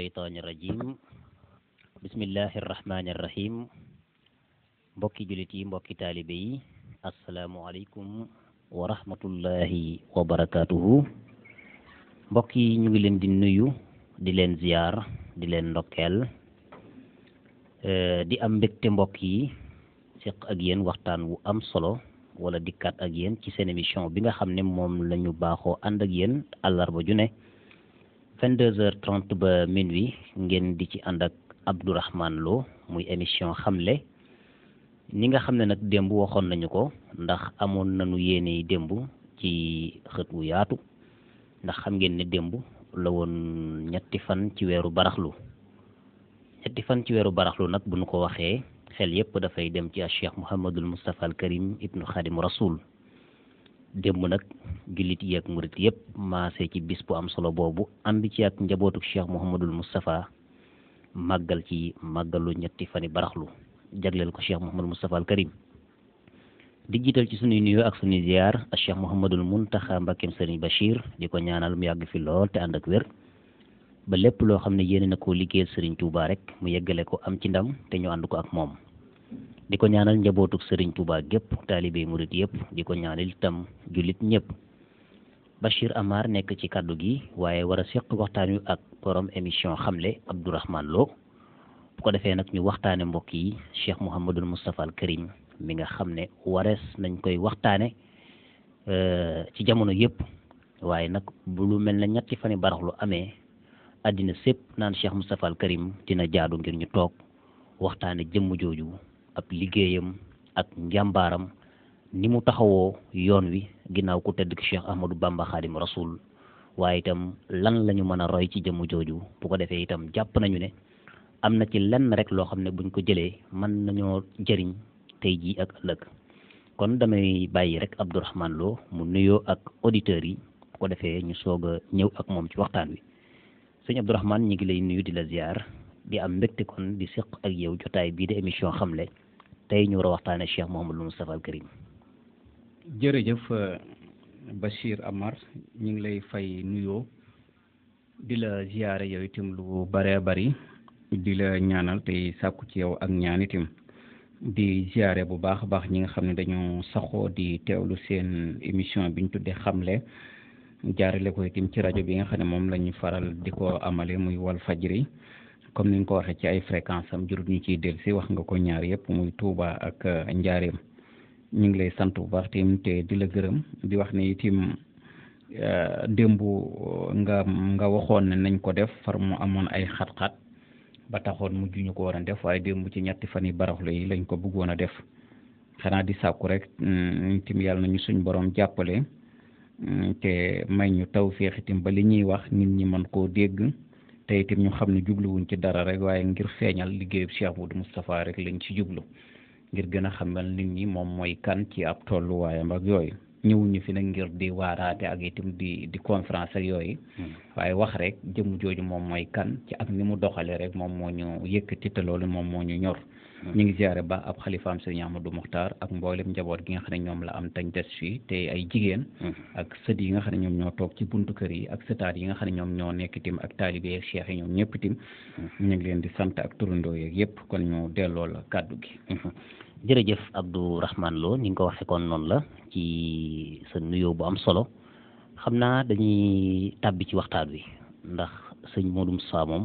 sheytaani rajim bismillahi rahmaani rahim mbokki jullit yi mbokki taalibe yi asalaamualeykum wa rahmatullahi wa mbokk yi ñu ngi leen di nuyu di leen ziyaar di leen ndokkeel eh, di am mbégte mbokk yi seq ak yéen waxtaan wu am solo wala dikkaat ak yéen ci seen émission bi nga xam ne moom lañu ñu baaxoo ànd ak yéen àllarba ju ne 22 heures 30 ba minuit ngeen di ci ànd ak Abdourahmane Lo muy émission xamle ni nga xam ne nag démb waxoon nañu ko ndax amoon na nañu yéene démb ci xët wu yaatu ndax xam ngeen ne démb la woon ñetti fan ci weeru baraxlu ñetti fan ci weeru baraxlu nag bu ñu ko waxee xel yépp dafay dem ci a Cheikh Mouhamadul Moustapha al Karim ibnu Xaadimu Rasul démb nag jullit yi ak murit yëpp maase ci bis bu am solo boobu ànd ci ak njabootuk cheikh Mouhamadul Moustapha màggal ci màggalu ñetti fani baraxlu jagleel ko cheikh Mouhamadul Moustapha al Karim di ci sunuy nuyoo ak sunuy ziar ak cheikh Mouhamadul Muntaxa Mbakkeem Serigne Bachir di ko ñaanal mu yàgg fi lool te ànd ak wér ba lépp loo xam ne yéene na koo liggéeyal Serigne Touba rek mu yeggale ko am ci ndam te ñu ànd ko ak moom di ko ñaanal njabootuk sëriñ Touba gépp taalibe murit yëpp di ko ñaanal itam jullit ñëpp Bachir Amar nekk ci kàddu gi waaye war a seq waxtaan wi ak borom émission xamle Abdourahmane Lo bu ko defee nag ñu waxtaane mbokk yi Cheikh Mouhamadul Moustapha al Karim mi nga xam ne warees nañ koy waxtaane euh, ci jamono yëpp waaye nag bu lu mel ne ñetti fani baraxlu amee àddina sépp naan Cheikh Moustapha al Karim dina jaadu ngir ñu toog waxtaane jëmm jooju ak liggéeyam ak njàmbaaram ni mu taxawoo yoon wi ginnaaw ku tedd ki Cheikh Ahmadou Bamba Xaadim Rasul waaye itam lan lañu ñu mën a roy ci jëmm jooju bu ko defee itam jàpp nañu ne am na ci lenn rek loo xam ne buñ ko jëlee man nañoo jëriñ tey jii ak ëllëg kon damay bàyyi rek Abdourahmane loo mu nuyoo ak auditeurs yi bu ko defee ñu soog a ñëw ak moom ci waxtaan wi sëñ Abdourahmane ñu ngi lay nuyu di la ziar. di am mbégte kon di seq ak yow jotaay bii di émission xam xamle tey ñu war a waxtaane Cheikh Mouhamadul Moustapha al Karim jërëjëf euh, Bachir Amar ñu ngi lay fay nuyoo di la ziyaare yow itam lu bare bari di la ñaanal tey sàkku ci yow ak ñaan di ziyaare bu baax a baax ñi nga xam ne dañoo saxoo di teew lu seen émission bi ñu tuddee xamle jaarale ko itam ci rajo bi nga xam ne moom lañ ñu faral di ko amale muy wal Walfajri comme ni nga ko waxee ci ay fréquence am jurut ñu ciy del si wax nga ko ñaar yëpp muy Touba ak euh, Njaareem ñu ngi lay sant bu baax tim te di la gërëm di wax ne itim euh, démb euh, nga nga waxoon ne nañ ko def far mu amoon ay xat-xat ba taxoon mujj ñu ko war a def waaye démb ci ñetti fan yi baraxlu yi lañ ko bëggoon a def xanaa di sàkku rek mm, tim yàlla nañu suñ borom jàppale mm, te may ñu taw itim ba li ñuy wax nit ñi mën koo dégg te itam ñu xam ne jubluwuñ ci dara rek waaye ngir feeñal liggéeyub Cheikh Modou Moustapha rek lañ ci jublu ngir gën a xamal nit ñi moom mooy kan ci ab tolluwaayam ak yooyu ñëwuñu fi nag ngir di waaraate ak itam di di conférence ak yooyu hmm. waaye wax rek jëmm jooju moom mooy kan ci ak ni mu doxale rek moom moo ñu yëkkati te loolu moom moo ñu ñor ñu ngi ziare ba ab xalifaam sëriñ Ahmadou Mokhtar ak mboolem njaboot gi nga xam ne ñoom la am tañ des fii te ay jigéen mm-hmm. ak sët yi nga xam ne ñoom ñoo toog ci buntu kër yi ak sëtaat yi nga xam ne ñoom ñoo nekk tim ak taalibe yeeg yi ñoom ñëpp tim mm-hmm. ngi leen di sant ak turandoo yeeg yëpp kon ñu delloo la kàddu gi mm-hmm. jërëjëf Abdou Rahman Lo ni ngi ko waxee kon noonu la ci sa nuyoo bu am solo xam naa dañuy tàbbi ci waxtaan wi ndax sëñ Modou Moussa moom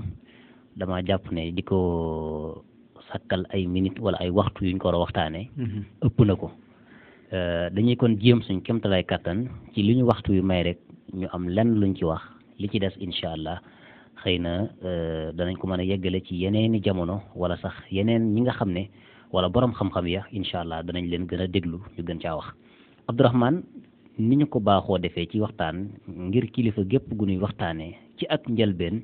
dama jàpp ne di ko sàkkal ay minute wala ay waxtu yuñ ko war a waxtaanee. Mhm. ëpp na ko euh, dañuy kon jéem suñ kéemtalaay kàttan ci li ñu waxtu yu may rek ñu am lenn luñ ci wax li ci des incha allah xëy na euh, danañ ko mën a yeggale ci yeneeni jamono wala sax yeneen ñi nga xam ne wala borom xam-xam ya incha allah danañ leen gën a déglu ñu gën caa wax. Abdourahmane ni ñu ko baaxoo defee ci waxtaan ngir kilifa gépp gu ñuy waxtaanee ci ak njëlbeen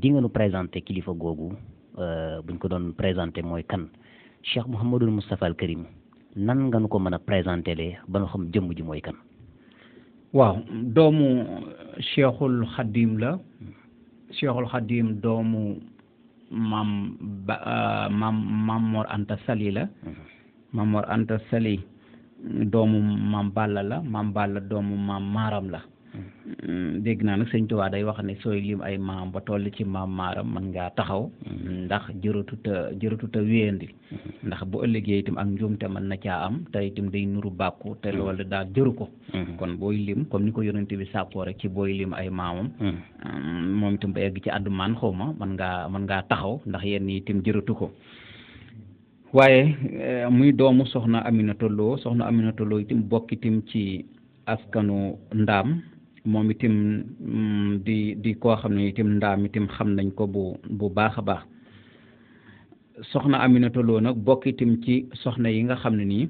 di nga nu présenté kilifa googu. Euh, buñ ko doon présenté mooy kan Cheikh Mouhamadul Moustapha al Karim nan nga nu ko mën a présenté lee ba nga xam jëmm ji mooy kan. waaw doomu Cheikhul Xadim la Cheikhul Xadim doomu maam ba euh, maam maam Mor Anta Sali la. maam mhm. Mor Anta Sali doomu maam Balla la maam Balla doomu maam Maaram la. Mm, dégg naa na sëñ Tuubaa day wax ne sooy lim ay maam ba toll ci maam maaram man ngaa taxaw mm-hmm. ndax jërëtuta jërëtuta mm-hmm. ndax boo ëllëgee itam ak njuumte mën na caa am te itam day nuru bàkku te mm-hmm. loolu daal jëru ko kon booy lim comme ni ko yonente bi sàkkoo rek ci booy lim ay maamam mm, moom itam ba egg ci àddumaan xaw ma mën ngaa mën ngaa taxaw ndax yenn itam jërëtu ko waaye eh, muy doomu soxna Aminata tollo soxna Aminata Lo itam bokk itam ci askanu ndaam moom itam mm, di di koo xam ne itam ndaam itam xam nañ ko bu baax a baax soxna Aminata Lo nag bokk itam ci soxna yi nga xam ne nii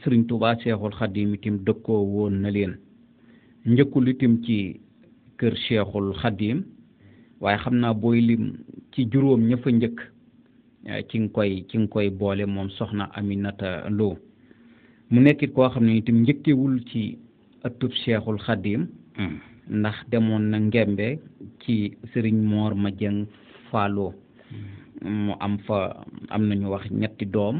Sëriñ Tuubaa Seexul Xadiim itam dëkkoo woon na leen njëkkul itam ci kër Seexul Xadiim waaye xam naa booy lim ci juróom ña njëkk eh, ci nga koy ci koy boole moom soxna Aminata Lo mu nekkit koo xam ne itam njëkkewul ci ëttub seexul Khadim hmm. ndax demoon na ngembe ci sëriñ Moor Madieng Fallo hmm. mu am fa am nañu wax ñetti doom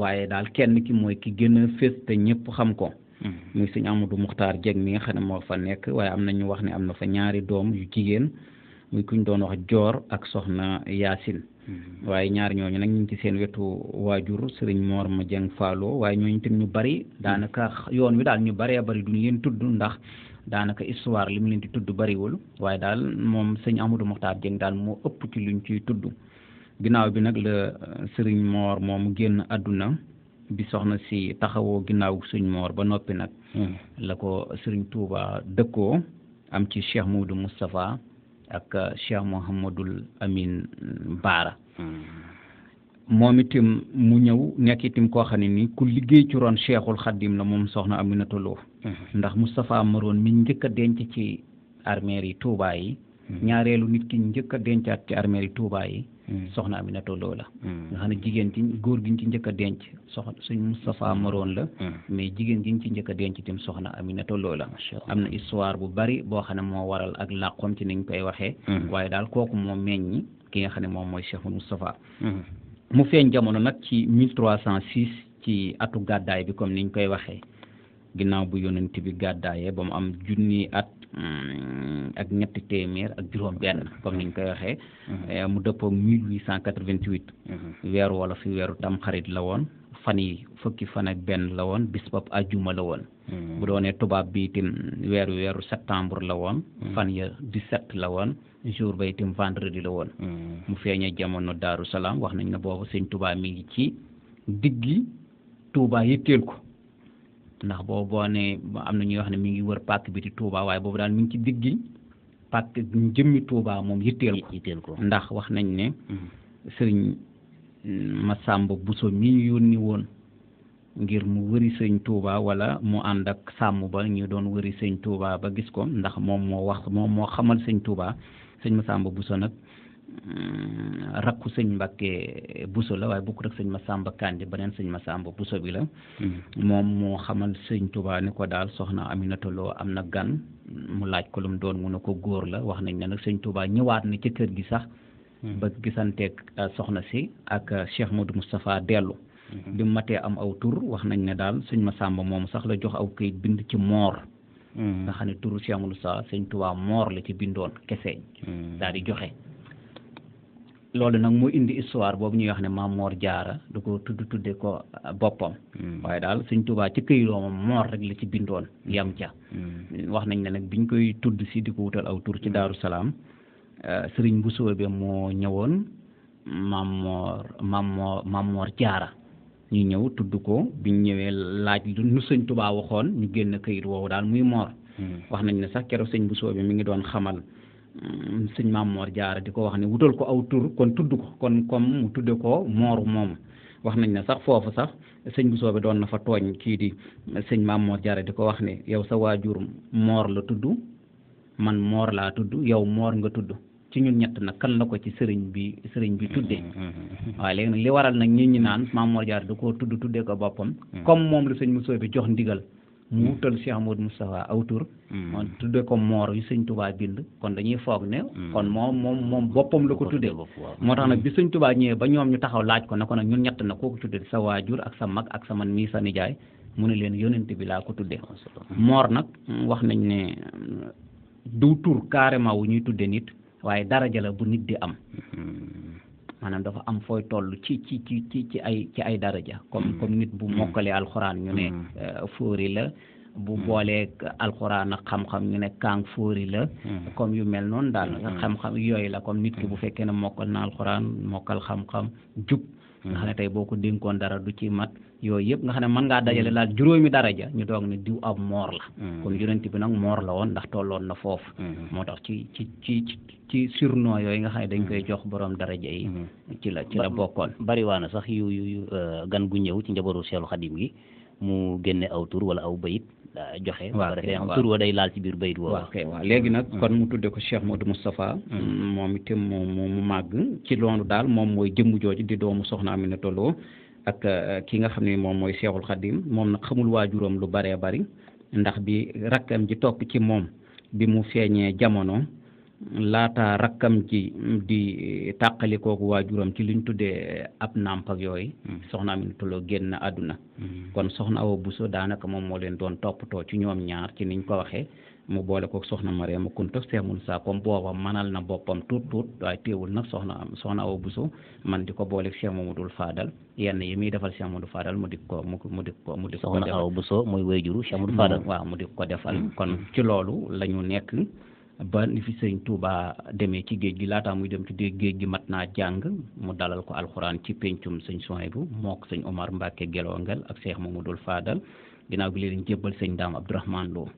waaye daal kenn ki mooy ki gën a fés te ñëpp xam ko hmm. muy sëñ Amadou Muxtaar jeg mi nga xam ne moo fa nekk waaye am nañu wax ne am na fa ñaari doom yu jigéen muy kuñ doon wax Joor ak soxna Yaasin Mm-hmm. waaye ñaar ñooñu nag ñu ngi seen wetu waajur sëriñ moor ma Dieng Fallo waaye ñooñu tamit ñu bari mm-hmm. daanaka yoon wi daal ñu baree bari duñ leen tudd ndax daanaka histoire li mu leen di tudd bariwul waaye daal moom sëñ Amadou Mokhtar Dieng daal moo ëpp ci lu luñ ciy tudd ginnaaw bi nag la euh, moor moom mu génn àdduna bi soxna si taxawoo ginnaaw suñ moor ba noppi nag. Mm-hmm. la ko sëriñ Touba dëkkoo am ci Cheikh Moudou Moustapha. ak Cheikh Mouhamadul Amin Baara mm-hmm. moom itam mu ñëw nekk itam koo xam ne nii ku liggéey ci roon Cheikhul Xadim la moom soxna Aminata Lo mm-hmm. ndax Moustapha Maroon mi njëkk a denc ci armeer yi tuubaa mm-hmm. yi ñaareelu nit ki njëkk a dencaat ci armeer yi Touba yi Mm. soxna Aminata Lo la mm. nga xam jigéen ci góor gi ñu ci njëkk a denc soxna suñ Moustapha Moroon la mm. mais jigéen gi ci njëkk a denc tim soxna Aminata Lo la am na histoire bu bari boo xam ne moo waral ak làqoom ci niñ koy waxee waaye daal kooku moo meññ ki nga xam ne moom mooy Cheikh Moustapha mu feeñ jamono nag ci mille cent six ci atu gàddaay bi comme niñ koy waxee ginnaaw bu yonent bi gàddaayee ba mu am junni at ak ñetti téeméer ak juróom benn comme niñ koy waxee eh, mu dëppoo mille huit cent quatre-vingt-huit mhm. weeru wala fi weeru tam xarit la woon fan yi fukki fan ak benn la woon bis bopp ajjuma la woon mhm. bu doonee tubaab bi itam weeru weeru septembre la woon mhm. fan ya dix la woon jour ba itam vendredi la woon mu feeñee jamono Daaru Salaam wax nañ na boobu sëñ tubaab mi ngi ci diggi Tuubaa yitteel ko ndax boobu boo ne am na ñuy wax ne mi ngi wër pàkk bi di Touba waaye boobu daal mi ngi ci diggi pàkk jëmmi Touba moom yitteel ko ndax wax nañ ne sëñ mm-hmm. sëriñ Massamba Bousso mi ñu yónni woon ngir mu wëri sëñ tuubaa wala mu ànd ak sàmm ba ñu doon wëri sëñ tuubaa ba gis ko ndax moom moo wax moom moo xamal sëñ Touba sëñ Massamba Bousso nag Mm, rakku sëñ Mbàkke Buso la waaye bokkut ak sëñ ma Masamba Kandi beneen sëñ ma Masamba Buso bi la mm. moom moo xamal sëñ tubaa ni ko daal soxna Aminata Lo am na gan mu laaj ko lu doon mu ne ko góor la wax nañ ne nag sëñ Tuubaa ñëwaat na ci kër gi sax mm. ba gisanteeg euh, soxna si ak euh, Cheikh dellu bi matee am aw tur wax nañ ne daal sëñ Masamba moomu sax la jox aw këyit bind ci moor nga xam ne turu Cheikh Modou Moustapha sëñ Tuubaa moor la ci bindoon kese daal di joxe loolu nag moo indi histoire boobu ñuy wax ne maam Moor Jaara du ko tudd tuddee ko boppam hmm. waaye daal Sëñ tubaa ci këy doomam moor rek la ci bindoon hmm. yam ca hmm. wax nañ ne nag biñ koy tudd si di ko wutal aw tur ci Daaru Salaam euh, sëriñ bu soobe moo ñëwoon maam Moor maam Moor maam Jaara ñu ñëw tudd ko biñ ñëwee laaj lu nu sëñ Tuubaa waxoon ñu génn këyit woowu daal muy moor wax nañ ne sax keroog sëñ bu soobe mi ngi doon xamal Mm, sëñ maam moor Jaara di ko wax ne wutal ko aw tur kon tudd ko kon comme mu tudde ko mooru moom wax nañ ne sax foofu sax sëñ bu soobe doon na fa tooñ kii di sëñ maam Mor Jaara di ko wax ne yow sa waajur moor la tudd man moor laa tudd yow moor nga tudd ci ñun ñett nag kan la ko ci sëriñ bi sëriñ bi tuddee mm, mm, waaye leen li waral nag ñi ñi naan maam Mor Jaara da koo tudd tuddee ko boppam comme moom la sëñ bu soobe jox ndigal mu wutal hmm. Cheikh Amadou Moustapha aw tur hmm. moom tuddee ko moor yu sëñ tubaa bind kon dañuy foog ne hmm. kon moom moom moom boppam la ko tuddee moo tax nag bi sëñ tubaa ñëwee ba ñoom ñu taxaw laaj ko ko nag ñun ñett na koo ko tuddee sa ak sa mag ak sa man mii sa nijaay mu ne leen yonent bi laa ko tuddee moor nag wax nañ ne du tur carrément wu ñuy tuddee nit waaye daraja la bu nit di am maanaam dafa am fooy toll ci ci ci ci ci ay ci ay daraja comme hmm. comme nit bu hmm. mokkalee alxuraan ñu ne hmm. euh, fóori la bu boolee alxuraan ak xam-xam ñu ne kàng foori la comme yu mel noonu daal xam-xam yooyu la comme nit ki bu fekkee ne mokkal na alxuraan mokkal xam-xam jub nga ne tey boo ko dénkoon dara du ci mat yooyu yëpp nga xam ne man ngaa dajale daal hmm. juróomi daraja ñu doog ne diw aw moor la hmm. kon yonent bi nag moor la woon ndax tolloon na foofu hmm. moo tax ci ci ci ci surno yooyu nga xam ne dañ koy jox boroom daraja yi ci la ci la bokkoon bari waa na sax yu yu euh, gan gu ñëw ci njabaru Seexul Xadim gi mu génne aw tur wala aw bayit euh, joxe waaw tur wa day laal ci biir bayit woo ok waaw léegi nag kon mu tudde ko Cheikh Modou Moustapha moom itam mu mu màgg ci loolu daal moom mooy jëmm jooju di doomu soxna Aminata Lo ak euh, ki nga xam ni moom mooy Cheikhul Khadim moom nag xamul waajuram lu baree bari ndax bi rakkam ji topp ci moom bi mu feeñee jamono laata rakkam ji di tàqalikooku waajuram ci liñ tuddee ab nàmp ak yooyu hmm. soxna Aminata Lo génn àdduna hmm. kon soxna Awa Bousso daanaka moom moo leen doon toppatoo ci ñoom ñaar ci niñ ko waxee mu boole ko soxna Mariama Kunta seemul saa comme booba manal na boppam tuut tuut waaye teewul nag soxna am soxna Awa Buso man di ko booleeg Cheikh Mamadou faadal yenn yi muy defal Cheikh Mamadou Fadal mu di ko mu mu di ko mu di ko soxna Awa Buso muy wéyjuru Cheikh Mamadou Fadal waaw mu di ko defal kon ci loolu la nekk ba ni sëñ Touba demee ci géej gi laataa muy dem ci géej gi mat naa jàng mu dalal ko alxuraan ci pencum sëñ Souhaïbou mook sëñ Omar Mbacke Gelongal ak Cheikh Mamadou Fadal ginnaaw gi leen jébbal sëñ Daam Abdourahmane Lo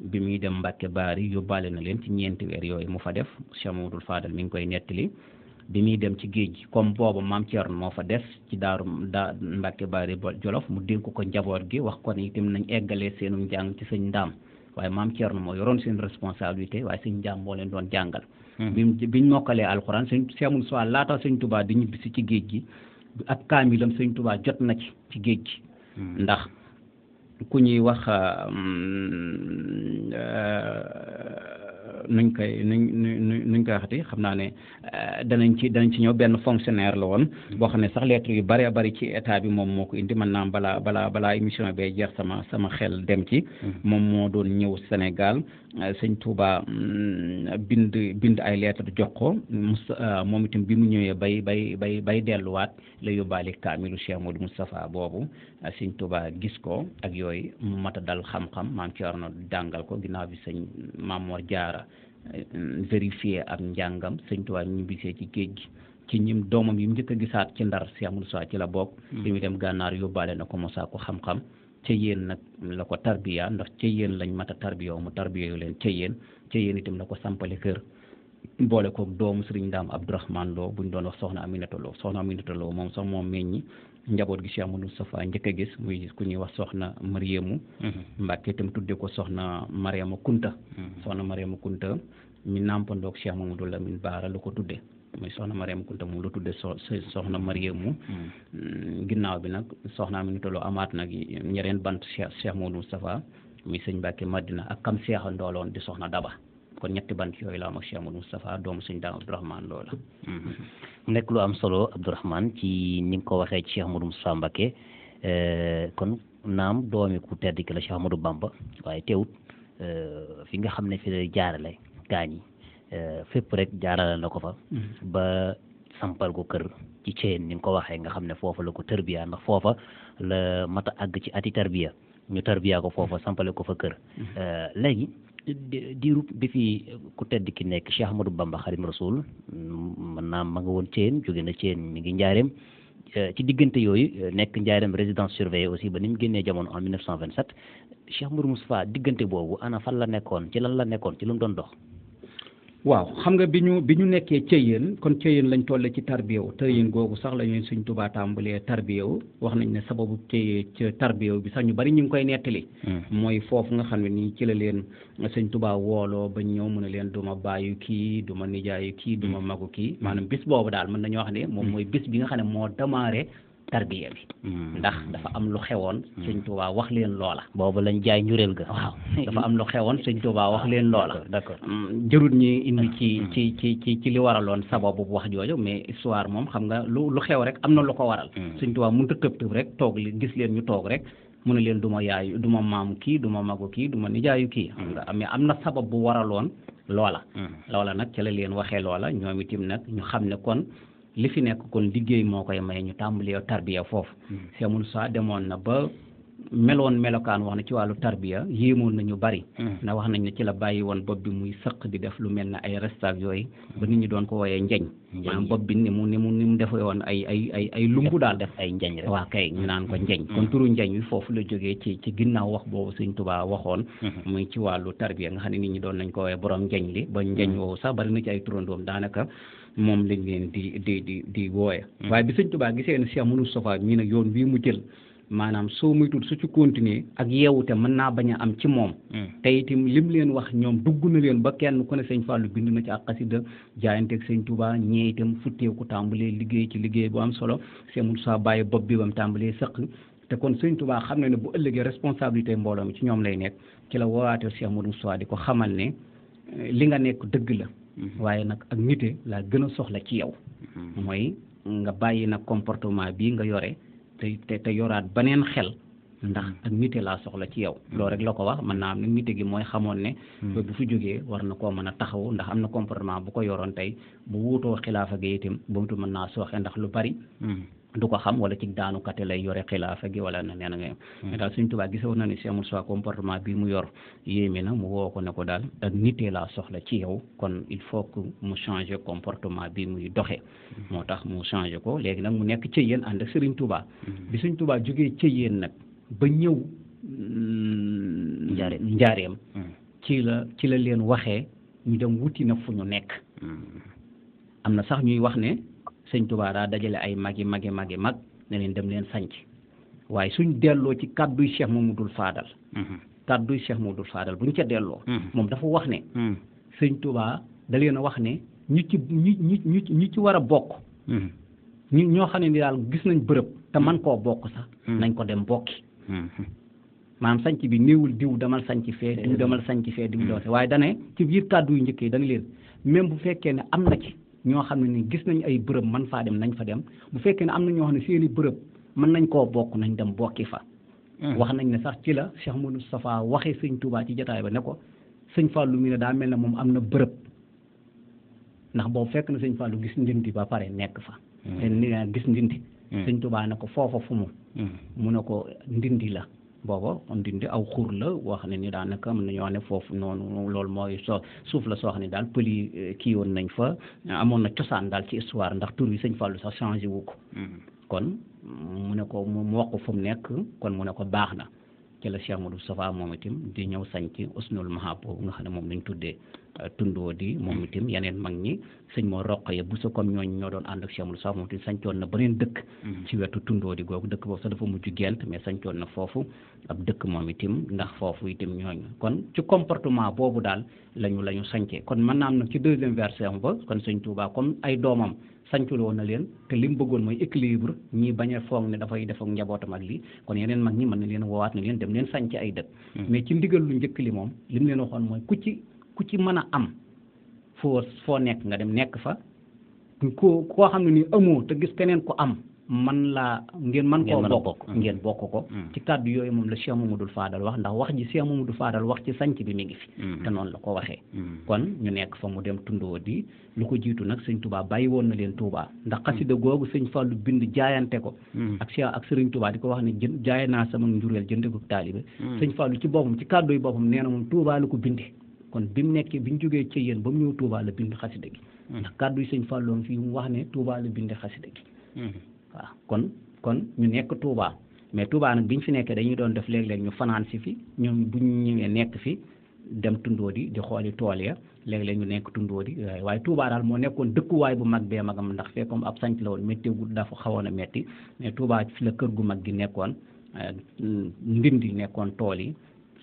bi muy dem Mbàkke Baari yóbbaale na leen ci ñeenti weer yooyu mu fa def Cheikh Mamadou Fadal mi ngi koy nettali bi muy dem ci géej gi comme boobu maam moo fa des ci daaru daa Mbàkke Baari Jolof mu dénk ko njaboot gi wax ko ne itam nañ eggalee seenu njàng ci sëñ ndaam waaye maam Thierno moo yoroon seen responsabilité waaye sëñ leen doon jàngal. Hmm. biñ mokkalee alxuraan sëñ Seemul Sow sëñ Touba di ñibbisi ci géej gi ak kaamilam sëñ Touba jot na ci ci géej gi. Hmm. ndax. ku ñuy wax euh, euh, nuñ koy nuñ nuñ koy waxati xam naa ne euh, danañ ci danañ ci ñëw benn fonctionnaire la woon boo xam ne sax lettre yu bëree bari ci état bi moom moo ko indi mën naam balaa balaa balaa émission bee jeex sama sama xel dem ci mm-hmm. moom moo doon ñëw Sénégal sëñ Touba mm, bind bind ay lettre jox ko euh, moom itam bi mu ñëwee bay bay bay bay delluwaat la yóbbaale kaamilu Cheikh Modou Moustapha boobu euh, sëñ Touba gis ko ak yooyu mu mat a dal xam-xam maam ci war na jàngal ko ginnaaw bi sëñ Mamoor Jaara euh, vérifié ak njàngam sëñ Touba ñibbisee ci géej gi ci ñim doomam yi mu njëkk a gisaat ci ndar Cheikh Moustapha ci la bokk. Hmm. bi mu dem gànnaar yóbbaale na ko mosaa ko xam-xam. ca yéen nag la ko tarbiya ndax ca yéen lañ mat a tarbiyoo mu tarbiyoo leen ca yéen ca yéen itam la ko sampale kër boole kook doomu sëriñ Ndaam Abdourahman Lo buñ doon wax soxna Aminata Lo soxna Aminata Lo moom sax moom meññi njaboot gi Cheikh Amadou Safa njëkk a gis muy ku ñuy wax soxna Mariamu mm-hmm. Mbàkke itam tudde ko soxna Mariama Kunta mm-hmm. soxna Mariama Kunta ñu nàmpandoog Cheikh Mamadou Lamine Baara la ko tudde muy soxna Mariam Kunta moom la tudde so soxna Mariam mm. mu mm, ginnaaw bi nag soxna mi nu tollu amaat nag ñereen bant Cheikh Cheikh Modou Moustapha muy sëñ Mbàkke Madina ak kam seexa ndooloon di soxna Daba kon ñetti bant yooyu la am ak Cheikh Modou Moustapha doomu sëñ Daam Abdourahmane loola mm-hmm. nekk lu am solo Abdourahmane ci ni nga ko waxee ci Cheikh Modou Moustapha Mbacké euh, kon naam doomi ku tedd ki la Cheikh Ahmadou Bamba waaye teewut euh, fi nga xam ne fi lay jaarale gaañ yi Euh, fépp rek jaarale na ko fa mm-hmm. ba sampal ko kër ci ceen ni nga ko waxee nga xam ne foofa la ko tarbiya ndax foofa la mata àgg ci ati tarbiya ñu tarbiya ko foofa sampale ko fa kër mm-hmm. euh, léegi diiru bi fi ku tedd ki nekk Cheikh Ahmadou Bamba Xadim Rasul man naa ma nga woon ceen jóge na ceen mi ngi njaareem euh, ci diggante yooyu nekk njaareem résidence surveillée aussi ba ni mu génnee jamono en 1927 Cheikh Mourou Moustapha diggante boobu ana fan la nekkoon ci lan la nekkoon ci lu doon dox waaw xam nga bi ñu bi ñu nekkee cëyeen kon cëyeen lañ tolle ci tarbiyewu cëyeen googu sax la ñuy suñ tubaa tàmbalee tarbiyewu wax nañ ne sababu cëyee ci tarbiyewu bi sax ñu bari ñu ngi koy nettali hmm. mooy foofu nga xam ne nii ci la leen sañ tubaa wooloo ba ñëw mu ne leen du ma bàyyu kii du ma nijaayu kii du ma hmm. magu kii maanaam bis boobu daal mën nañu wax ne moom hmm. mooy bis bi nga xam ne moo démarré tarbiya bi hmm. ndax dafa am lu xewoon hmm. sëñ Tuubaa wax leen loola boobu lañ jaay ñureel ga waaw dafa am lu xewoon sëñ Tuubaa wax leen loola d'accord hmm, jërut ñi indi ci ci ci ci ci li waraloon sababu bu wax jooju mais histoire moom xam nga lu lu xew rek am na lu ko waral sëñ Tuubaa mënut a tëb tëb rek toog li gis leen ñu toog rek mu ne leen du ma yaayu du ma maamu kii du ma magu kii du ma nijaayu kii xam nga mais am na sabab bu waraloon loola loola nag ci la leen waxee loola ñoom nag ñu xam ne kon li fi nekk kon liggéey moo koy may ñu tàmbalee tarbiya foofu mun hmm. saa demoon na ba meloon melokaan wax na ci wàllu tarbiya yéemoon nañu bari hmm. na wax nañ ne ci la bàyyi woon bopp bi muy sëq di def lu mel ne ay restav yooyu ba nit ñi doon ko wooyee njeñ maanaam bopp bi ni mu ni mu ni mu defee woon ay ay ay ay lumbu daal def ay njeñ rek waaw kay ñu naan ko hmm. njeñ kon turu njeñ wi foofu la jógee ci ci ginnaaw wax boobu sëñ Tuubaa waxoon muy ci wàllu tarbiya nga xam ne nit ñi doon nañ ko wooyee boroom njeñ li ba njeñ woowu sax bari na ci ay turandoom daanaka moom lañ leen di di di di wooye hmm. waaye bi sëñ Tuubaa gisee ne Cheikh Mouhamadou Moustapha mii nag yoon bii mu jël maanaam soo muy tudd su ci continuer ak yeewute mën naa bañ a am ci moom hmm. te itam lim leen wax ñoom dugg na leen ba kenn ku ne sëñ Fallou bind na ci ak xasida jaayanteeg sëñ Touba ñee itam futteeku tàmbalee liggéey ci liggéey bu am solo seemul saa bàyyi bopp bi bam tàmbalee sëq te kon sëñ tubaa xam na ne bu ëllëgee responsabilité mbooloo mi ci ñoom lay nekk ci la woowaatee Cheikh Modou Moussa di ko xamal ne eh, li nga nekk dëgg la Mhm. waaye nag ak nite laa gën a soxla ci yow mhm. mooy nga bàyyi nag comportement bii nga yore te te te yoraat baneen xel mhm. ndax ak nite laa soxla ci yow loolu rek la ko wax mën naa am nag nite gi mooy xamoon ne ba bu fi jógee war na koo mën a taxawu ndax am na comportement bu ko yoroon tey bu wuutoo xilaafa gi itam boobu mën naa sooxe ndax lu bari du ko xam wala ci daanu kate lay yore xilaafa gi wala mm. na nee na nga daal suñ tubaa gisoon na ne si amul soit comportement bi mu yor yéeme na mu woo ko ne ko daal ak nitee laa soxla ci yow kon il faut que mu changer comportement bi muy doxee mm. moo tax mu changer ko léegi nag mu nekk ci yéen ànd ak sëriñ tubaa mm. bi suñ tubaa jógee ci yéen nag ba ñëw njaareem ci la ci la leen waxee ñu dem wuti na fu ñu nekk am na sax ñuy wax ne sëñ Tuubaa daa dajale ay magi mag magi mag ne leen dem leen sanc waaye suñ delloo ci kàdduy Cheikh Mamadou Fadal mhm. kàdduy Cheikh Mamadou Fadal buñ ca delloo mhm. moom dafa wax ne mhm. sëñ tubaa da leen a wax ne ñu ci ñu ñu ñu ñu ci war a bokk ñu ñoo xam ne daal gis nañ bërëb te man koo bokk sax nañ ko dem bokki maanaam sanc bi néewul diw damal sanc fee diw damal sanc fee diw doose waaye dane ci biir kàddu yu njëkk yi dañ leen même bu fekkee ne am na ci ñoo xam ne ni gis nañ ay bërëb man faa dem nañ fa dem bu fekkee ne am na ñoo xam ne seen i bërëb mën nañ koo bokk nañ dem bokki fa hmm. wax nañ ne sax ci la Cheikh Modou Safa waxee sëñ Touba ci jataay ba ne ko sëñ Fallou mi ne daa mel ne moom am na bërëb ndax boobu fekk na sëñ Fallou gis ndindi ba pare nekk fa hmm. te ni gis ndindi hmm. sëñ Touba ne ko foofa fu mu mu ne ko ndindi la booba ndindi aw xur la wax ne ni daanaka mën nañoo ne foofu noonu loolu mooy so suuf la soo xam ne daal pël yi eh, kii woon nañ fa amoon na cosaan daal ci histoire ndax tur bi sëñ Fallou sax changé wu ko mm-hmm. kon mu ne ko mu wax ko fu mu nekk kon mu ne ko baax na ci la Cheikh Amadou Moustapha moom itam di ñëw sanc usnul mahab boobu nga xam ne moom lañ tuddee euh, tundoo moom itam yeneen mag sëñ moo roq ya bu sa comme ñooñ ñoo doon ànd ak Cheikh Amadou Moustapha moom itam sancoon na beneen dëkk mm-hmm. ci wetu tundoo di googu dëkk boobu sax dafa mujj gent mais sancoon na foofu ab dëkk moom itam ndax foofu itam ñooñu kon ci comportement boobu daal lañu lañu sancee kon mën naa am ci deuxième verset ba kon sëñ Touba comme ay doomam sancul woon na leen te li mu bëggoon mooy équilibre ñii bañ a foog ne dafay def ak njabootam ak lii kon yeneen mag ñi mën na leen woowaat ne leen dem leen sanc ay dëkk hmm. mais ci ndigal lu njëkk li moom li mu leen waxoon mooy ku ci ku ci mën a am foo foo nekk nga dem nekk fa koo koo xam ne ni amoo te gis keneen ko am man laa ngeen man koo ngeen mm-hmm. bokk ko mm-hmm. ci kàddu yooyu moom la Cheikh Mamadou Fadal wax ndax wax ji Cheikh Mamadou Fadal wax ci sanc bi mi ngi fi mm-hmm. noonu la ko waxee kon ñu nekk fa mu dem tundoo di lu ko jiitu nag sëñ Touba bàyyi woon na leen Touba ndax xasida googu sëñ Fallu bind jaayante ko ak Cheikh ak sëriñ di ko wax ne jën jaay naa sama njureel jënde ko taalibe sëñ Fallu ci boppam ci kàddu yi boppam nee na moom tuubaa la ko bindee kon bi mu nekkee bi ñu jógee ci yéen ba mu ñëw Touba la bind xasida gi ndax kàddu yi sëñ Fallu fii mu wax ne tuubaa la binde xasida gi waaw kon kon ñu nekk Touba mais Touba nag bi ñu fi nekkee dañuy doon def léeg-léeg ñu fanaan si fi ñun buñ ñëwee nekk fi dem tundoo di di xooli tool ya léeg-léeg ñu nekk di waaye Touba daal moo nekkoon dëkkuwaay bu mag bee magam ndax fee comme ab sanc la woon métti gu dafa xawoon a métti mais Touba fi la kër gu mag gi nekkoon euh, ndindi nekkoon tool yi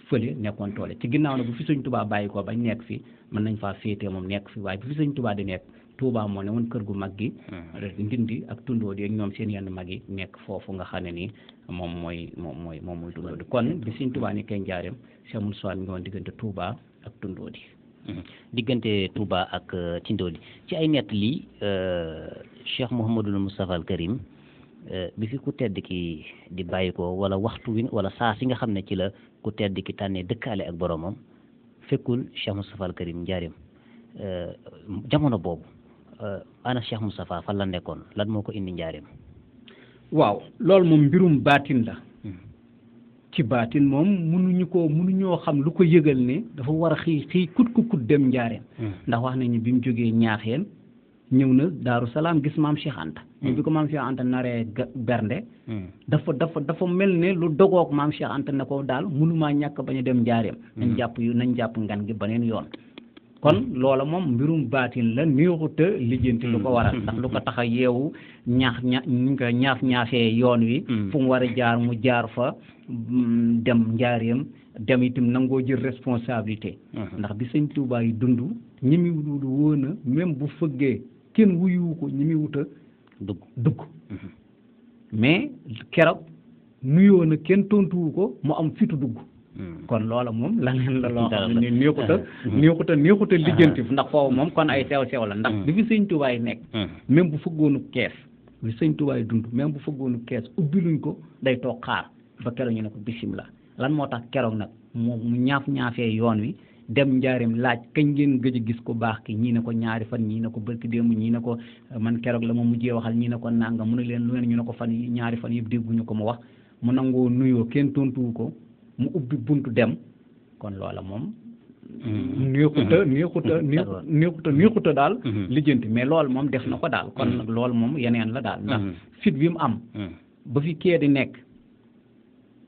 fële nekkoon tool yi ci ginnaaw na bu fi Sëñ Touba bàyyi ko bañ nekk fi mën nañ faa féetee moom nekk fi waaye bu fi Sëñ di nekk Touba moo ne woon kër gu mag gi. Hmm. ndindi ak tundoo di ñoom seen yenn mag yi nekk foofu nga xam ne nii moom mooy moom mooy moom mooy tundoo di kon bi Sëñ Touba nekkee Njaareem Cheikh Moussa mi ngi ak tundoo diggante Touba ak tundoo hmm. euh, di ci ay nettali euh, Cheikh Mouhamadul Moustapha al Karim euh, bi fi ku tedd ki di bàyyi ko wala waxtu wi wala saa si nga xam ne ci la ku tedd ki tànnee dëkkaale ak boromam fekkul Cheikh Moustapha al Karim Njaareem jamono boobu. Euh, ana Cheikh Moustapha fan la nekkoon lan moo ko indi njaareem. waaw loolu moom mbirum baatin la. Hmm. ci baatin moom mënuñu koo ñoo xam lu ko yëgal ne dafa war a xii xii kut ku kut dem njaareem. Hmm. ndax wax nañu bi mu jógee ñaaxeen ñëw na Daaru Salaam gis maam Cheikh Anta. ñu hmm. bi ko maam Cheikh Anta naree bernde. dafa dafa dafa mel ne lu dogoog maam Cheikh ko daal mënumaa ñàkk bañ a dem njaareem. nañ jàpp yu nañ jàpp ngan gi beneen yoon. kon loola moom mbirum baatin la néexut a lijjanti lu ko waral ndax lu ko tax a yeewu ñaax ña ñu ko ñaaf ñaafee yoon wi mm. fu mu war a jaar mu jaar fa mm, dem njaareem dem itam nangoo jël responsabilité mm-hmm. ndax bi sëñ Tuubaa yi dund ñi mi wul a même bu fëggee kenn wuyuwu ko ñi mi wut a dugg dugg mm-hmm. mais keroog nuyoo kenn tontuwu ko mu am fitu dugg Mm-hmm. kon loola moom laneen la loo xam ne neexut a neexut mm-hmm. a neexut a lijjanti mm-hmm. ndax foofu moom kon ay sew sew la ndax li fi sëñ tubaay nekk même bu fëggoonu kees li sëñ tubaay dund même bu fëggoonu kees ubbi luñ ko day toog xaar ba keroog ñu ne ko la lan moo tax keroog nag moom mu ñaaf ñaafee yoon wi dem njaarim laaj kañ ngeen gëj a gis ko baax ki ñii ne ko ñaari fan ñii ne ko bërki démb ñii ne ko euh, man keroog la ma mujjee waxal ñii ne ko nanga mu ne leen lu ñu ne ko fan ñaari fan yëpp dégguñu ko mu wax mu nangoo nuyoo kenn tontuwu ko mu ubbi bunt dem kon loola moom néexuta néexuta néexuta daal mm-hmm. lijjanti mais lool moom def na ko daal kon mm-hmm. nag loolu moom yeneen la daal ndax mm-hmm. fit bi mu am ba fi kee di nekk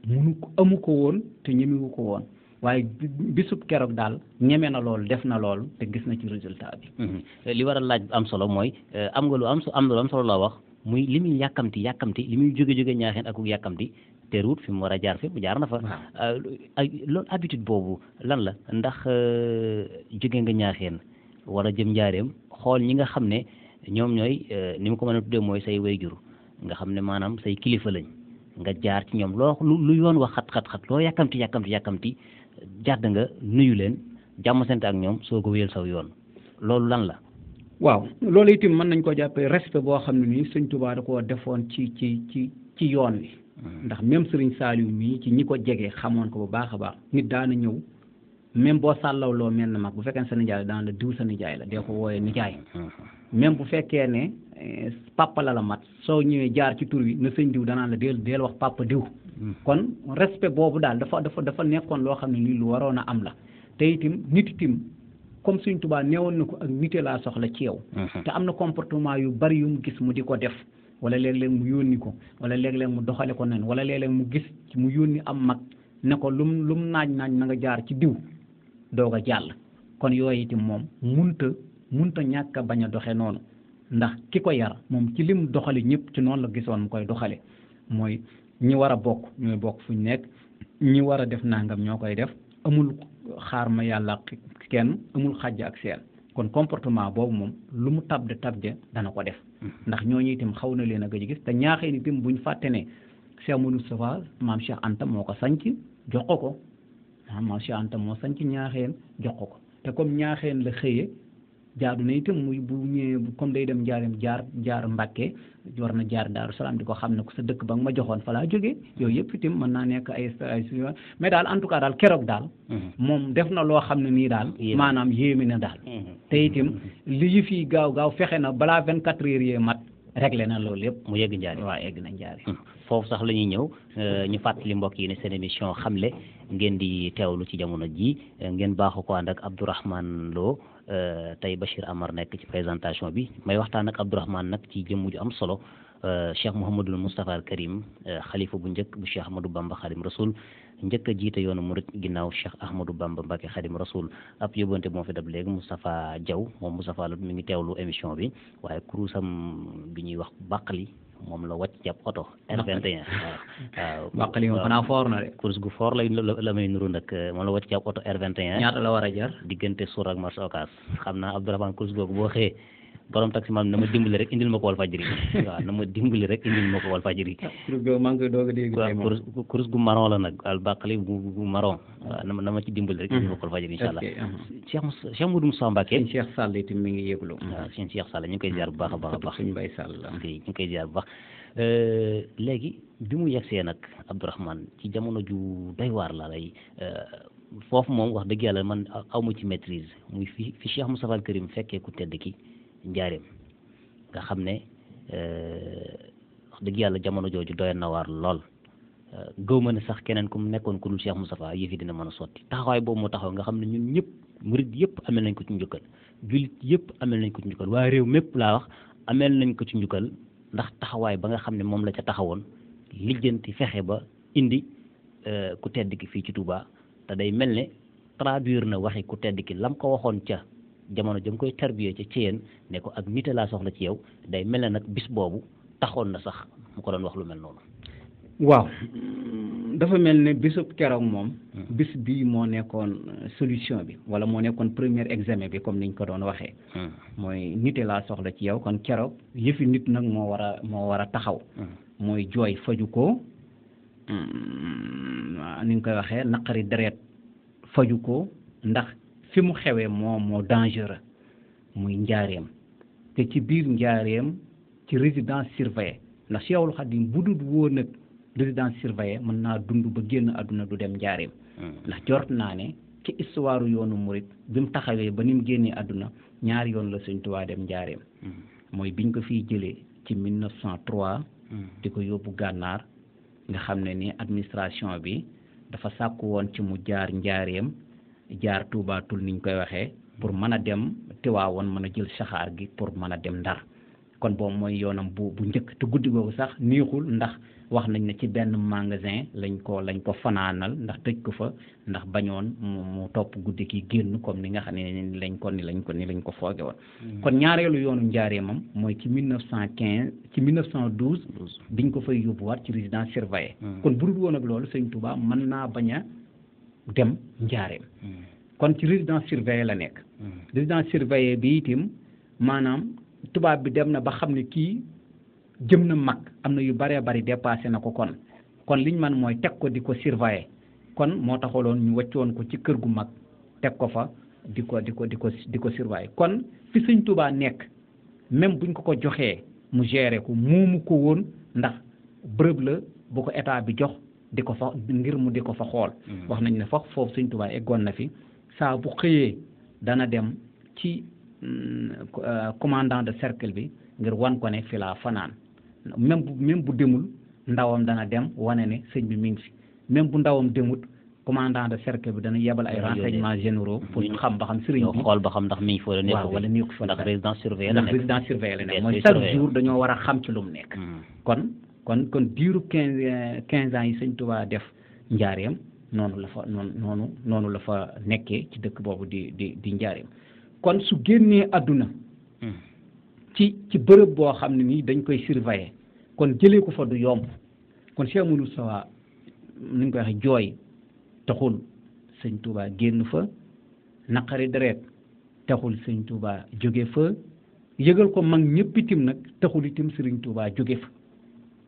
munu ko amu ko woon te ñemewu ko woon waaye bisub keroog daal ñeme na lool def na lool te gis na ci résultat bi euh, li war a laaj am solo mooy euh, am nga lu am am na lu am solo la wax muy li muy yàkkamti yàkkamti li muy jóge-jóge ñaaxeen ak yàkkamti te route mu war a jaar fépp jaar na fa. Euh, loolu habitude boobu lan la ndax euh, jóge nga ñaaxeen wala jëm njaareem xool ñi nga xam ne ñoom ñooy euh, ni mu ko mën a tuddee mooy say wayjur nga xam ne maanaam say kilifa lañ nga jaar ci ñoom loo lu yoon wax xat xat xat loo yàkkamti yàkkamti yàkkamti nga nuyu leen jàmm ak ñoom soo ko wéyal yoon loolu lan la. waaw loolu itam mën nañ koo jàppee respect boo xam ne nii Sëñ Tuubaa da defoon ci ci ci ci yoon wi. Mm. ndax même Serigne Saliou mii ci ñi ko jege xamoon ko bu baax a baax nit daana ñëw même boo sàllawloo mel na mag bu fekkee ne sa nijaay la daan la diw sa nijaay la dee ko wooyee nijaay mm-hmm. même bu fekkee ne eh, papa la mat soo ñëwee jaar ci tur wi na sëñ diw danaan la deel deel wax papa diw mm. kon respect boobu daal dafa dafa dafa nekkoon loo xam ne lii lu waroon a am la te itim nit itim comme Sëñ Tuubaa neewoon na ko ak nite laa soxla ci yow mm-hmm. te am na comportement yu bari yu mu gis mu di ko def wala léeg-léeg mu yónni ko wala léeg-léeg mu doxale ko nen wala léeg-léeg mu gis mu yónni am mag ne ko lum lum naaj naaj na nga jaar ci diw doog a jàll kon yooyu itam moom munta munta ñàkk a bañ a doxe noonu ndax ki ko yar moom ci lim doxale ñëpp ci noonu la gisoon mu koy doxale mooy ñi war a bokk ñooy bokk fu ñu nekk ñi war a def nangam ñoo koy def amul xaar ma yàlla kenn amul xàjj ak seen kon comportement boobu moom lu mu tabde tabde dana ko def Mm-hmm. ndax ñooñu itam xaw na leen a gëj gis te ñaaxeen itam buñ fàtte ne Cheikh Modou Moustapha maam Cheikh Anta moo ko sanc jox ko ko maam Cheikh Anta moo sanc ñaaxeen jox ko ko te comme ñaaxeen la xëyee jaadu na itam muy bu ñëwee comme day dem njaareem jaar jaar Mbàkke war na jaar Daaru Salaam di ko xam ne ko sa dëkk ba nga ma joxoon fa laa jógee yooyu yëpp itam mën naa nekk ay ay daal en tout cas daal keroog daal mm-hmm. moom def na loo xam ne nii daal maanaam yéeme na daal mm-hmm. te itam li yi fii gaaw gaaw fexe na balaa vingt quatre heures yee mat réglé na loolu yëpp mu yegg njaari waaw yegg na njaari mm-hmm. foofu sax la ñuy ñëw euh, ñu fàttali mbokk yi ne seen xam xamle ngeen di teewlu ci jamono ji ngeen baaxu ko ànd ak Abdourahmane Lo Euh, tey Bachir Amar nekk ci présentation bi may waxtaan ak Abdourahmane nag ci jëmm ju am solo euh, Cheikh Mouhamadul Moustapha al Karim euh, xalifa bu njëkk bu Cheikh Ahmadou Bamba Xadim Rasoul njëkk a jiite yoonu murit ginnaaw Cheikh Ahmadou Bamba Mbacke Xadim Rasoul ab yóbbante moo fi dab léegi Moustapha jaw moom Moustapha Lut mi ngi teewlu émission bi waaye kurusam bi ñuy wax li moom la wàcc jàpp oto R21 waaw baqali moom xanaa foor na de course gu foor lay la may nuru nag euh, moom la wàcc jàpp oto R21 ñaata la war a jar diggante suur ak marché Ocass xam naa Abdourahmane course googu boo xëyee borom taxi maam na ma dimbali rek indil ma ko Walfadjri waaw na ma dimbali rek indil ma ko Walfadjri ah, waaw kurus gu marron la nag albaqali gu marron waaw na ma na ma ci dimbali rek indil ma ko Walfadjri incha allah uh-huh. Cheikh Moussa Cheikh Modou Moussa Mbacké sëñ Cheikh Sall itam mi ngi yëglu waaw sëñ Cheikh Sall ñu ngi koy ziar bu baax a baax a baax a ñu koy ziar bu baax euh, léegi bi mu yegsee nag Abdourahmane ci jamono ju doy waar la lay euh, foofu moom wax dëgg yàlla man aw ma ci maîtrise muy fi fi Cheikh Moustapha Al Karim fekkee ku tedd ki njaareem nga xam ne euh, wax dëgg yàlla jamono jooju doy na waar lool euh, gëw ma ne sax keneen ku mu nekkoon ku dul Cheikh Moustapha yëf yi dina mën a sotti taxawaay boobu mu taxaw nga xam ne ñun ñëpp murid yëpp amee nañ ko ci njukkal jullit yëpp amel nañ ko ci njukkal waaye réew mépp laa wax amel nañ ko ci njukkal ndax taxawaay ba nga xam ne moom la ca taxawoon lijjanti fexe ba indi euh, ku tedd ki fii ci Touba te day mel ne traduire na waxi ku tedd ki lam ko waxoon jamono jëm koy tarbiyee ca Thièyène ne ko ak nite laa soxla ci yow day mel ne nag bis boobu taxoon na sax mu ko doon wax lu mel noonu. waaw dafa mel ne bisub keroog moom. Hmm. bis bi moo nekkoon euh, solution bi wala moo nekkoon premier examen bi comme ni ñu ko doon waxee. Hmm. mooy nite laa soxla ci yow kon keroog yëfi nit nag moo war a moo war a taxaw. Hmm. mooy jooy faju ko ni nga koy waxee naqari deret faju ko ndax. fi mu xewee moo moo dangereux muy njaareem te ci biir njaareem ci résidence surveillée ndax Cheikhul Khadim bu dul woo nag résidence surveillée mën naa dund ba génn àdduna du dem njaareem hmm. ndax jort naa ne ci histoire yoonu murit bi mu taxawee ba ni mu génnee àdduna ñaari yoon la Sëñ Tuubaa dem njaareem hmm. mooy biñ ko fiy jëlee ci 1903 hmm. di ko yóbbu gànnaar nga xam ne ni administration bi dafa sàkku woon ci mu jaar njaareem jaar Touba tul niñ koy waxee pour mën a dem Tiwaawoon mën a jël saxaar gi pour mën a dem Ndar kon boobu mooy yoonam bu bu njëkk te guddi googu sax niixul ndax wax nañ ne ci benn magasin lañ ko lañ ko fanaanal ndax tëj ko fa ndax bañoon mu mu topp guddi ki génn comme ni nga xam ne ni lañ ko ni lañ ko ni lañ ko fooge woon mm. kon ñaareelu yoonu njaareemam mooy ci 1915 ci 1912 biñ ko fay yóbbuwaat ci résidence surveillée mm. kon bu woon ak loolu Sëñ Touba mën naa bañ dem njaareem mm. kon ci résidence surveillée la nekk mm. résidence surveillée bi itim maanaam tubaab bi dem na ba xam ne kii jëm na mag am na yu bëree bëri dépassé na ko kon kon liñ man mooy teg ko di ko surveiller kon moo taxaloon ñu wàccoon ko ci kër gu mag teg ko fa di ko di ko di ko di ko surveiller kon fi sëñ Tuubaa nekk même buñ ko ko joxee mu gérer ko muumu ko woon ndax bërëb la bu ko état bi jox di ko fa ngir mu di ko fa xool mm. wax nañ ne fa foofu sëñ e eggoon na fi saa bu xëyee dana dem ci mm, euh, commandant de cercle bi ngir wan ko ne fi fanaan même bu même bu demul ndawam dana dem wane ne sëñ bi mi ngi fi même bu ndawam demut commandant de cercle bi dana yebal ay renseignements généraux pour ñu xam ba xam sëriñ bi xool ba xam ndax mi ngi fa la nekk wala nekk fa ndax résident surveillé nekk mooy chaque jour dañoo war a xam ci lu nekk mm. kon kon diiru quinze quinze ans yi sëñ Touba def njaareem noonu la fa noonu noonu la fa nekkee ci dëkk boobu di di di njaareem kon su génnee àdduna hmm. ci ci bërëb boo xam ne nii dañ koy surveiller kon jëlee ko fa du yomb kon Cheikh Amadou Sawa ni koy waxee jooy taxul sëñ Touba génn fa naqari deret taxul sëñ Touba jóge fa yëgal ko mag ñëpp itim nag taxul itim sëriñ Touba jóge fa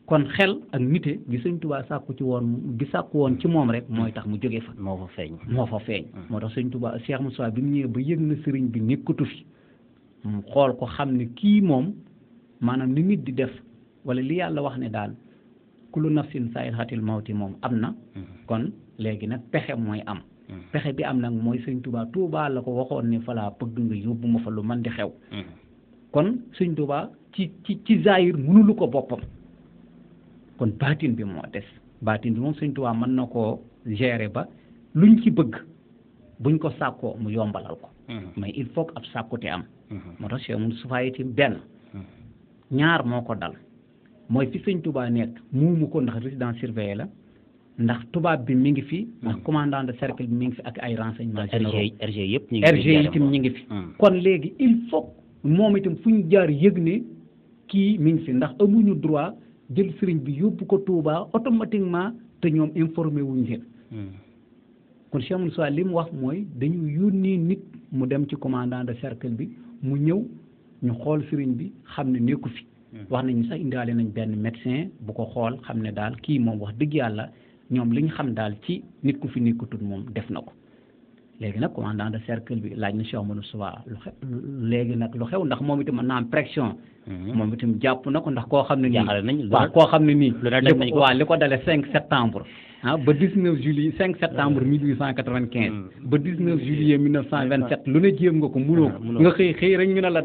kon xel ak nite gi sëñ tubaa sàkku ci woon gi sàkku woon ci moom rek mooy tax mu jóge fa moo fa feeñ moo fa feeñ mm. moo tax sëñ tubaa seex Moussa bi mu ñëwee ba yëg na sëriñ bi nekkatu fi mu xool ko xam ne kii moom maanaam ni nit di def wala li yàlla wax ne daal kullu nafsin saayixatil mawti moom am na mm. kon léegi nag pexe mooy am mm. pexe bi am nag mooy sëñ tubaa tuubaa la ko waxoon ne falaa pëgg nga yóbbu ma fa lu man di xew kon sëñ tubaa ci ci ci zaayir lu ko boppam kon baatin bi moo des baatin bi moom Sëñ Tuubaa mën na koo gérer ba luñ ci bëgg buñ ko sàkkoo mu yombalal ko mm-hmm. mais il faut que ab sàkkute am mm-hmm. moo tax Cheikh mun sufayi benn mm-hmm. ñaar moo ko dal mooy fi Sëñ Tuubaa nekk muumu ko ndax résident surveillé la ndax tubaab bi mi ngi fi. ndax commandant de cercle bi mi ngi fi ak ay renseignements généraux RG RG yëpp ñu ngi fi ñu ngi kon léegi il faut moom itam fu ñu yëg ne kii mi fi ndax amuñu droit jël sëriñ bi yóbbu ko Touba automatiquement te ñoom informé wuñ leen hmm. kon Cheikh Moussa li mu wax mooy dañu yónnee nit mu dem ci commandant de cercle bi mu ñëw ñu xool sëriñ bi xam ne nekku fi hmm. wax nañu sax indaale nañ benn médecin bu ko xool xam ne daal kii moom wax dëgg yàlla ñoom li ñu xam daal ci nit ku fi nekkatul moom def na ko léegi na commandant de cercle bi laaj na Cheikh Amadou Souba lu xew léegi nag lu xew ndax moom itam mën naa am pression. Hmm. moom itam jàpp na ko ndax koo xam ne. jaaxale nañ waaw koo xam ne nii. lu waaw li ko dalee 5 septembre. ah ba 19 juillet 5 septembre 1895. Hmm. ba 19 juillet 1927 lu ne jéem nga ko mënoo ah, ko. nga xëy xëy rek ñu ne la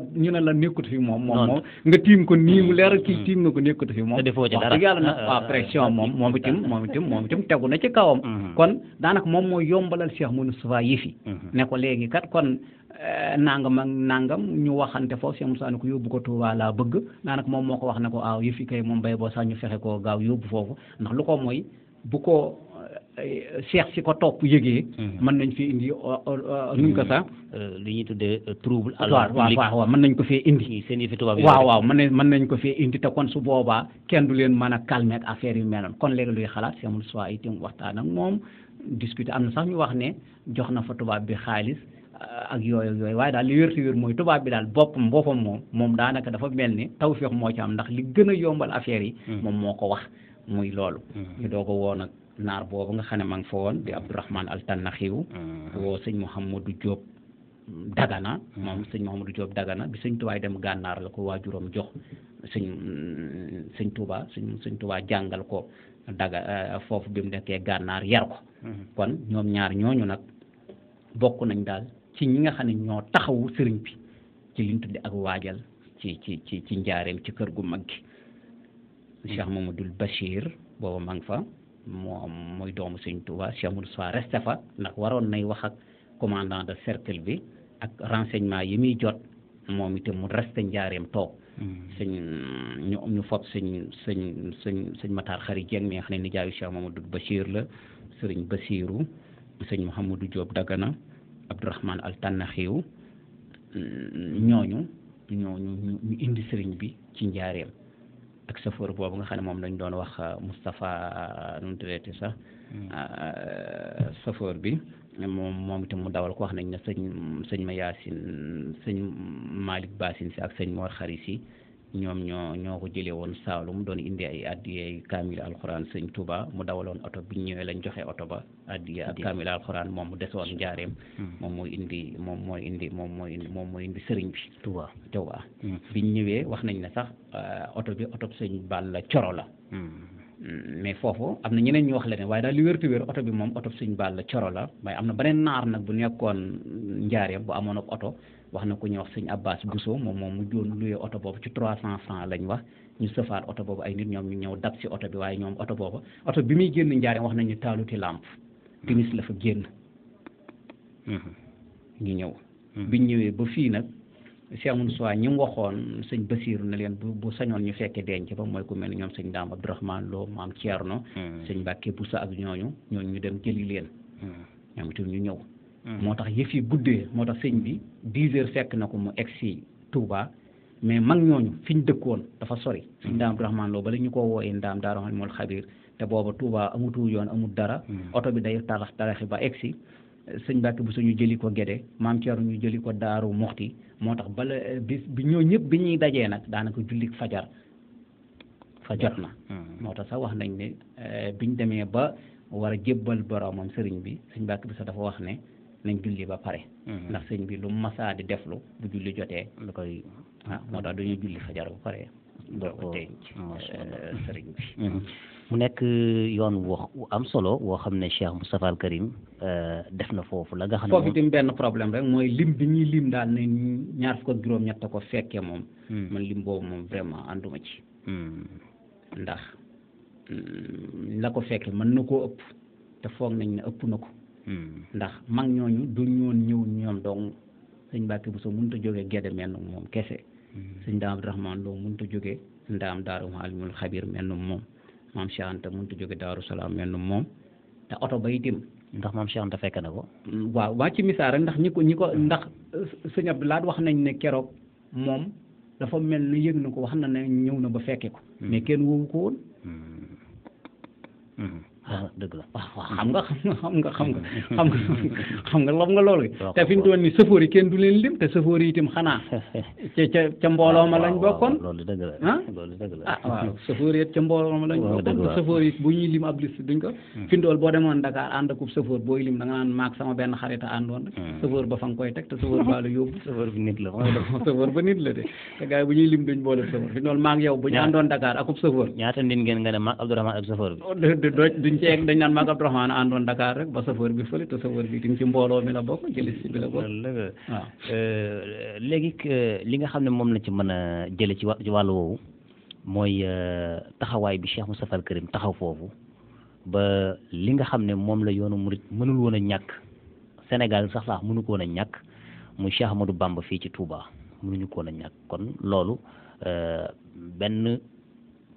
ñu nekkut fi moom. moom moom nga tiim kii hmm. tiim ko nekkut fi moom. te defoo ci dara wax yàlla ah, ah, moom moom itam moom itam moom itam tegu na ci kawam. Hmm. kon daanaka moom moo yombalal Cheikh Moustapha yi fi. ne ko léegi kat kon. Eh, nangam ak nangam ñu waxante foofu Cheikh Moussa ne ko yóbbu ko Touba laa bëgg daanaka moom moo ko wax ne ko aaw yëfi kay moom bay boo sax ñu fexe koo gaaw yóbbu foofu ndax lu ko mooy bu ko eh, eh, seex si ko topp yëgee. Mhm. mën nañ fi indi nuñ ko sax. Mhm. Euh, li ñuy tuddee euh, trouble. à l'ordre public waaw mën nañ ko fee indi. seen yëfi tubaab yi waaw waaw man nañ mën nañ ko fee indi te kon su boobaa kenn du leen mën a calmer affaire yu mel kon léegi luy xalaat seen mën soit itam waxtaan ak moom discuter am na sax ñu wax ne jox na fa tubaab bi xaalis. Euh, ak yooyu yooyu waaye daal li wér si wér mooy tubaab bi daal boppam boppam moom moom daanaka dafa mel ni tawféex moo ci ndax li gën a yombal affaire yi. Mhm. moom moo ko wax. muy loolu mm-hmm. ñu doo ko woo nag naar boobu nga xam ne ma ngi fa woon di Abdourahman Altannaxiw mm-hmm. woo sëñ Mouhamadou Diop Dagana mm-hmm. moom sëñ Mouhamadou Diop Dagana bi sëñ Tuubaa dem gànnaar la ko waajuram jox sëñ tubaa sëñ sëñ jàngal ko daga euh, foofu bi mu nekkee gànnaar yar ko kon ñoom ñaar ñooñu nag bokk nañ daal ci ñi nga xam ne ñoo taxawu sëriñ bi ci liñ tudde ak waajal ci ci ci ci njaareem ci kër gu mag gi Cheikh mhm. Mamadul Bachir booba maa ngi fa moom mooy doomu Sëñ Tuuba Cheikh Moudou Sow resté fa ndax waroon nay wax ak commandant de cercle bi ak renseignement yi muy jot moom itam mu resté njaareem toog. Mhm. sëñ ñu ñu fob sëñ sëñ sëñ sëñ Matar Xari Dieng mi nga xam ne nijaayu Cheikh Mamadul Bachir la sëriñ Bachiru sëñ Mouhamadou Diop Dagana Abdourahman Al Tannaxiw ñooñu ñooñu ñu indi sëriñ bi ci njaareem. ak chauffeur boobu nga xam ne moom lañ doon wax euh, Moustapha euh, nu mu tuddati sax hmm. euh, chauffeur bi moom moom itam mu dawal ko wax nañ ne sëñ sëñ ma yaasin sëñ Malick Basin si ak sëñ Mor Xari si ñoom ñoo ñoo ko jëlee woon Saalum doon indi ay addiyey kaamil alxuraan sëñ Touba mu dawaloon oto bi ñu ñëwee lañ joxe oto ba addiye ak kaamil alxuraan moom mu desoon njaareem hmm. moom mooy indi moom mooy indi moom mooy moom mooy indi sëriñ bi Touba Touba hmm. biñ ñëwee wax nañ ne sax euh, oto bi oto sëñ la Coro la hmm. mais foofu am na ñeneen ñu wax leneen waaye daal li wértu wér oto bi moom oto sëñ la Coro la waaye am na beneen naar nag bu nekkoon njaareem bu amoon ak oto wax na ku ñuy wax sëñ Abbas Bousso moom moom mu joon luyee oto boobu ci trois cent francs lañ wax ñu sëfaat oto boobu ay nit ñoom ñu ñëw dab si oto bi waaye ñoom oto boobu oto bi muy génn njaareen wax nañu taaluti làmp timis la fa génn mm-hmm. ñu ñëw mm-hmm. biñ ñëwee ba fii nag Cheikh Moussa ñi mu waxoon sëñ Basiiru ne leen bu bu sañoon ñu fekkee denc ba mooy ko mel ni ñoom sëñ Daam Abdourahmane Lo maam Thierno mm-hmm. sëñ Mbàkke Bousso ak ñooñu ñooñu ñu dem jëli leen ñoom itam ñu ñëw Mhm. moo tax yëf yi guddee moo tax sëñ bi dix heures fekk na ko mu egg si tuubaa mais mag ñooñu fi ñu dëkkoon dafa sori mhm. sëñ Daam Abdourahmane Lo bala ñu ko wooyee Ndaam Daaru Xalimul Xabiir te booba Touba amutu yoon amut dara mhm. oto bi day talax talaxi ba egg sëñ Mbàkke suñu jëli ko Gédé maam Thierno ñu jëli ko Daaru Muxti moo tax bala eh, bis bi ñoo ñëpp bi ñuy dajee nag daanaka jullik fajar fa jot na moo tax sax wax nañ ne eh, biñ demee ba war a jébbal boroomam sëriñ bi sëñ Mbàkke bi sax dafa wax ne nañ julli ba pare mm-hmm. ndax sëñ bii lu masaa di deflu bu julli jotee lu koy ah moo tax dañuy julli fajar ba pare doo ah, euh, mm-hmm. mu nekk euh, yoon wax am solo woo xam ne Cheikh Moustapha Al Karim euh, def na foofu la nga xam ne foofu itam benn problème rek mooy lim bi ñuy lim daal ne ñaar fukk ak juróom ñett ko fekkee moom mm. man lim boobu moom vraiment ànduma ci mm. ndax mm, la ko fekkee mën na koo ëpp te foog nañ ne ëpp na ko Hmm. ndax mag ñooñu du ñoon ñëw ñoom dong sëñ Mbàkke Buso mënut a jógee gedde mel moom kese hmm. sëñ Daam Abdurahmaan Lo mënut a jógee ndaam daaru Alimul Xabiir mel ni moom maam Cheikh Anta mënut a jógee Daaru Salaam moom te oto ba itam ndax maam Cheikh Anta fekk na ko hmm, waaw waa ci misaal rek ndax ñi ko ñi ko ndax euh, sëñ Abdu Lahat wax nañ ne keroog moom dafa mel ni yëg na ko wax na ne ñëw na ba fekke ko mais kenn woowu ko woon ah dëgg la ah, waaw mm-hmm. xam nga xam nga xam nga xam nga mm-hmm. xam nga lob yi kenn du leen lim te sëfoor yi itam xanaa ca ca ma lañ bokkoon loolu dëgg la ah loolu dëgg la ah waaw sëfoor yi ca ma lañ bokkoon te sëfoor bu ñuy lim ab liste duñ ko mm-hmm. fi boo demoon Dakar ànd akub sëfoor booy lim da nga naan maag sama benn xarit ba fa nga koy teg te sëfoor baa la la sëfoor ba nit bu ñuy lim duñ boole sëfoor fi mu toll maag yow bu ñu àndoon Dakar akub sëfoor ñaata nit ngeen nga ne maag Abdourahmane ak sëfoor bi oh, ci yegg dañ naan Magal Abdourahmane àndoon Dakar rek ba chauffeur bi fële te chauffeur bi tim ci mbooloo mi la bokk ci liste bi la bokk euh, léegi li nga xam ne moom la ci mën a jële ci wàllu woowu mooy euh, taxawaay bi Cheikh Moustapha Al Karim taxaw foofu ba li nga xam ne moom la yoonu murit mënul woon a ñàkk Sénégal sax laax mënu ko ñàkk muy Cheikh Ahmadou Bamba fii ci Touba mënuñu ko woon a ñàkk kon loolu euh, benn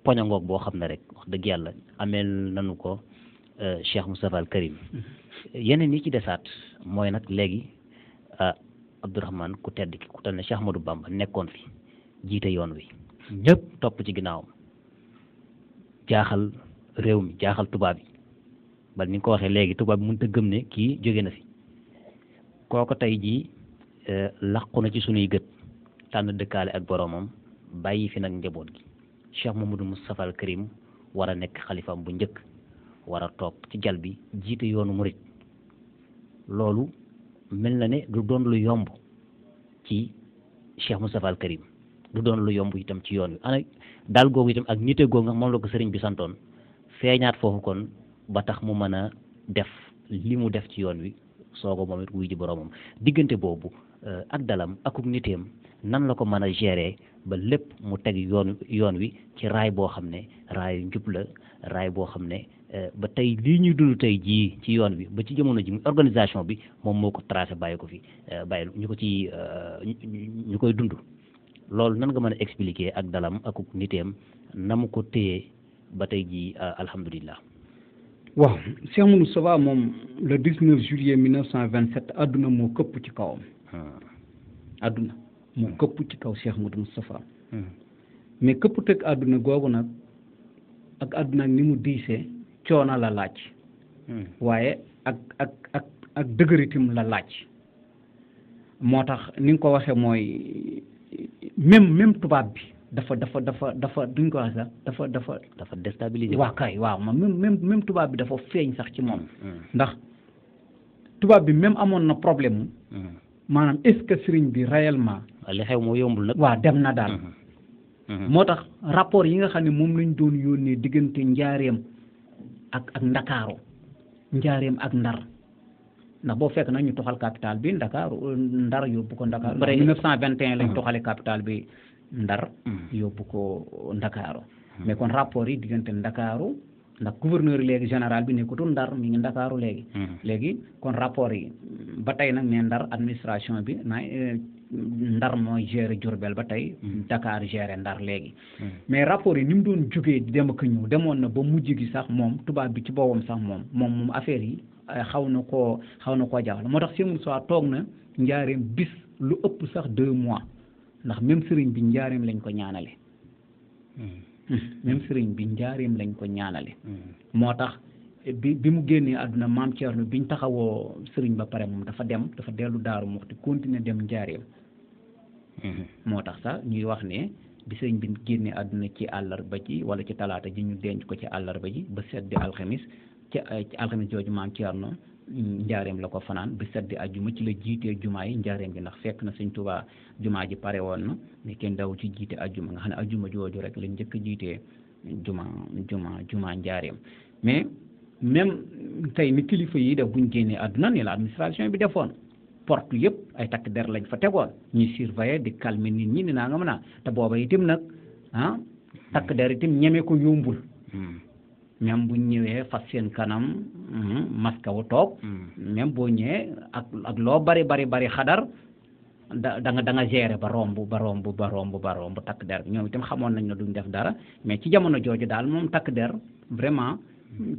poñangoog boo xam ne rek wax dëgg yàlla ameel nañu ko Euh, Cheikh Moustapha al Karim yeneen yi ci desaat mooy nag léegi euh, Abdourahmane ku tedd ki ku tal ne Cheikh Ahmadou Bamba nekkoon fi jiite yoon wi ñëpp topp ci ginnaawam jaaxal réew mi jaaxal tubaab yi bal ni ko waxee léegi tubaab bi mënut a gëm ne kii jóge na fi kooko tey jii euh, làqu na ci sunuy gët tànn dëkkaale ak boroomam bàyyi fi nag njaboot gi Cheikh Mamadou Moustapha al Karim war a nekk xalifaam bu njëkk war a toog ci jal bi jiite yoonu murit loolu mel na ne du doon lu yomb ci Cheikh Moustapha al du doon lu yomb itam ci yoon wi ana daal googu ak nite googu moom sëriñ bi santoon feeñaat foofu kon ba tax mu mën a def li def ci yoon wi soo ko moom diggante boobu euh, ak dalam akuk niteem nan la ko mën a gérer ba lépp mu teg yoon yoon wi ci raay boo xam ne raayu njub la raay boo xam ne Euh, ba tey lii ñuy dund tey jii ci yoon bi ba ci jamono ji muy organisation bi moom moo ko tracé bàyyi ko fi euh, bàyyi ñu ko ci euh, ñu koy dund loolu nan nga mën a expliquer ak dalam ak niteem na mu ko téye ba tey jii alhamdulilah. waaw Cheikh Moustapha moom le 19 juillet 1927 àdduna moo këpp ci kawam. àdduna ah. moo hmm. këpp ci kaw Cheikh Modou Moustapha. Hmm. mais këpp teg àdduna googu nag ak àdduna ni mu diisee. coono la laaj hmm. waaye ak ak ak ak dëgëritim la laaj moo tax ni nga ko waxee mooy même même tubaab bi dafa dafa dafa dafa duñ ko waxee sax dafa dafa. dafa déstabiliser waaw kay waaw moom même même tubaab bi dafa feeñ sax ci moom. Hmm, hmm. ndax tubaab bi même amoon na problème maanaam est-ce que sëriñ bi réellement. li xew moo yombul nag. waa dem na daal. moo tax rapport yi nga xam ne moom lañ doon yónnee diggante njaareem. ak ak ndakaaru njaareem ak ndar ndax boo fekk na ñu toxal capital bi ndakaaru ndar yóbbu ko ndakaaru bare 1921 lañ ah. toxale capital bi ndar hmm. yóbbu ko ndakaaru hmm. mais kon rapport yi diggante ndakaaru ndax gouverneur léegi général bi nekkutul ndar mi ngi ndakaaru hmm. léegi kon rapport yi ba tey nag ne ndar administration bi eh, ndar mooy gérer Diourbel ba tey hmm. Dakar gérer ndar léegi hmm. mais rapport yi ni mu doon jógee di ñëw demoon na ba mujj gi sax moom tubaab bi ci boobam sax moom moom moom affaire yi xaw na koo xaw na koo jaaxal moo tax Cheikh Moussa toog na njaareem bis lu ëpp sax deux mois ndax même sëriñ bi njaareem lañ ko ñaanale hmm. même sëriñ bi njaareem lañ ko ñaanale moo tax bi bi mu génnee àdduna maam Thierno bi ñu taxawoo sëriñ ba pare moom dafa dem dafa dellu daaru Muxti continuer dem njaareem mm-hmm. moo tax sax ñuy wax ne bi sëriñ bi génnee àdduna ci àllarba ji wala ci talaata ji ñu denc ko ci àllarba ji ba seddi alxamis ci alxamis jooju maam Thierno njaareem la ko fanaan ba seddi ajjuma ci la jiitee jumaa yi njaareem bi ndax fekk na sëñ Tuubaa jumaa ji pare woon na mais kenn daw ci jiite ajjuma nga xam ne ajjuma jooju rek la njëkk jiitee juma juma juma njaareem mais même tey ni kilifa yi de buñ génnee àdduna ni la administration bi defoon porte yëpp ay takk der lañ fa tegoon ñi ñuy surveiller di calmer nit ñi ni naa nga mën a te booba itam nag ah takk der itam ñeme ko yombul hmm. même buñ ñëwee fas seen kanam hmm, masque wu toog hmm. même boo ñëwee ak ak loo bari bari bari xadar da da nga da nga gérer ba romb ba romb ba romb ba takk der ñoom itam xamoon nañ ne duñ def dara mais ci jamono jooju daal moom takk der vraiment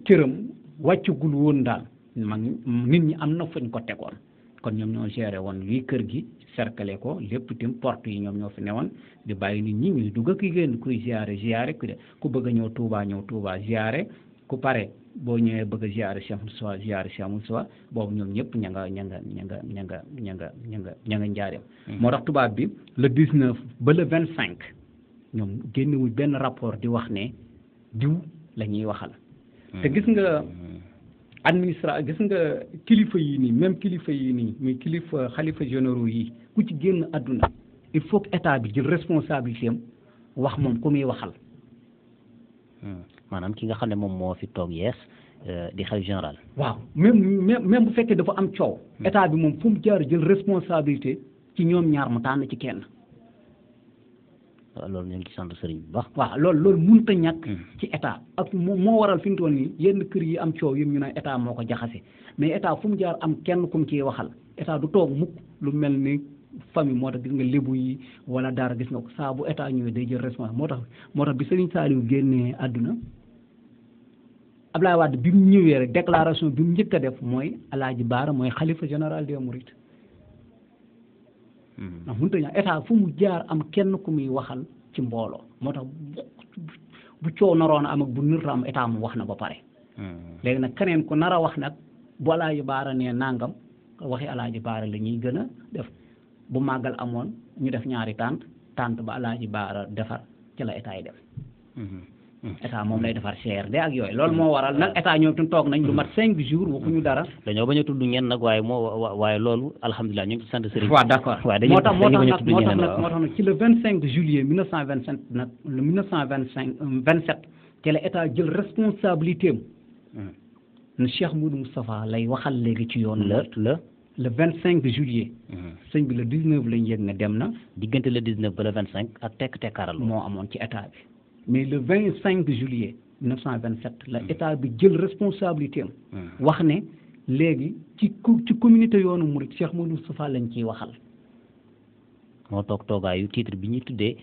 cëram wàccugul woon daal mag nit ñi am na fuñ ko tegoon kon ñoom ñoo géré woon lii kër gi cercler ko lépp tim porte yi ñoom ñoo fi newoon di bàyyi nit ñi ñuy dugg ak génn kuy ziare ziare ku de ku bëgg a ñëw Touba ñëw Touba ziare ku pare boo ñëwee bëgg a ziare Cheikh Moussa ziare Cheikh Moussa boobu ñoom ñëpp ña nga ña nga ña nga ña nga ña nga ña nga ña nga njaareem hmm. moo tax tubaab bi le 19 ba le 25 ñoom génnewuñ benn rapport di wax ne diw la ñuy waxal Mm. te gis nga mm. administra gis nga kilifa yii nii même kilifa yi nii muy kilifa xalifa généraux yi ku ci génn àdduna il faut que état bi jël responsabilité wax moom ku muy waxal. Mm. maanaam ki nga xam ne moom moo fi toog yees euh, di xel général. waaw même même bu fekkee dafa am coow. état bi moom fu mu jaar jël responsabilité ci ñoom ñaar mu tànn ci kenn. waaw loolu ñu ngi sant loolu loolu mënut ñàkk. Hmm. ci état ak moo waral fi mu toll nii yenn kër yi am coow yëpp ñu ne état moo ko jaxase mais état fu mu jaar am kenn kum ci waxal état du toog mukk lu mel ni famille moo tax gis lébu yi wala daara gis nga ko saa état ñëwee day jël responsable moo tax moo tax bi sëriñ Saliou génnee àdduna Ablaye Wade bi mu ñëwee rek déclaration bi mu njëkk a def mooy Alaaji Baara mooy xalifa général des Mourides. Mhm. ndax mënut a ñàkk état fu mu jaar am kenn ku muy waxal ci mbooloo moo tax bu coow naroon a am ak bu nirta am état mu wax na ba pare. Mhm. léegi nag keneen ku nar a wax nag bu alaaji baara nee nangam waxi alaaji baara la ñuy gën a def bu màggal amoon ñu def ñaari tànt tànt ba alaaji baara defar ci la état yi def. Mhm. Hmm. état moom lay defar CRD ak yooyu loolu moo waral nag hmm. état ñoom itam toog nañ lu mat hmm. cinq jours waxuñu dara dañoo bañ a tudd ñenn nag waaye moo waaye loolu alhamdulilah ñu ngi sant sëriñ waaw d'accord waaw moo tax moo tax nag moo tax nag moo tax nag ci le vingt cinq juillet mille neuf cent vingt cinq nag le mille neuf vingt cinq vingt euh, sept te la état jël responsabilité am ne Cheikh Moudou lay waxal léegi ci yoon la la le vingt cinq juillet sëñ bi le dix neuf lañ yëg ne dem na diggante le dix neuf ba le vingt cinq ak moo amoon ci état bi mais le vingt cinq juillet mille cent vingt sept la hmm. état bi jël responsabilité hmm. wax ne léegi ci ci communauté yoonu Mouride Cheikh Modou Moustapha lañ ciy waxal moo toog toogaayu titre bi ñuy tuddee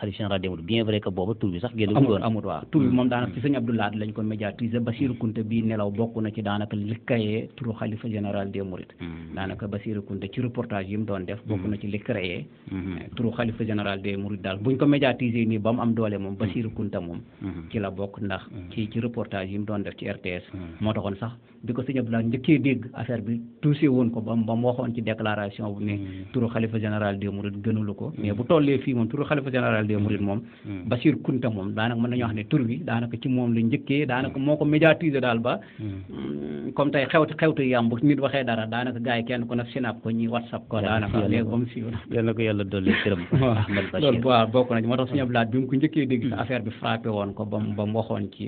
xalif général des Mourides bien vrai que booba tur bi sax génn amul amul waaw tur bi moom hmm. daanaka ci sëñ Abdoulaye lañ ko médiatiser Basiru Kunta bii nelaw bokk ci daanaka likkayee turu hmm. yi mu doon def bokk hmm. na ci li créé eh, turu xalifa général des Mourides daal buñ ko médiatiser nii ba am doole moom Basiru Kunta moom ci la bokk ndax ci reportage yi doon def ci RTS moo taxoon sax bi ko sëñ Abdoulaye njëkkee dégg affaire bi touché woon ko ba ba mu waxoon ci déclaration bu ne turu xalifa général des Mourides gënulu ko mais bu des Mourides mm. moom mm. Bachir Kunta moom daanaka mën nañu wax ne tur bi daanaka ci moom la njëkkee daanaka mm. moo ko médiatiser daal ba comme tey xewti xewtu yam bu nit waxee dara daanaka gars yi kenn ku nag sinap ko bi mu ko njëkkee dégg affaire bi frappé woon ko ba mu waxoon ci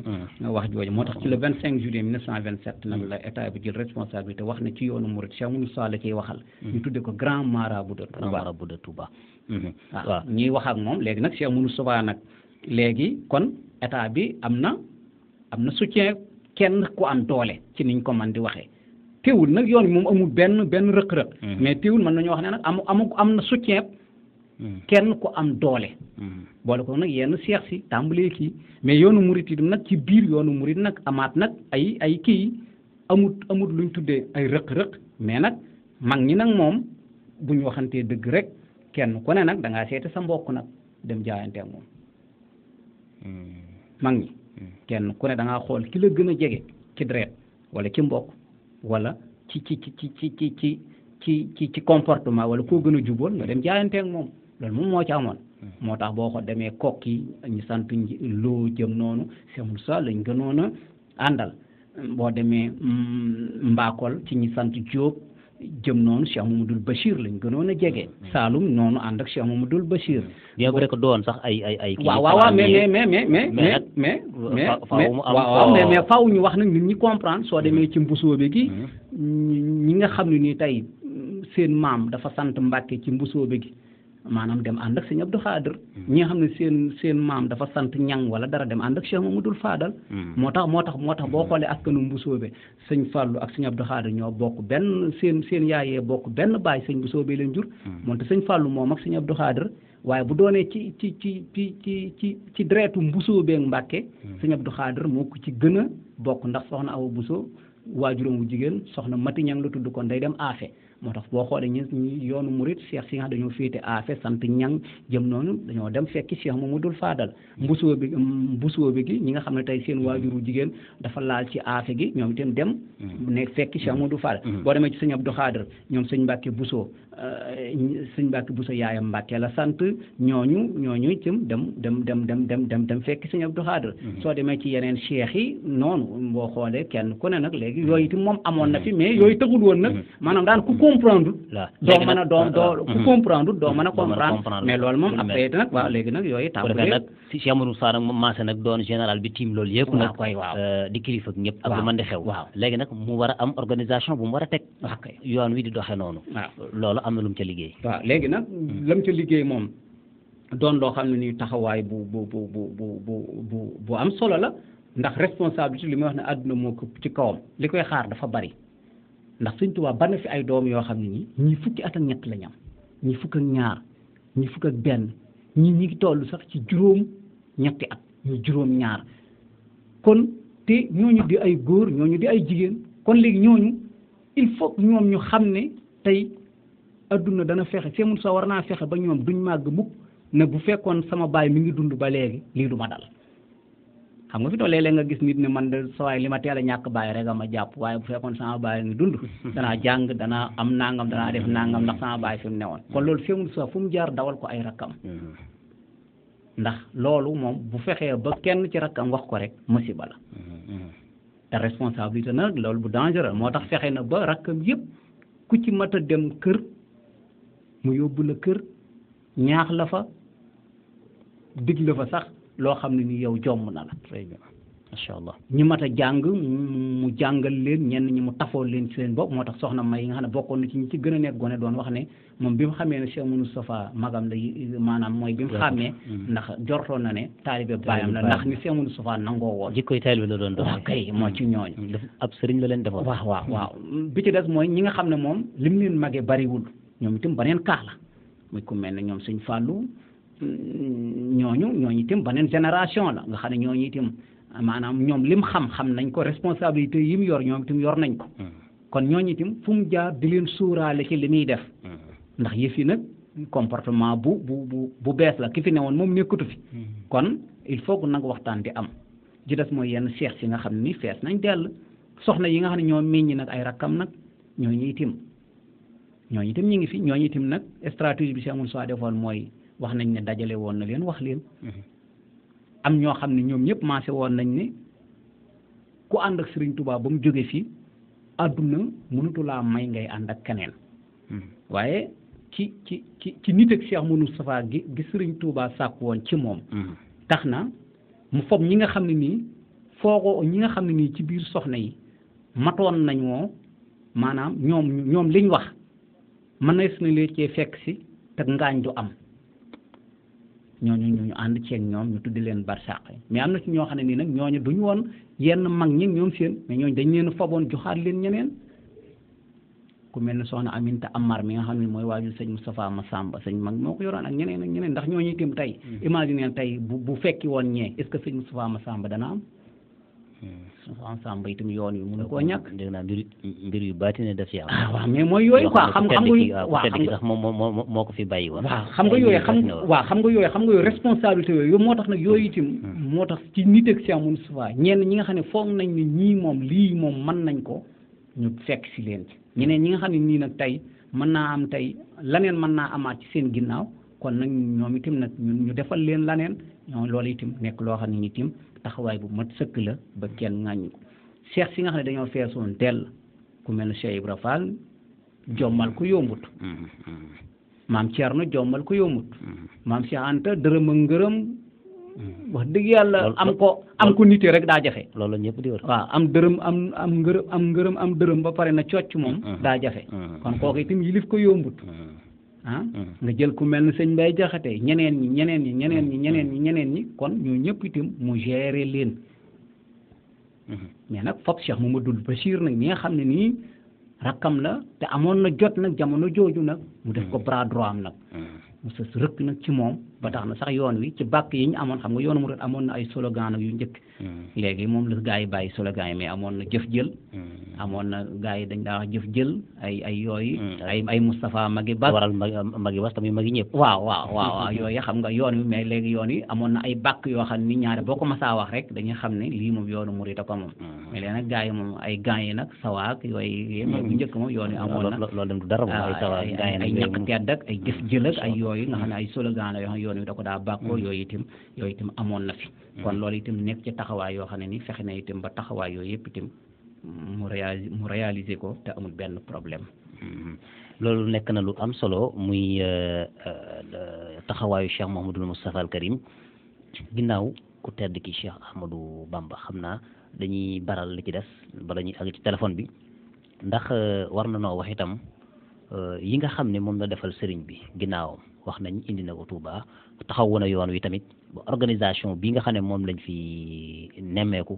wax jooju moo tax ci le vingt cinq juillet mille neuf vingt sept nag la état bi jël responsabilité wax ne ci yoonu Mouride Cheikh Moussa la ciy waxal ñu tudde ko grand marabout de Touba Mm-hmm. waaw ñuy wax ak moom léegi nag Cheikh Moustapha nag léegi kon état bi am na am na soutien kenn ku am doole ci niñ ko man di waxee teewul nag yoon moom amul benn benn rëq mm-hmm. mais teewul mën nañu wax ne nag am am am na soutien mm-hmm. kenn ku am doole. boole ko nag yenn seex si tàmbalee kii mais yoonu murit yi nag ci biir yoonu murit nag amaat nag ay ay kii amut amut luñ tuddee ay rëq-rëq mais nag mag ñi nag moom bu ñu waxantee dëgg rek. kenn ku ne nag da ngaa sa mbokk nag dem jaayante ak moom hmm. hmm. kenn ku ne da ngaa xool ki la gën a jege ci deret wala ci mbokk wala ci ci ci ci ci ci ci ci ci ci comportement wala koo gën a juboon nga dem jaayante ak moom loolu moom moo ci amoon hmm. moo tax boo ko demee kokk yi ñu sant loo jëm noonu semul sa lañ gënoon a àndal boo demee mm, mbaakol ci ñi sant jóob jëm noonu Cheikh Mamadou Bachir lañ gënoon a jege. Mm-hmm. Saalum noonu ànd ak Cheikh Mamadou Bachir. bien vrai que doon sax ay ay ay. kii waaw waaw mais mais mais mais mais ñu wax nag nit ñi comprendre soo mm-hmm. demee ci mbusoo bi gi mm-hmm. ñi nga xam ni nii tey seen maam dafa sant Mbàkke ci mbusoo bi gi maanaam dem ànd ak sëñ Abdou Khadir mm. ñi xam ne seen seen maam dafa sant ñang wala dara dem ànd ak Cheikh Mamadou Fadal mm. moo tax moo tax moo tax boo mm. xoolee askanu Mbusoobe sëñ Fàllu ak sëñ Abdou Khadir ñoo bokk benn seen seen yaayee bokk benn baay sëñ Mbusoobe leen jur moonte sëñ Fàllu moom ak sëñ Abdou Khadir waaye bu doonee ci ci ci ci ci ci ci deretu Mbusoobe Mbàkke sëñ Abdou Khadir moo ku ci gën a bokk ndax soxna Awa Buso waajuram wu jigéen soxna Mati Ñang la tudd kon day dem aafe moo tax boo xoolee ñu yoonu murit cheikh si nga fii féete afe sant ñang jëm noonu dañoo dem fekki cheikh dul faadal mbusoo bi mbusoo bi gi ñi nga xam ne tey seen waajuru jigéen dafa laal ci afe gi ñoom itam dem mm. ne fekki cheikh mamadul faadal mm. boo demee ci sëñ abdou xaadir ñoom sëñ mbàkke busoo sëñ Mbàkke Buso yaayam Mbàkke la sant ñooñu ñooñu itam dem dem dem dem dem dem dem fekk sëñ Abdou Khadre mhm. soo demee ci yeneen cheikh yi noonu mboo xoolee kenn ku ne nag léegi mhm. yooyu itam moom amoon na fi mhm. mais yooyu tëgul woon nag maanaam daan ku comprendre doo mën a doo doo ku comprendre doo mën a comprendre mais loolu moom après nag waaw léegi nag yooyu tàmbalee nag si Cheikh Amadou Sarr nag moom doon général bi tiim loolu yëpp nag ah, koy waaw euh, di kilifa ak ñëpp ak lu xew léegi nag mu war a am organisation bu mu war a teg ah, yoon wi di doxe noonu ah. loolu am na lu mu ca liggéey. waaw léegi nag mm. la mu liggéey moom doon loo xam ne ni taxawaay bu bu bu bu bu bu bu am solo la ndax responsabilité li muy wax ne àdduna moo ko ci kawam li koy xaar dafa bari ndax Sëñ Tuubaa bana fi ay doom yoo xam ne nii ñii fukki at ak ñett la ñam ñii fukk ak ñaar ñii fukk ak benn ñii ñi ngi toll sax ci juróom ñetti at ñii juróom ñaar kon te ñooñu di ay góor ñooñu di ay jigéen kon léegi ñooñu il faut ñoom ñu xam ne tey adduna dana fexe fee mun sa war naa fexe ba ñoom duñ màgg mukk ne bu fekkoon sama baay mi ngi dund ba léegi lii du ma dal xam nga fi tollee léeg nga gis nit ne man de sawaay li ma teel a ñàkk baay rek a jàpp waaye bu fekkoon sama baay ngi dund danaa jàng danaa am nangam danaa def nangam ndax sama baay fi mu newoon kon loolu mu jaar dawal ko ay rakkam ndax loolu moom bu fexee ba kenn ci rakkam wax ko rek musiba la te responsabilité nag loolu bu dangereux moo tax fexe na ba rakkam yépp ku ci mat a dem kër mu yóbbu la kër ñaax la fa dig fa sax loo xam ne ni yow jomm na la macha allah ñi mat a jàng mu jàngal leen ñenn ñi mu tafool leen ci seen bopp moo tax soxna may yi nga xam ne bokkoon na ci ñi ci gën a doon wax ne moom bi mu xamee ne Cheikh Moustapha magam la maanaam mooy bi mu xàmmee mm. ndax jortoon na ne taalibe baayam la ndax ni Cheikh Moustapha nangoo woon jikkoy taalibe la doon waaw kay moo ci ñooñu mm. ab sëriñ la leen defoon waaw waaw waaw mm. bi ci des xam ne moom lim leen magee bariwul ñoom itam beneen cas la muy ku mel ne ñoom sëñ Fallou mm, ñooñu ñooñu itam beneen génération la nga xam ne ñooñu itam maanaam ñoom lim xam xam nañ ko responsabilité yi mu yor ñoom itam yor nañ ko. Hmm. kon ñooñu itam fu mu jaar di leen suuraale ci li muy def. Hmm. ndax yëf yi nag comportement bu bu bu bu bees la ki fi newoon moom nekkatu fi. Hmm. kon il faut nag waxtaan di am. ji mooy yenn seex si nga xam ni fees nañ dell soxna yi nga xam ne ñoo meññi nag ay rakkam nag ñooñu itam. ñooñu itam ñu ngi fi ñooñu itam nag stratégie bi si amul soo defoon mooy wax nañ ne dajale woon na leen wax leen. Mm-hmm. am ñoo xam ne ñoom ñëpp maase woon nañ ne ku ànd ak Serigne Touba ba mu jóge fii àdduna mënatu may ngay ànd ak keneen. Mm-hmm. waaye ci ci ci ci nit ak Cheikh gi gi Serigne Touba sàkku woon ci moom. Mm-hmm. tax na mu fob ñi nga xam ne nii foogoo ñi nga xam ne nii ci biir soxna yi matoon nañoo maanaam ñoom ñoom liñ wax. mënees na lee cee fekk si te ngaañ du am ñooñu ñu ànd ceeg ñoom ñu tuddi leen barsàq mais am na ci ñoo xam ne nii nag ñooñu duñu woon yenn mag ñi ñoom seen mais ñooñu dañ leen faboon joxaat leen ñeneen ku mel ne soxna Aminta Amar mi nga xam ne mooy waajur sëñ Moustapha sàmba sëñ mag moo ko yoroon ak ñeneen ak ñeneen ndax ñooñu itam tey mm. imaginer tey bu bu fekki woon ñee est-ce que sëñ Moustapha sàmba dana am dafa am sàmm itam yoon wi mënu koo ñàkk. dégg naa mbir mbir yu baati ne daf si am. ah waaw mais mooy yooyu quoi xam nga moo ko fi bàyyi xam nga yooyu xam waaw xam nga yooyu xam nga yooyu responsabilité yooyu moo tax nag yooyu itam. Hmm. Hmm. moo tax ci nit ak si amun sufa ñenn ñi nga xam ne foog nañ ne ñii moom lii moom man nañ ko ñu fekk si leen ci hmm. ñeneen ñi nga xam ne nii nag tey mën naa am tey laneen mën naa amaat ci seen ginnaaw kon nag ñoom itam nag ñu defal leen laneen ñoom loolu itam nekk loo xam ne itam taxawaay bu mat sëkk la ba kenn ŋàññi ko cheikh si nga xam ne dañoo feesoon dell ku mel ne Cheikh Ibra Fall jommal ko yombut maam Thierno jommal ko yombut maam Cheikh Anta dërëm ak ngërëm wax dëgg yàlla am ko am ko nité rek daa jafe loolu ñëpp di am dërëm am am ngërëm am ngërëm am dërëm ba pare na cocc moom mm-hmm. daa jafe mm-hmm. kon kooku mm-hmm. itam yilif ko yombut Ah? Mm. nga jël ku mel ni sëñ Mbaye Jaxate ñeneen ñi ñeneen ñi ñeneen ñi ñeneen ñi ñeneen ñi kon ñoo ñëpp itam mu gérer leen mm-hmm. mais nag fop mu Mamadou Bachir nag ñi nga xam ne nii rakkam la te amoon na jot nag jamono jooju nag mu def ko mm-hmm. bras droit am nag mm-hmm. mu sës rëkk nag ci moom ba tax na sax yoon wi ci bakk yi ñu amoon xam nga yoonu mu amoon na ay slogan nag yu njëkk Mm. léegi moom la gaa yi bàyyi solo gaa yi mais amoon na jëf jël mm. amoon na gaa yi dañ daa wax jëf jël ay ay yooyu mm. ay ay Moustapha Magi Bas waral Magi Bas tamit Magi ñëpp waaw waaw waaw yooyu xam nga yoon wi mais léegi yoon wi amoon na ay bàkk yoo xam ni ñaare boo ko masaa wax rek dañuy xam ne lii moom yoonu murit a ko moom mais léegi nag gaa yi ay gants yi nag sawaak yooyu mais bu njëkk moom yoon wi na loolu dem du dara ay ñàkk tedd ak ay jëf jël ak ay yooyu nga yoo yoon wi da ko daa bàkkoo yooyu itam yooyu itam amoon na fi kon loolu itam nekk ci taxaw taxawaay yoo xam ne ni fexe na itam ba taxawaay yëpp itam mu réaliser ko te amul benn problème. Mm-hmm. loolu nekk na lu am solo muy euh, euh, taxawaayu Cheikh Mouhamadul Moustapha al Karim ginnaaw ku tedd ki Cheikh Ahmadou Bamba xam naa dañuy baral li ci des bala ñuy àgg ci téléphone bi ndax euh, war na noo wax itam yi nga xam ne moom la defal sëriñ bi ginnaawam wax nañ indi na ko Touba taxawu na yoon wi tamit ba organisation bi nga xam ne moom lañ fi nemmeeku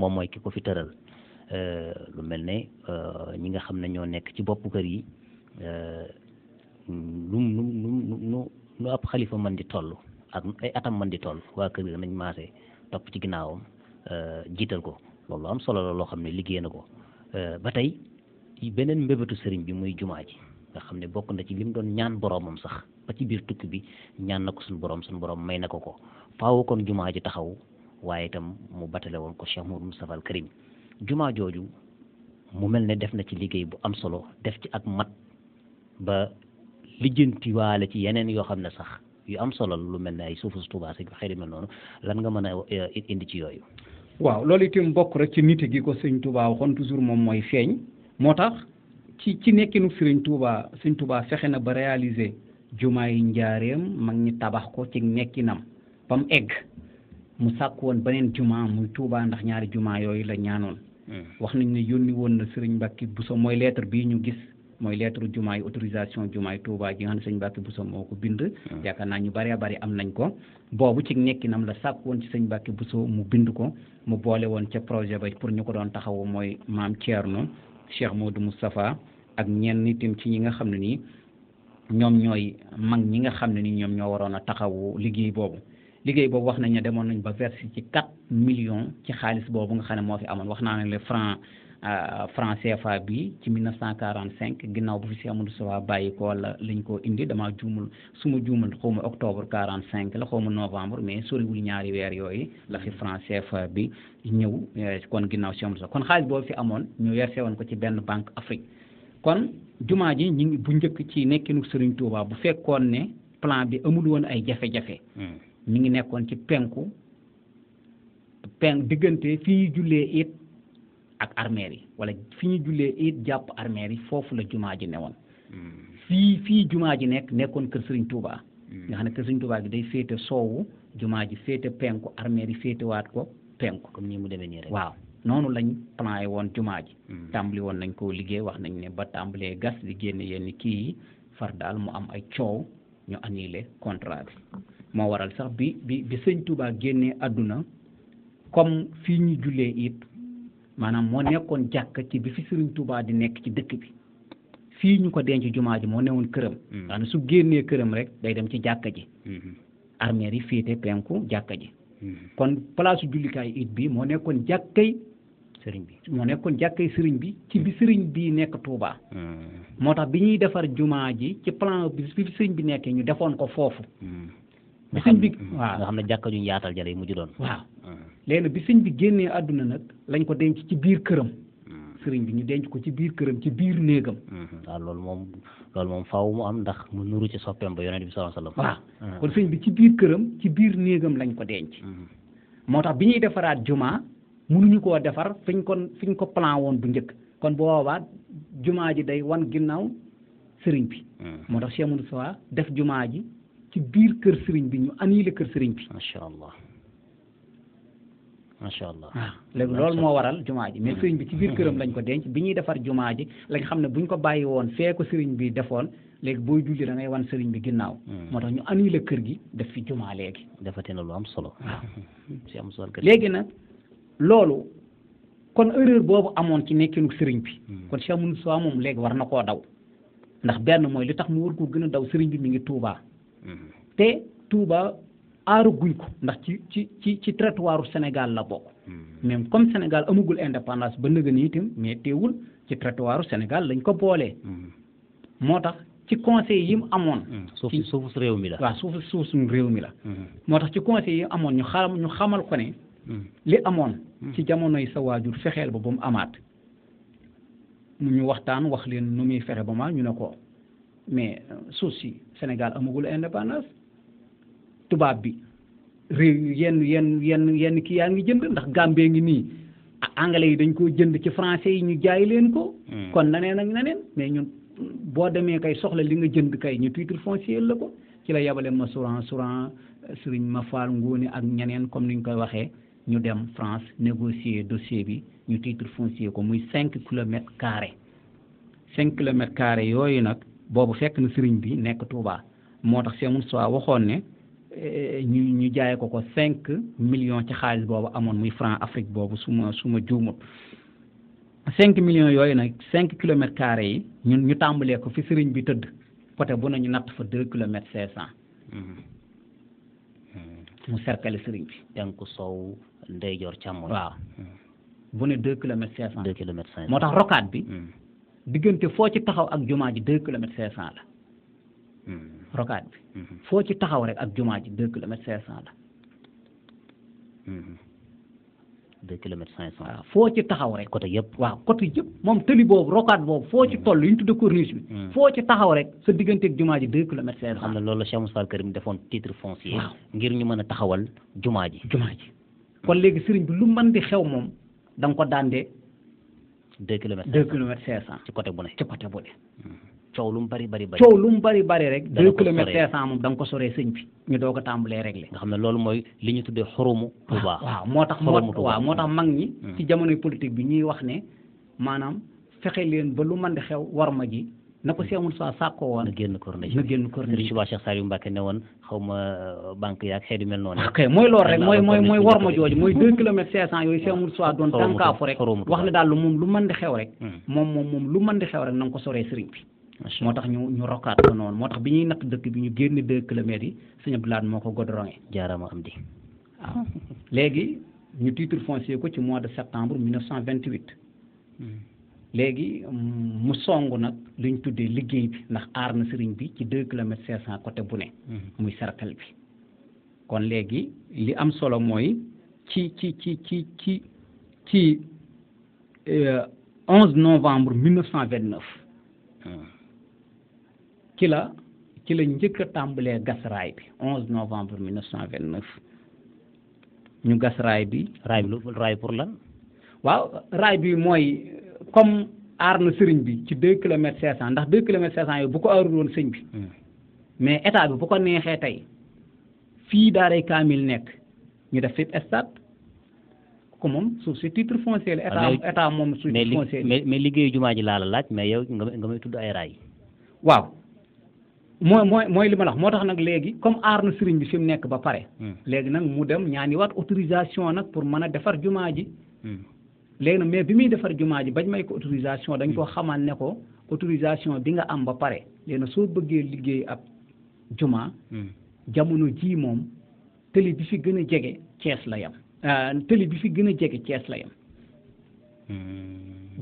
moom mooy ki ko fi tëral euh, lu mel ne euh, ñi nga xam ne ñoo nekk ci bopp kër yi euh, nu nu nu nu nu ab xalifa mën di toll ak ay atam man di toll waa kër gi nañ maase topp ci ginnaawam jiital ko loolu am solo la loo xam ne liggéey na ko ba tey beneen mbébétu sëriñ bi muy jumaa ji nga xam ne bokk na ci lim doon ñaan boroomam sax ba ci biir tukki bi ñaan na ko suñ borom suñu borom may na ko ko faaw kon jumaa ji taxaw waaye tam mu batale woon ko Cheikh Mourou Moustapha al jooju mu mel ne def na ci liggéey bu am solo def ci ak mat ba lijjantiwaale ci yeneen yoo xam ne sax yu am solo lu mel ne ay suufu su Tuubaa si xëy mel noonu lan nga mën a eh, indi ci yooyu. waaw loolu itam bokk rek ci nit gi ko sëñ Touba moom mooy feeñ moo tax ci ci nekkinu Sëriñ Touba sëñ fexe na ba réaliser jumaayi njaareem mag ñi tabax ko ci nekkinam ba mu egg mu sàkk woon beneen jumaa muy Tuubaa ndax ñaari jumaa yooyu la ñaanoon hmm. wax nañ ne yónni woon na sëriñ Mbàkke Buso mooy lettre bii ñu gis mooy lettre yi autorisation jumaa yi Touba ji nga xam ne sëñ Mbàkke moo ko bind hmm. yaakaar naa ñu bëree bëri am nañ ko boobu ci nekkinam la sàkk woon ci sëñ Mbàkke Bousso mu bind ko mu boole woon ca projet ba pour ñu ko doon taxawu mooy maam Thierno Cheikh moodu Moustapha ak ñenn itam ci ñi nga xam ne nii ñoom ñooy mag ñi nga xam ne ni ñoom ñoo waroon a taxawu liggéey boobu liggéey boobu wax nañ ne demoon nañ ba versé ci 4 millions ci xaalis boobu nga xam ne moo fi amoon wax naa ne le franc euh, franc CFA bi ci 1945 ginnaaw bu fi Cheikh Amadou Sowa bàyyi ko wala lañ koo indi damaa juumul su ma xaw ma octobre 45 la xaw ma novembre mais soriwul ñaari weer yooyu la fi franc bi ñëw euh, kon ginnaaw Cheikh Amadou kon xaalis boobu fi amoon ñu versé woon ko ci benn banque Afrique kon. jumaa ji ñu ngi bu njëkk ci nekkinu Serigne Touba bu fekkoon ne plan bi amul woon ay jafe-jafe. mi hmm. ngi nekkoon ci penku penk diggante fi ñuy jullee it ak armeer yi wala fi ñuy jullee it jàpp armeer yi foofu la jumaa ji newoon. Hmm. fii fii jumaa ji nekk nekkoon kër Serigne Touba. Hmm. nga xam ne kër Serigne Touba gi day féete soowu jumaa ji féete penku armeer yi féete waat ko penku. comme ni mu demee nii rek waaw. noonu lañu plan woon jumaa ji mm. tàmbali woon nañ koo liggéey wax nañ ne ba tàmbalee gas li génne yenn kii yi far daal mu am ay coow ñu annulé contrat bi moo waral sax bi bi bi sëñ Touba génnee àdduna comme fii ñu jullee it maanaam moo nekkoon jàkk ci bi fi sëriñ Touba di nekk ci dëkk bi fii ñu ko denc jumaa ji moo newoon këram mm. maanaam su génnee këram rek day dem ci jàkka ji mm-hmm. armeer yi féete penku jàkka ji mm-hmm. kon place jullikaay it bi moo nekkoon jàkkay sëriñ bi moo nekkoon jàkkee sëriñ bi ci bi hmm. sëriñ bi nekk Touba. Hmm. moo tax bi ñuy defar jumaa ji ci plan bi bi bi nekkee ñu defoon ko foofu. Hmm. bi bi waaw nga xam ne jàkka ñu yaatal jare yi doon. waaw léegi bi sëñ bi génnee àdduna nag lañ ko denc ci biir këram. sëriñ bi ñu denc ko ci biir këram ci biir néegam. waaw loolu moom loolu moom faaw mu am ndax mu nuru ci soppeem ba yonent bi sallallahu alayhi wasallam. bi ci biir këram ci biir néegam lañ ko denc. moo tax bi ñuy defaraat jumaa mënuñu koo defar fiñ kon fiñ ko plan woon bu njëkk kon bu boobaa jumaa ji day wan ginnaaw sëriñ bi hmm. moo tax Cheikh Modou Sowa def jumaa ji ci biir kër sëriñ bi ñu annulé kër sëriñ bi macha allah macha allah waaw ah, loolu moo waral jumaa ji mais hmm. sëriñ bi ci biir këram hmm. lañ ko denc bi ñuy defar jumaa ji lañ xam ne buñ ko bàyyi woon fee ko sëriñ bi defoon léegi booy julli da ngay wan sëriñ bi ginnaaw moo ñu annulé kër gi def fi jumaa léegi dafa te na lu am solo léegi nag loolu kon erreur boobu amoon ci nekkinu sëriñ bi hmm. kon Cheikh Mouhamadou Moustapha moom léegi war na koo daw ndax benn mooy li tax mu war koo gën a daw sëriñ bi mu ngi Touba hmm. te Touba aaru guñ ko ndax ci ci ci ci territoire Sénégal la bokk hmm. même comme Sénégal amagul indépendance ba nëgën itam mais teewul ci territoire Sénégal lañ ko boolee moo tax ci conseil yi mu amoon. suuf su réew mi la waaw suuf suuf suñu réew mi la. moo tax ci conseil yi amoon ñu xam ñu xamal ko ne. li amoon ci jamonoy sa waajur fexeel ba ba mu amaat nu ñu waxtaan wax leen nu muy fexe ba ma ñu ne ko mais euh, suuf si Sénégal amagul indépendance tubaab bi réew yen yenn yenn yenn kii yaa ngi jënd ndax Gambie ngi nii anglais yi dañ koo jënd ci français yi ñu jaay leen ko hmm. kon naneen ak naneen mais ñun boo demee kay soxla li nga jënd kay ñu titre foncier la ko ci la yabale ma suran suran sëriñ ma faal ngóone ak ñeneen comme niñ koy waxee ñu dem France négocier dossier bi ñu titre foncier ko muy cinq kilomètres carrés cinq kilomètres carrés yooyu nag boobu fekk na sëriñ bi nekk Touba moo tax Cheikh Moustapha waxoon ne eh, ñu ñu jaay ko ko cinq million ci xaalis boobu amoon muy franc Afrique boobu su ma su ma cinq millions yooyu nag cinq kilomètres carrés yi ñun ñu tàmbalee ko fi sëriñ bi tëdd côté bu nañu natt fa deux kilomètres cinq cents mm-hmm. mu cercle sëriñ bi. penku sow ndeyjoor càmmoñ. waaw bu ne deux kilomètres cinq cent. deux kilomètres cinq cent moo tax rokaat bi. Hmm. diggante foo ci taxaw ak jumaa ji deux kilomètres cinq cent la. Hmm. rokaat bi. Hmm. foo ci taxaw rek ak jumaa ji deux kilomètres cinq cent la. deux kilomètres cinq cent foo ci taxaw rek côté yëpp waaw côté yëpp moom tëli boobu rokaat boobu foo ci hmm. toll li ñu tudde corniche hmm. foo ci taxaw rek sa digganteeg jumaa ji deux kilomètres cinq cent xam ne loolu Cheikh Moussa Karim defoon titre foncier waaw ngir ñu mën a taxawal jumaa ji jumaa ji kon léegi sëriñ bi lu mën di xew moom da ko daandee de kilomètres deux kilomètres cinq cent ci côté bu ne ci côté bu ne hmm. coow lu mu bari bari bari coow lu mu bari bari rek deux kilomètres cinq moom da ko soree sëñ bi ñu doog a tàmbalee réglé nga xam ne loolu mooy li ñu tuddee xurumu Tuuba waaw moo tax waaw moo tax mag ñi mm. ci jamonoy politique bi ñuy wax ne maanaam fexe leen ba lu ma ji na ko Cheikh mm. Moussa sàkkoo woon na génn corniche na génn xaw ma euh, banque yaag mm. wax ne daal lu lu mën di moom moom moom lu mën di xew rek na ko soree sëriñ bi moo tax ñu ñu rokkaat ko noonu moo tax bi ñuy natt dëkk bi ñu génn de kilomètres yi Sëñ Abdou Lahad moo ko godrongé jaarama am di waaw léegi ñu titre foncier ko ci mois de septembre 1928 hmm. léegi mm, mu song nag li ñu tuddee liggéey bi ndax aar na sëriñ bi ci de kilomètres cinq cent côté bu ne hmm. muy cercle bi kon léegi li am solo mooy ci ci ci ci ci ci euh, onze novembre 1929 ci la ci la njëkk a tàmbalee gas raay bi 11 novembre 1929 ñu gas raay bi raay bi raay pour lan waaw raay bi mooy comme aar na sëriñ bi ci 2 kilomètres 500 ndax 2 kilomètres 500 yooyu bu ko aarul woon sëñ bi hmm. mais état bi bu ko neexee tey fii daaray kaamil nekk ñu def fépp stade ko moom suuf si titre foncier la état ah, état moom suuf foncier mais liggéeyu jumaa ji laa la laaj mais yow nga may tudd ay raay waaw mooy mooy mooy li ma la moo tax nag léegi comme aar na sëriñ bi fi mu nekk ba pare. Hmm. léegi nag mu dem ñaani waat autorisation nag pour mën a defar jumaa ji. Hmm. léegi nag mais bi muy defar jumaa ji bañ may ko autorisation dañ ko hmm. xamal ne ko autorisation bi nga am ba pare léegi soo bëggee liggéey ab jumaa. jamono jii moom tëli bi fi gën a jege Cees la yem. Euh, tëli bi fi gën a jege Cees la yem.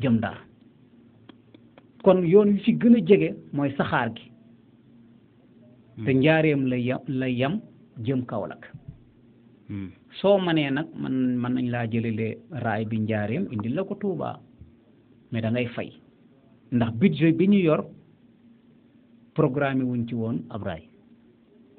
jëm Ndar kon yoon wi fi gën a jege mooy saxaar gi. te hmm. njaareem la yam la yam jëm Kaolack hmm. soo manee nag man mën nañ laa le raay bi njaareem indi la ko Touba mais da fay ndax budget bi ñu yor programme wuñ ci woon abraay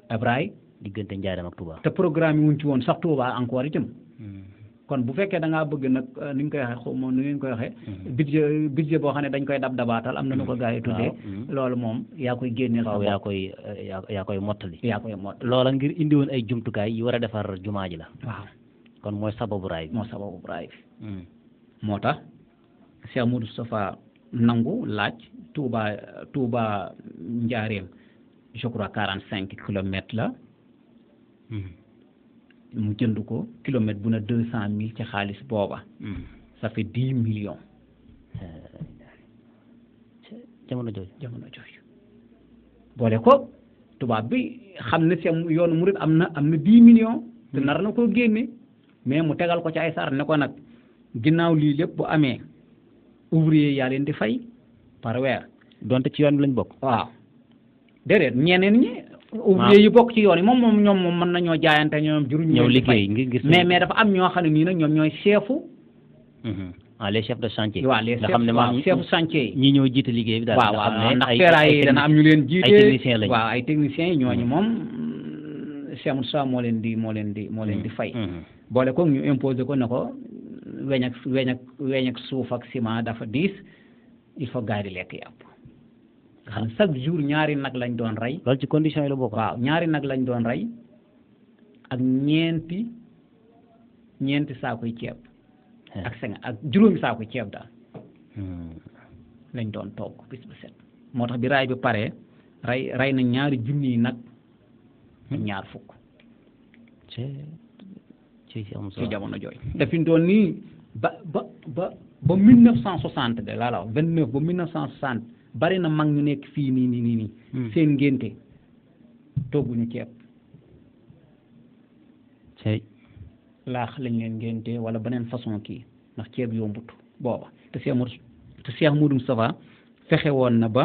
raay ab raay diggante njaareem ak Touba te programme wuñ ci woon sax Touba encore itam hmm. kon bu fekkee da ngaa bëgg nag euh, ni ñu koy waxee xaw ma nu koy waxee. Mm-hmm. budget budget boo xam ne dañ koy dab dabaatal am na nu ko mm-hmm. gars yi tuddee. Mm-hmm. lool moom yaa koy génneel sa bopp yaa koy euh, yaa koy mottali. yaa koy mottali loola ngir indi woon ay jumtukaay yi war a defar jumaa ji la. waaw kon mooy sababu raay bi. mooy sababu raay mm. moo tax Cheikh Modou Safa nangu laaj Touba Touba Njaareem je crois quarante cinq kilomètres la. mu jënd ko kilomètre bu ne deux cent mille ci xaalis booba hmm. ça fait million millions jamono jooju jamono boole ko tubaab bi xam ne seen yoon mu am na am na dix millions hmm. te nar na koo génne mais mu tegal ko ci ay sar ne ko nag ginnaaw lii lépp bu amee ouvrier yaa leen di fay par weer donte ci yoon bi lañ bokk waaw déedéet ñeneen ñi ouvrier yi bokk ci yoon yi moom moom ñoom moom mën nañoo jaayante ñoom juruñ ñëw liggéey ngir mais mais dafa am ñoo xam ne nii nag ñoom ñooy chefu mhm. ah les chefs de chantier waaw les chefu chantier yi ñi ñoo jiite liggéey bi daal waaw waaw ndax ferraille yi am ñu leen jiite ay technicien lañ waaw ay yi ñooñu mhm. moom Cheikh sa moo leen di moo leen di moo leen di mhm. fay boole ko ñu imposé ko ne ko weñ ak weñ ak ak suuf ak ciment dafa diis il faut gaari lekk yàpp nga xam chaque jour ñaari nag lañ doon rey. loolu ci condition yi la bokk. ñaari nag lañ doon rey ak ñeenti ñeenti yi ceeb. Eh. ak seng ak juróomi saakuy ceeb daal. Hmm. lañ doon togg bis tax bi raay bi pare rey rey na ñaari junni yi nag hmm. ñaar fukk. ci jamono jooy te fi mu doon nii ba ba ba mille neuf cent soixante de laa la wax vingt neuf ba mille neuf cent soixante bari na mag ñu nekk fii nii nii nii. Hmm. seen ngénte togguñu ceeb. tey. laax lañ leen ngénte wala beneen façon kii ndax ceeb yombut booba te Cheikh Modou te Cheikh Modou fexe woon na ba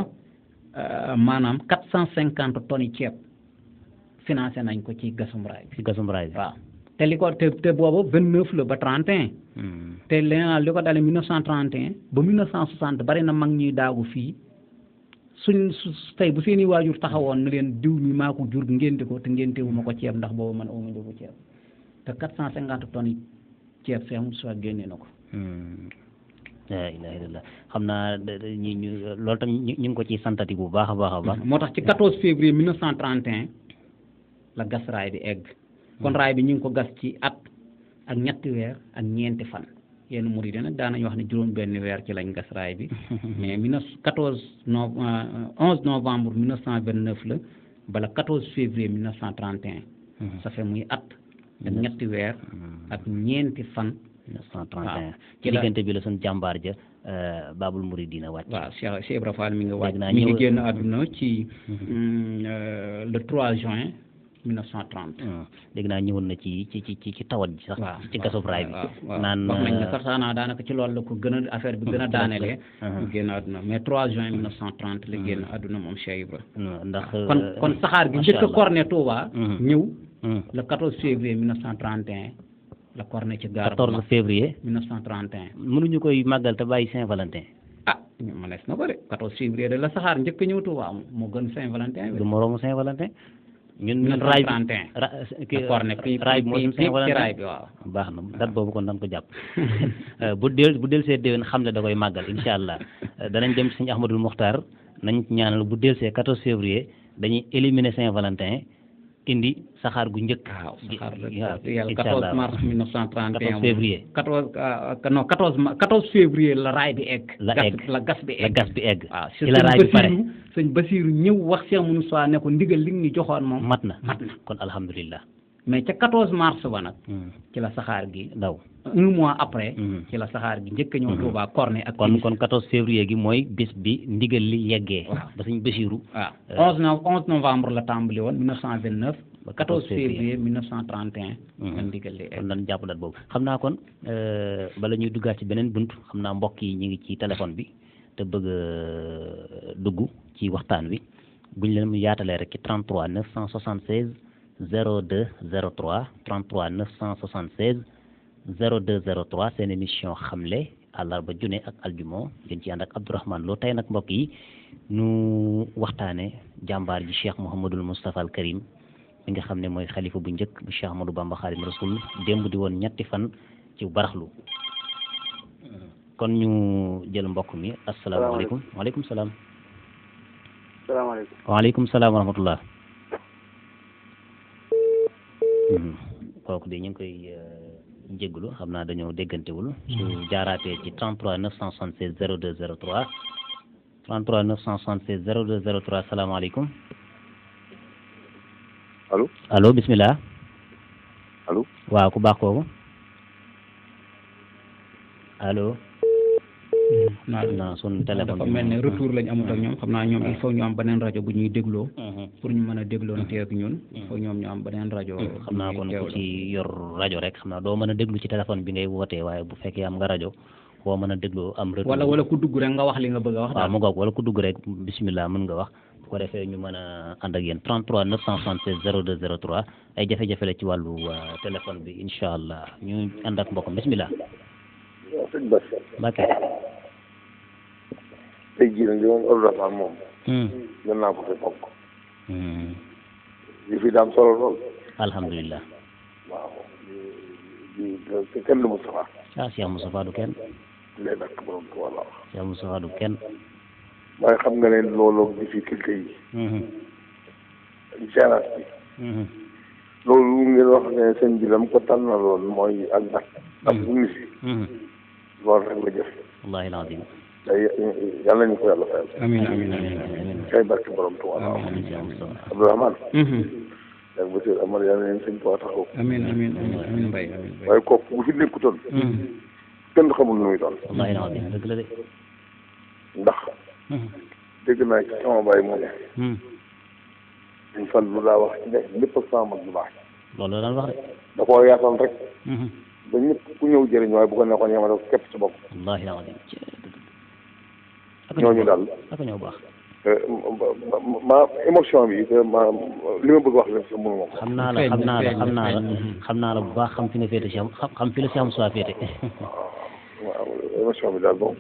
euh, maanaam quatre cent cinquante tonnes ceeb financé nañ ko ci gasum raay ci gasum raay bi waaw. te li ko te te boobu vingt neuf la ba trente et hmm. te li li ko dalee mille neuf et un ba bari na mag ñii daagu fii. suñ su tey bu seeni waajur taxawoon na leen diw mi jur ko jur ngénte ko te ngéntewu ma ko ceeb ndax boobu man awma njëgu ceeb te quatre cent cinquante tonnes ceeb Cheikh Moustapha génnee na ko hmm. la xam naa ñu ñu loolu tam ñu ngi ko ci santati bu baax a baax a baax moo tax ci 14 février 1931 la gas raay bi egg kon hmm. raay bi ñu ngi ko gas ci at ak ñetti weer ak ñeenti fan yenn murid yi nag daanañ wax ne juróom benn weer ci lañ gas raay bi mais mille neuf quatorze no euh, onze novembre mille neuf cent vingt neuf la bala quatorze février mille neuf cent trente et mm-hmm. muy at ak mm-hmm. ñetti weer mm-hmm. ak ñeenti fan neuf cent ci bi la suñ jàmbaar ja euh, Baabul Muridina wàcc waaw Cheikh Cheikh Ibra Fall mi nga wàcc mi ngi génn euh, àdduna ci mm, le trois juin 1930. Ah. dégg naa ñëwoon na ci ci ci ci tawat ji sax. Ah, ci ah, kaso raay bi. naan wax nañ ne euh, Sarsaana daanaka ci loolu la ko a affaire bi gën a daanelee. mu génn àdduna mais 3 juin 1930 la kon kon euh, gi njëkk a corné Touba. la corné ci gaar 14 koy màggal te bàyyi Saint-Valentin. ah mënees na ko de 14 février la saxaar njëkk a ñëw Touba gën saint valentin ñun ñun raay bi kii raay bi moo ci raay bi baax na date boobu kon dañ ko jàpp euh, bu del bu del see déwén xam ne da koy màggal incha allah euh, danañ dem ci sëñ Ahmadul Muxtaar nañ ñaanal bu del see 14 février dañuy éliminer Saint-Valentin indi saxaar gu njëkk. waaw saxaar yàlla 14 mars 1931 14 février. 14 euh, euh, non 14 14 février la raay bi egg. la gas bi egg la gas bi egg. la raay bi pare sëñ Basiru ñëw wax Cheikh Moussa ne ko ndigal li ñu moom. mat na mat na kon alhamdulilah. mais ca 14 mars ba nag. Hmm. ci la saxaar gi daw. un mois après. Hmm. ci la saxaar gi njëkk a ñëw hmm. Touba corne ak. kon kon 14 février gi mooy bis bi ndigal li yeggee. waaw ba suñ Basiru. waaw 11 euh, novembre la tàmbali woon 1929. ba 14 février 1931. la ndigal li yeggee kon lan jàpp dat boobu xam naa kon euh, bala ñuy duggaat ci beneen bunt xam naa mbokk yi ñu ngi ci téléphone bi te bëgg euh, dugg ci waxtaan wi buñ leen yaatalee rek ci 33 02 03 33 976 02 03 seen émission xamle àllarba junne ak aljumo ngeen ci ànd ak Abdourahmane Lo tey nag mbokk yi nu waxtaane jàmbaar ji Cheikh Mouhamadul Moustapha al Karim mi nga xam ne mooy xalifa bu njëkk bu Cheikh Ahmadou Bamba Xaadim Rasul démb di woon ñetti fan ci baraxlu kon ñu jël mbokk mi asalaamaaleykum waaleykum salaam waaleykum salaam wa Mm-hmm. kooku de ñu ngi koy euh, jégalu xam naa dañoo déggantewul mm-hmm. su jaaraatee ci 33 976 02 03 33 976 02 03 salaamaaleykum. allo allo bisimilah. allo waaw ku baax kooku allo. xam mm-hmm. naa sunu téléphone dafa mel ne retour lañ amut ak ñoom xam naa ñoom mm-hmm. bu ñuy dégloo mm-hmm. pour ñu mën a dégloonte ak ñun il ñoom ñu am beneen rajo xam naa kon ku ci yor rajo rek xam naa doo mën a déglu ci téléphone bi ngay wootee waaye bu fekkee am nga rajo koo mën a dégloo am retour wala ku dugg rek nga wax li nga bëgg a wax waaw mu ngoog wala ku dugg rek bisimilah nga wax bu ko defee ñu mën a ànd ak yéen 33 976 02 troit ay jafe-jafe la ci wàllu euh, téléphone bi incha allah ñu ànd ak mbokk bisimilah Mbacke tey jii nag li moom ordonnance moom. mën naa ko fi bokk. Hmm. li fi daam solo lool. alhamdulilah. waaw di di kenn du Moustapha. ah du kenn. lay dakk borom Tuubaa la wax. Cheikh Moustapha du kenn. waaye xam nga ne looloo difficulté yi. gérance hmm. bi. Hmm. loolu ngeen wax ne seen bi lam ko tànnaloon mooy ak ndax. ndax bu rek la jëf. wallaahi day yal nañu ko yàlla fayal. amiin amiin amiin amiin. kay barke borom Tuubaa. amiin amiin Abdourahmane. Mm-hmm. ak monsieur Amar yal na leen sëñ Tuubaa taxaw. amiin amiin waaye kooku bu fi nekkutoon. Mm-hmm. kenn xamul nu muy doon. wallaahi naa bi dëgg la de. ndax. Mm-hmm. dégg naa sama baay mu ne. suñ lu laa wax ci ne sama mag baax. loolu la daan wax da koo yaatal rek. ba ñëpp ku ñëw jëriñ waaye bu ko nekkoon yemale ko képp ci bopp. wallaahi naa ñooñu daal ak ñoo baax. Euh, ma émotion bi ma li ma bëgg wax la si mënu ma xam naa la xam naa la xam naa la xam naa la bu baax xam fi nga féete si am xam fi si am soo féete. waaw émotion bi daal boobu.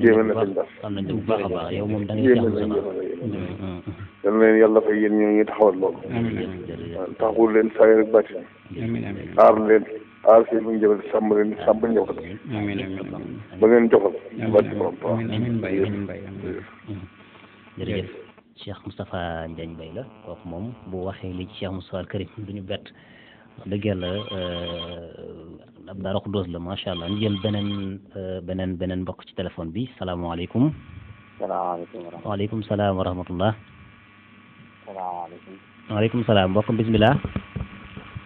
yéeme na sëñ Bass xam nañ bu baax a baax yow moom da ngay yéeme na yéeme na leen yàlla fay yéen ñoo ñu taxawal loolu. taxawul leen saa aar seen mu ngi jëbal sàmm leen sàmm njabootam gi. amiin amiin ba leen joxal. amiin amiin Mbaye amiin Mbaye jërëjëf Cheikh Moustapha Ndiagne Mbaye la kooku moom bu waxee li ci Cheikh Moustapha al Karim du ñu bett wax dëgg yàlla euh, ab daara ko doos la macha allah ñu jël beneen euh, beneen beneen mbokk ci téléphone bi salaamaaleykum. salaamaaleykum wa rahmatulah. waaleykum salaam wa rahmatulah. salaamaaleykum. waaleykum salaam mbokk bisimilah.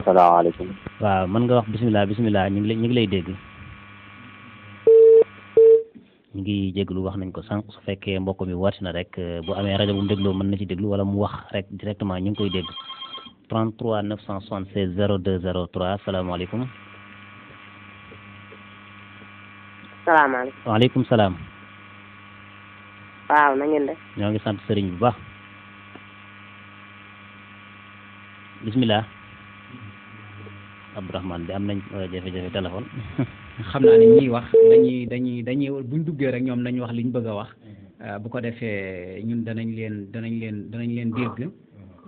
salaamaaleykum. waaw mën nga wax bisimilah bisimilah ñu ngi lay ñu ngi lay dégg. ñu ngi jéglu wax nañ ko sànq su fekkee mbokk mi woote na rek euh, boo amee rajo bu mu dégloo mën na ci déglu wala mu wax rek directement ñu ngi koy dégg. 33 976 02 03 salaamaaleykum. salaamaaleykum waaleykum salaam. waaw na ngeen ñoo ngi sant sëriñ bu baax. bisimilah. Abdourahmane de am nañ euh, jafe-jafe téléphone. xam naa ne ñiy wax dañuy dañuy dañuy buñ duggee rek ñoom nañ wax liñ bëgg a wax euh, bu ko defee ñun danañ leen danañ leen danañ leen dégg.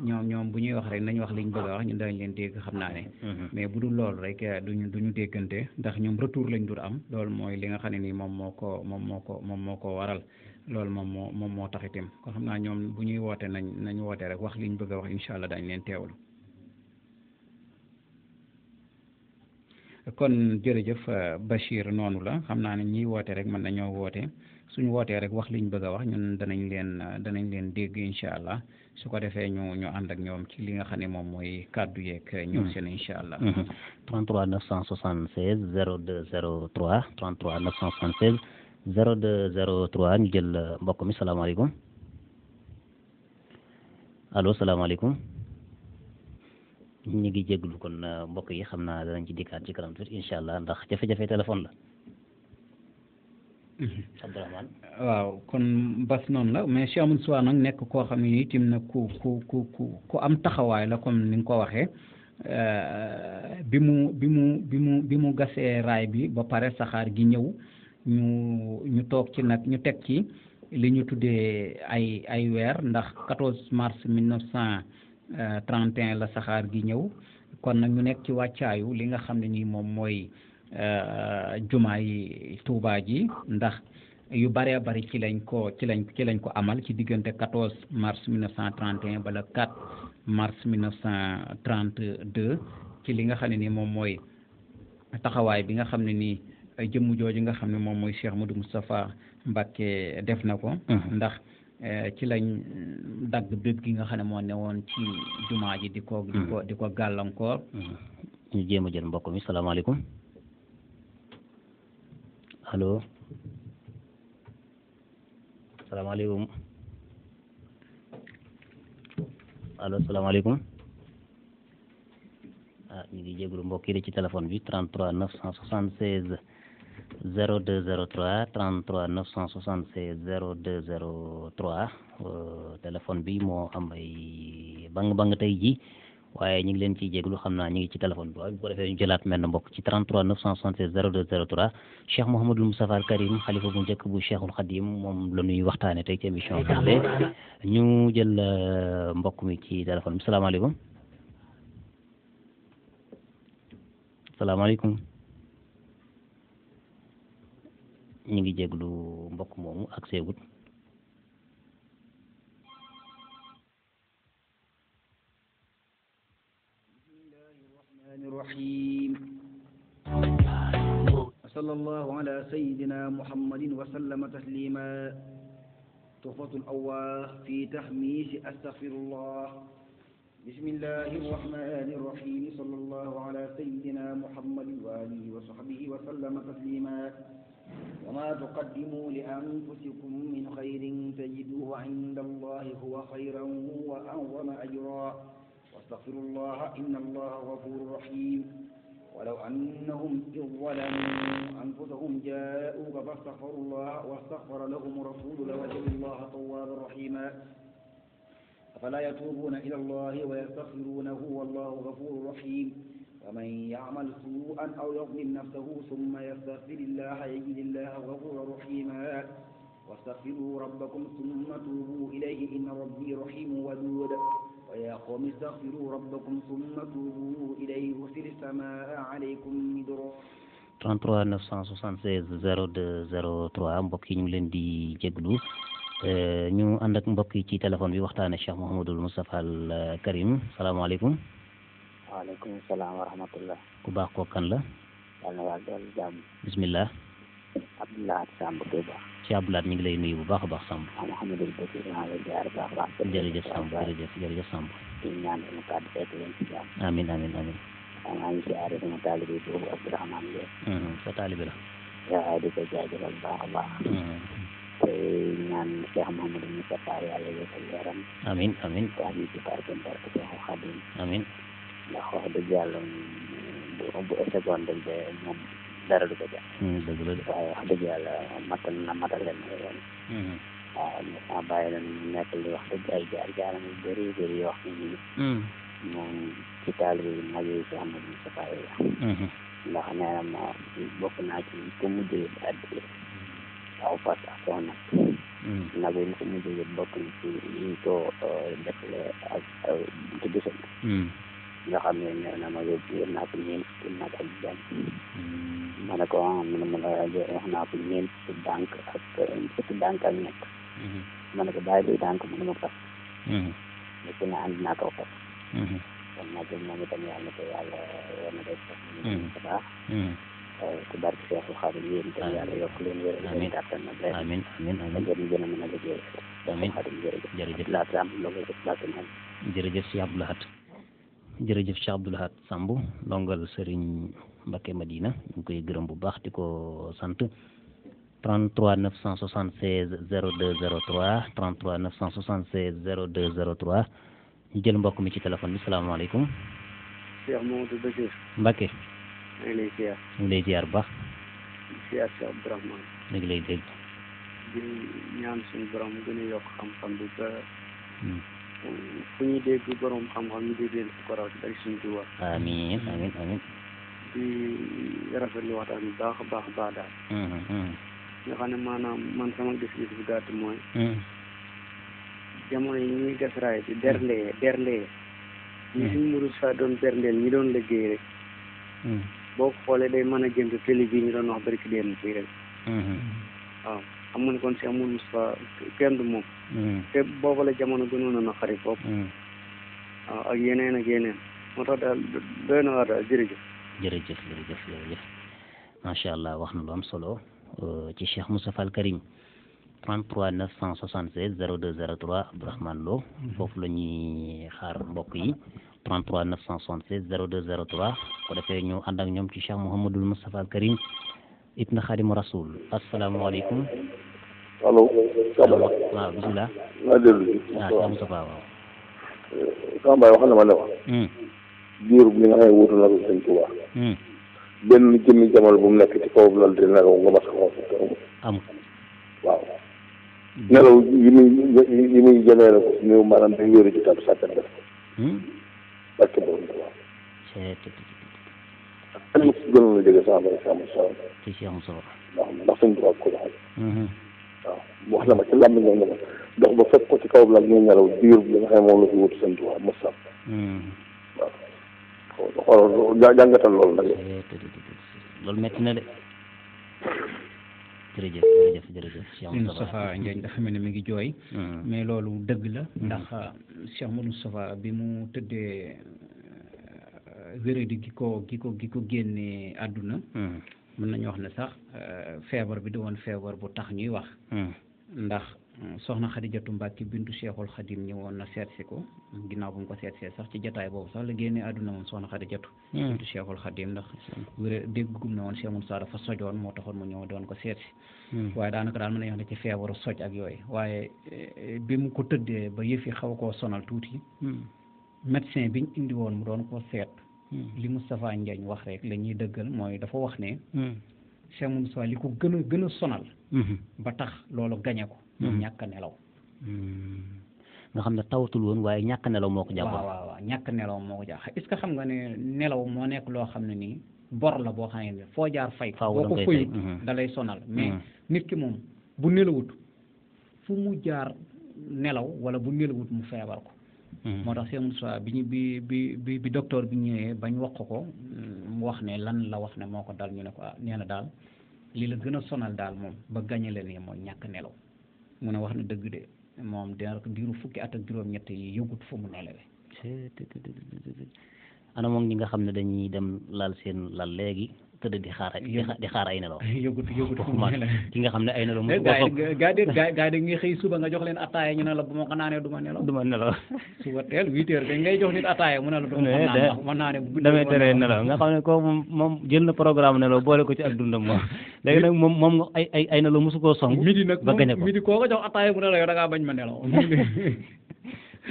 ñoom ñoom bu ñuy wax rek nañ wax liñ bëgg wax ñun danañ leen dégg xam naa ne. mais bu dul loolu rek euh, duñu duñu déggante ndax ñoom retour lañ dul am loolu mooy li nga xam ne nii moom moo ko moom moo ko moom moo ko waral loolu moom moo moom moo tax itam kon xam naa ñoom bu ñuy woote nañ nañ woote rek wax liñ bëgg a wax incha allah dañ leen teewlu. kon jërëjëf euh, Bachir noonu la xam naa ne ñiy woote rek mën nañoo woote suñu wootee rek wax liñ bëgg a wax ñun danañ leen euh, danañ leen dégg incha allah su ko defee ñu ñu ànd ak ñoom ci li nga xam ne moom mooy kàddu yeeg ñoom hmm. seen incha allah. 33 976 02 03 33 976 02 03 ñu jël euh, mbokk mi salaamaaleykum allo salaamaaleykum. ñu ngi jéglu kon euh, mbokk yi xam naa danañ ci dikkaat ci kanam tuuti incha allah ndax jafe-jafe téléphone la. Mhm. Abdourahmane waaw kon bas noonu la mais Cheikh Amadou nag nekk koo xam ne itam nag ku ku ku ku am taxawaay la comme ni nga ko waxee euh, bi mu bi mu bi mu bi mu gasee raay bi ba pare saxaar gi ñëw ñu ñu toog ci nag ñu teg ci li ñu tuddee ay ay weer ndax 14 mars 1900. Euh, trente et un la saxaar gi ñëw kon nag ñu nekk ci wàccaayu li nga xam ne nii moom mooy euh, jumaa yi Tuubaa ji ndax yu bëree bëri ci lañ ko ci lañ ci lañ ko amal ci diggante 14 mars 1931 ba le 4 mars 1932 ci li nga xam ne nii moom mooy taxawaay bi nga xam ne nii jëmm jooju nga xam ne moom mooy Cheikh Modou Moustapha Mbacké def na ko mm-hmm. ndax Eh, ci lañ mm, dagg bépp gi nga xam ne moo ne woon ci jumaa ji di ko di ko mm-hmm. di ko gàllankoor mm-hmm. ñu jéem a jël mbokk mi salaamaaleykum allo salaamaaleykum allo salaamaaleykum ah ñu ngi jégalu mbokk yi ci téléphone bi 33 976 0203 33 976 0203 téléphone bi moo am ay bang bang tey ji waaye ñu ngi leen ciy jéglu xam naa ñu ngi ci téléphone bi waaye bu ko defee ci jëlaat mel na mbokk ci 33 976 0203 Cheikh Mouhamadul Moustapha Al Karim xalifa bu njëkk bu Cheikhul Khadim moom la ñuy waxtaane tey ci émission bi ñu jël euh, mbokk mi ci téléphone bi salaamaaleykum salaamaaleykum ñu ngi jéglu mbokk moomu ak seegut وصلى الله على سيدنا محمد وسلم تسليما تحفة الأواه في تحميس أستغفر الله بسم الله الرحمن الرحيم صلى الله على سيدنا محمد وآله وصحبه وسلم تسليما وما تقدموا لأنفسكم من خير تجدوه عند الله هو خيرا وأعظم أجرا واستغفروا الله إن الله غفور رحيم ولو أنهم إذ ظلموا أنفسهم جاءوك فاستغفروا الله واستغفر لهم رسول لوجدوا الله توابا رحيما أفلا يتوبون إلى الله ويستغفرونه والله غفور رحيم فمن يعمل سوءا أو يظلم نفسه ثم يستغفر الله يجد الله غفورا رحيما واستغفروا ربكم ثم توبوا إليه إن ربي رحيم ودود ويا قوم استغفروا ربكم ثم توبوا إليه يرسل السماء عليكم مدرارا 33 976 02 03 mbokk yi ñu ngi leen di jéglu ñu ànd ak mbokk yi ci téléphone bi waxtaane Cheikh Mouhamadul Moustapha al Karim salaamaaleykum waaleykum salaam wa rahmatullah ku baax kooku kan la. yal na yàlla doon jàmm. bisimilah. Abdoulaye Samb Kéba. ci Abdoulaye ñu ngi lay nuyu bu baax a baax Samb. alhamdulilah dëgg naa la jaar baax a baax. jërëjëf Samb jërëjëf jërëjëf Samb. di ñaan sama kàddu fekk leen ci jàmm. amiin amiin amiin. maa ngi siyaare sama taalibe boobu Abdourahmane Ndiaye. Mm-hmm, sa taalibe la. waaw di ko jaajëfal baax a baax. te mm-hmm. ñaan Cheikh Mouhamadou Moustapha yàlla yëkkal leeram. amiin amiin. waa ñu ci barke barke Cheikh Khadim. amiin. ndax wax dëgg yàlla bu bu échegoon dañ de moom dara ko jàpp. Hmm, dëgg wax dëgg yàlla matal na matal leen hmm. na yoon. waaw ma bàyyi leen nekk li wax dëgg ay jaar jaaram yu bëri yu bëri yoo xam si Amadou Moustapha yi la. Hmm. ndax nee ma bokk naa ci ku mujj yëpp addi aw ku mujj yëpp bokk na nga xam ne nee na ma yóbbu naa ko ñeent fukki nag ak benn hmm. ma ne ko ah, mu ne ma la wax naa ko ñeent fukki dànk ak fukki dànk ak ñett hmm. ma ne ko bàyyi bi dànk mu ne ma fas hmm. mu si ne andi naa ko fas kon nag moom itam yàlla na ko yàlla war na def bu baax ci barke Seexul Xaadim yéen itam yàlla yokk leen wér leen kàttan nag leen amiin amiin amiin ngeen gën a mën a liggéey amiin Xaadim jërëjëf jërëjëf laa si am loolu la jërëjëf si Abdou Lahad jërëjëf Cheikh Abdoul Ahad Samb ndongal Serigne Mbacké Madina ñu ngi koy gërëm bu baax di ko sant 33 976 02 03 33 976 02 03 ñu jël mbokk mi ci téléphone bi salaamaaleykum. Cheikh Mamadou Bachir. Mbacké. maa ngi lay ziar. ñu ngi lay ziar bu baax. ziar si Abdourahmane. ñu ngi di ñaan suñu borom gën yokk xam-xam bi fu ñuy dégg borom xam-xam ñu dégg leen ko raw ci ak suñu Tuuba. amiin amiin amiin. di rafetlu waxtaan bi baax a baax a baax daal. Mm-hmm, mm-hmm. nga xam ne maanaam man sama gis-gis bu gàtt mooy. Mm-hmm. jamono yi ñuy def raay bi derlee derlee. ñi suñu murus doon berndeel ñi doon liggéey rek. boo ko xoolee day mën a jëm te télé bii ñu doon wax barki démb fii rek. waaw. amuñu kon si amul Moustapha kenn du moom. Mm. te boobu la jamono gënoon na xarit bopp. waaw mm. ah, ak yeneen ak yeneen moo tax daal doy na waar daal jërëjëf. jërëjëf jërëjëf jërëjëf macha allah wax na lu am solo euh, ci Cheikh Moustapha Al Karim 33 976 02 03 Abdourahmane Lo mm-hmm. foofu la ñuy xaar mbokk yi 33 976 02 03 ko defee ñu ànd ak ñoom ci Cheikh Mouhamadul Moustapha Al ibn xaadimu rasul asalaamaaleykum allo waaw bisimilah ah, eh, ma ne ma hmm. diir bi nga xam ne wuutu hmm. benn jëmmi jamono bu mu nekk ci kawam lal di nelaw nga mat nelaw yi muy yi muy jëmee la ko néew ci tab sàkkat def ko hmm. barke fan la si gënoon a jógee sama borom si amul solo. ci si amul mhm. jàngatal loolu eh, loolu métti na de. jërëjëf jërëjëf jërëjëf Cheikh Moustapha Ndiagne dafa ne mi ngi jooy. Hmm. mais loolu dëgg la. Hmm. ndax Cheikh Moustapha bi mu tëddee. wéradi gi ko gi ko gi ko génne àdduna hmm. mën nañu wax ne sax euh, feebar bi di woon feebar bu tax ñuy wax hmm. ndax hmm, soxna xadijatu mbàkke bintu cheikhul xadim woon na seetsi ko ginnaaw bu mu ko seetsee sax ci jataay boobu sax la génnee àdduna moom soxna xadijatu bintu cheikhul xadim ndax wéré déggum ne woon Cheikh Moussa dafa sojoon moo taxoon mu ñëw doon ko seetsi waaye daanaka daal mën nañu wax ne ci feebaru soj ak yooyu waaye eh, bi mu ko tëddee ba yëfi xaw koo sonal tuuti médecin biñ indi woon mu doon ko seet Hmm. li Moustapha Ndiagne wax rek la ñuy dëggal mooy dafa wax ne mu hmm. Moustapha li ko gën a gën a sonal hmm. ba tax loolu gañe ko ñàkk nelaw nga xam ne tawatul woon waaye ñàkk nelaw moo ko jàpp waaw ñàkk nelaw moo ko jàpp ce que xam nga ne nelaw moo nekk loo xam ne nii bor la boo xam foo jaar fay boo ko fayut da sonal mais nit ki moom bu nelawut fu mu jaar nelaw wala bu nelawut mu feebar ko Mhm. moo tax Cheikh Moustapha bi ñu bi bi bi docteur bi ñëwee bañ wax ko mu wax ne lan la wax ne moo ko dal ñu ne ko ah nee na daal li la gën a sonal daal moom ba gañe la nii mooy ñàkk nelaw mu ne wax na dëgg de moom dina diiru fukki at ak juróom-ñett yi yëgut fu mu nelawee. ana moom ñi nga xam ne dañuy dem laal seen lal léegi. tëdd di xaar di xaar ay nelaw yëgut yëgut ki nga xam ne ay nelaw eh, nga ma ko naanee du ma nelaw du xam ne ay nelaw mosu koo song midi nag ba gañe ko midi jox ataaya mu ne la yow bañ ma nelaw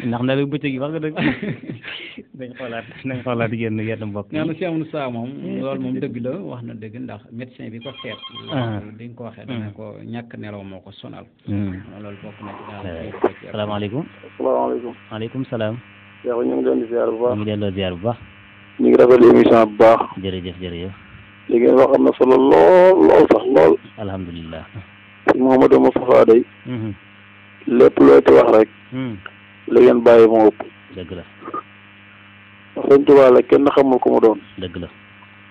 ndax ndax nag bëccëg yi wax nga dëgg dañ xoolaat dañ xoolaat yenn yenn mbokk yi. maanaam si amul saa moom loolu moom dëgg la wax na dëgg ndax médecin bi ko seet. dañ ah. ko waxee dana hmm. ko ñàkk nelaw moo ko sonal. Hmm. loolu bokk na ci daal. Eh, salaamaaleykum. salaamaaleykum. maaleykum salaam. yow ñu ngi leen di ziar bu baax ñu ngi delloo ziar bu baax. ñu ngi rafetlu émission bu baax. jërëjëf jërëjëf. li ngeen wax am na solo lool lool sax lool. alhamdulilah. si Mouhamadou Moustapha day. Hmm. lépp looy te wax rek. la ngeen bàyyi moo ëpp. dëgg la. sëñ Tuubaa la kenn xamul ku mu doon. dëgg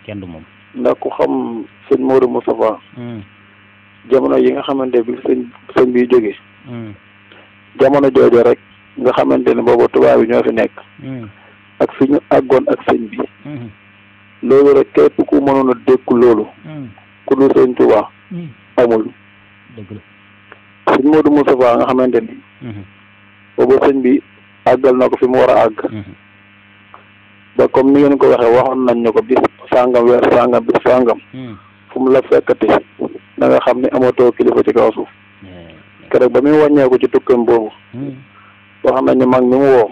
kenn du moom. ndax ku xam sëñ Modou Moustapha. Hmm. jamono yi nga xamante bi sëñ sëñ bi jógee. Hmm. jamono joojo rek nga xamante ne boobu tubaab bi ñoo fi nekk. Hmm. ak fi ñu àggoon ak sëñ bi. loolu rek képp ku mënoon a loolu. ku dul sëñ Tuubaa amul. dëgg la sëñ Modou nga xamante ni. boobu sëñ bi àggal na ko fi mu war a àgg mhm. ba comme ni ngeen ko waxee waxoon nañ ñu ko bis sàngam weer sàngam bis sàngam mhm. fu mu la fekkati na xam ne amatoo kilifa ci kaw suuf keroog ba muy wàññeeku ci tukkam boobu mhm. wax nañ ne mag mi mu woo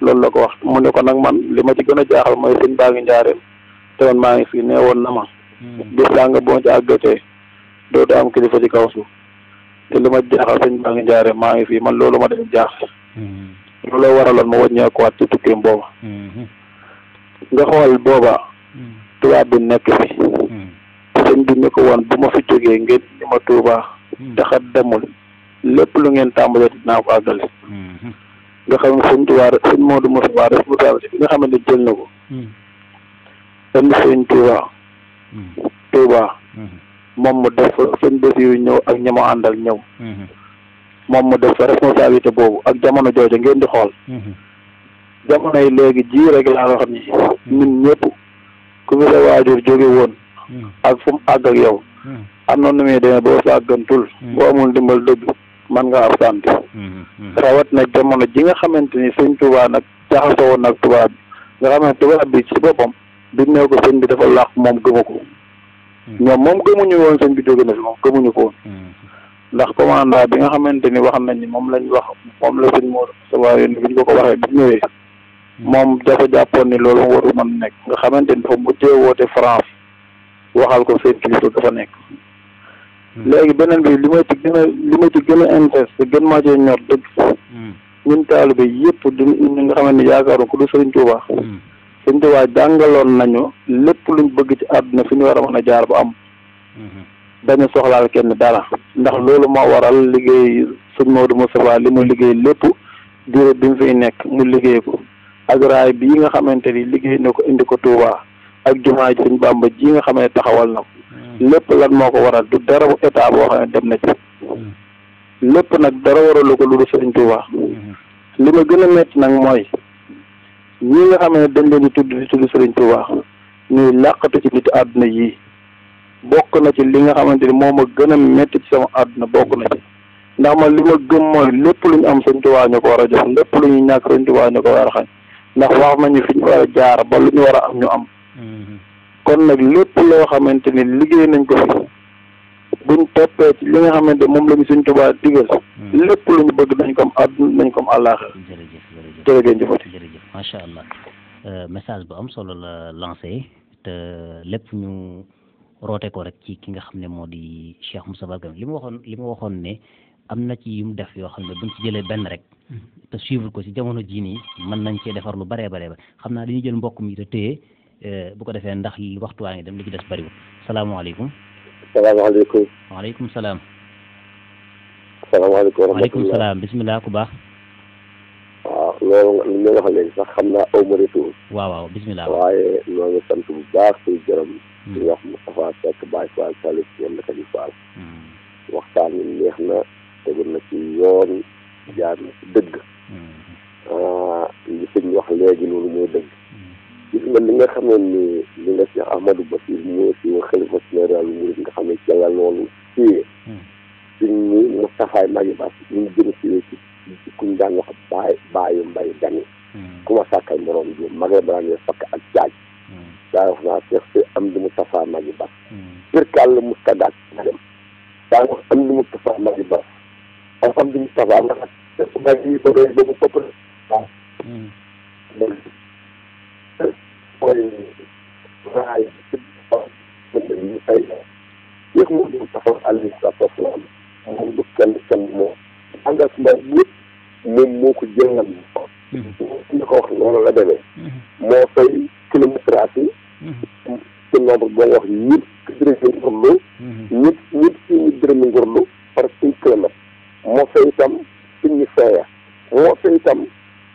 loolu la ko wax mu ne ko nag man li ma ci gën a jaaxal mooy sëñ baa ngi njaareem te man maa ngi fii nee woon na ma bis sàngam boo ci àggatee doo am kilifa ci kaw suuf te lu ma jaaxal sëñ baa ngi jaaree maa ngi fii man loolu ma dem jaaxle mm-hmm. looloo waraloon ma wàññeekuwaat ci tukkeem booba mm-hmm. nga xool booba mm-hmm. tubaab bi nekk fi sëñ bi ni ko woon bu ma fi jógee ngeen ni ma tuubaa taxat demul lépp lu ngeen tàmbalee naa ko àggale nga xam ne sëñ tubaab bi nga xam ne jël ko moom mu def seen yu ñëw ak ñi àndal ñëw mm-hmm. moom mu def fa responsabilité boobu ak jamono jooju ngeen di xool mm-hmm. jamono yi léegi ji rek laa nga xam ni mm-hmm. ñun ñëpp ku fi sa waajur jóge woon ak fu mu àgg ak yow am na nu muy demee boo sàggantul boo amul ndimbal dëgg man nga ab sant rawat nag jamono ji nga xamante ni sëñ tubaab nag jaxasoo woon nag tubaab bi nga xamante tubaab bi ci boppam biñ ne ko sëñ bi dafa làq moom gëma ko ñoom moom gëmuñu woon sëñ bi jóge na fi moom gëmuñu ko woon ndax commandant bi nga xamante ni wax nañ ni moom lañ wax moom la sëñ Modou Moustapha yónni ko waxee bi moom dafa jàppoon ni loolu waru man nekk nga xamante ni dafa mujjee woote France waxal ko seen kilifa dafa nekk léegi beneen bi li ma ci gën a li ma ci gën a intéressé gën maa cee ñor dëgg ñun taalibe yëpp di ñi nga xamante ni yaakaaroon ko du sëriñ Tuubaa sëñ Tuubaa jàngaloon nañu lépp luñ bëgg ci àdduna fi ñu war a mën a jaar bu am dañu mhm. soxlaal kenn dara ndax loolu moo waral liggéey sëñ Maodo Moustapha li mu liggéey lépp diir bi mu fiy nekk mu liggéey ko ak raay bii nga xamante ni liggéey na ko indi ko Touba ak jumaa ji sëñ Bàmba ji nga xam ne taxawal na ko mhm. lépp lan moo ko waral du dara bu état boo xam ne dem na ci mhm. lépp nag dara waralu ko lu dul sëñ Touba li ma gën a métti nag mooy ñi nga xam dañ leen di tudd di tudd Serigne Touba ñuy làqatu ci nit àdduna yii bokk na ci li nga xamante ni moo ma gën a métti ci sama àdduna bokk na ci ndax ma li ma gën mooy lépp lu ñu am Serigne Touba ñu ko war a jox lépp lu ñu ñàkk Serigne Touba ñu ko war a xañ ndax wax nañu fi ñu war a jaar ba lu ñu war a am ñu am mm-hmm. kon nag lépp loo xamante ni liggéey nañ ko fi buñ toppee ci li nga xamante moom la ñu suñ Tuubaa digal hmm. lépp lu ñu bëgg dañ ko am ko am àllaaxira jërëjëf jërëjëf macha allah euh, message bu am solo la lancé te lépp ñu roote ko rek ci ki nga xam ne moo di Cheikh Moussa Barkam li mu waxoon li mu waxoon ne am na ci yu mu def yoo xam ne buñ ci jëlee benn rek hmm. te suivre ko ci jamono jii nii mën nañ cee defar lu baree baree ba xam naa dañuy jël mbokk mi te téye euh, bu ko defee ndax waxtu waa ngi dem li ci des bariwul salaamaaleykum salaamaaleykum. waaleykum salaam. salaamaaleykum wa rahmatulah waaleykum salaam bisimilah ku baax. Ah, waaw loolu li nga wax léegi sax xam naa aw ma retour. waaw waaw bisimilah. waaye ñoo ngi sant bu baax suñu gërëm. Hmm. di wax Moustapha Seck Baye Fall Salif yenn kër yi Fall. Hmm. waxtaan wi neex na tegu na ci yoon jaar na ci dëgg. Hmm. Ah, li suñ wax léegi loolu mooy dëgg. li nga xam ni li nga Cheikh Ahmadou Bassir moo ci nga xam ne ca la loolu téye yu hmm. ñu Moustapha Maguette Bass ñu gën a kuñ daan wax baay baayu mbay dani hmm. ku ma sàkkal moroom ji magay baraan yee ak jaaj hmm. daa wax naa Cheikh si am di la mustagaat nga dem daa wax am di Moustapha Maguette Bass ak am di Moustapha nga ba doy ba mu mooy raay moo dul taxaw àlli sa moo ko wax noonu la demee moo fay kilométrage yi ci nombre boo wax ñit ki dërëmi ngurlu ñit ñit si ñi dërëmi ngurlu par six kilomètre moo fay itam suñu feeya moo fay itam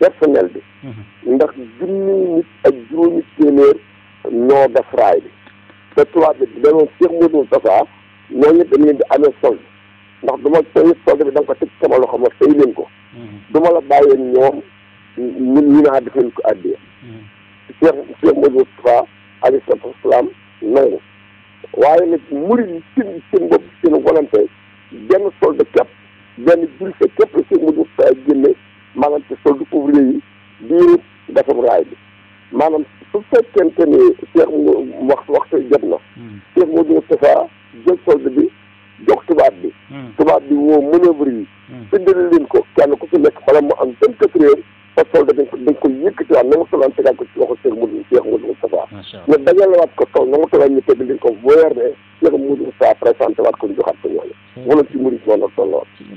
personnel bi. Mhm. ndax junni nit ak juróomi téeméer ñoo def raay bi. te tubaab bi dañoo di amee sol ndax du ma tey bi da ko teg sama loxo ma fay ko. Mhm. du ma la bàyyee ñoom ñun ñu naa def leen ko àddee. Mhm. Cheikh Cheikh Modou Tafa alayhi salaatu wasalaam nangu waaye nag murid seen bopp seen volonté benn solde képp benn jullit képp la Cheikh Modou Tafa génne. maanaam ci soldu ouvrier yi biiru defum raay bi maanaam su fekkente ni Cheikh mu wax waxtu jot na hmm. Cheikh Modou Moustapha jël solde bi jox tubaab bi hmm. tubaab bi woo manœuvre yi bindal hmm. leen ko kenn ku ci nekk bala mu am vingt quatre heures fa solde dañ ko dañ ko yëkkatiwaat na mu tegaat ko ci waxu Cheikh Modou Cheikh Modou Moustapha ne dajalawaat ko tool na mu tolaan ñu teg leen ko voyer ne Cheikh Modou Moustapha présenté waat ko joxaat ko ñooñu wala ci murid noonu la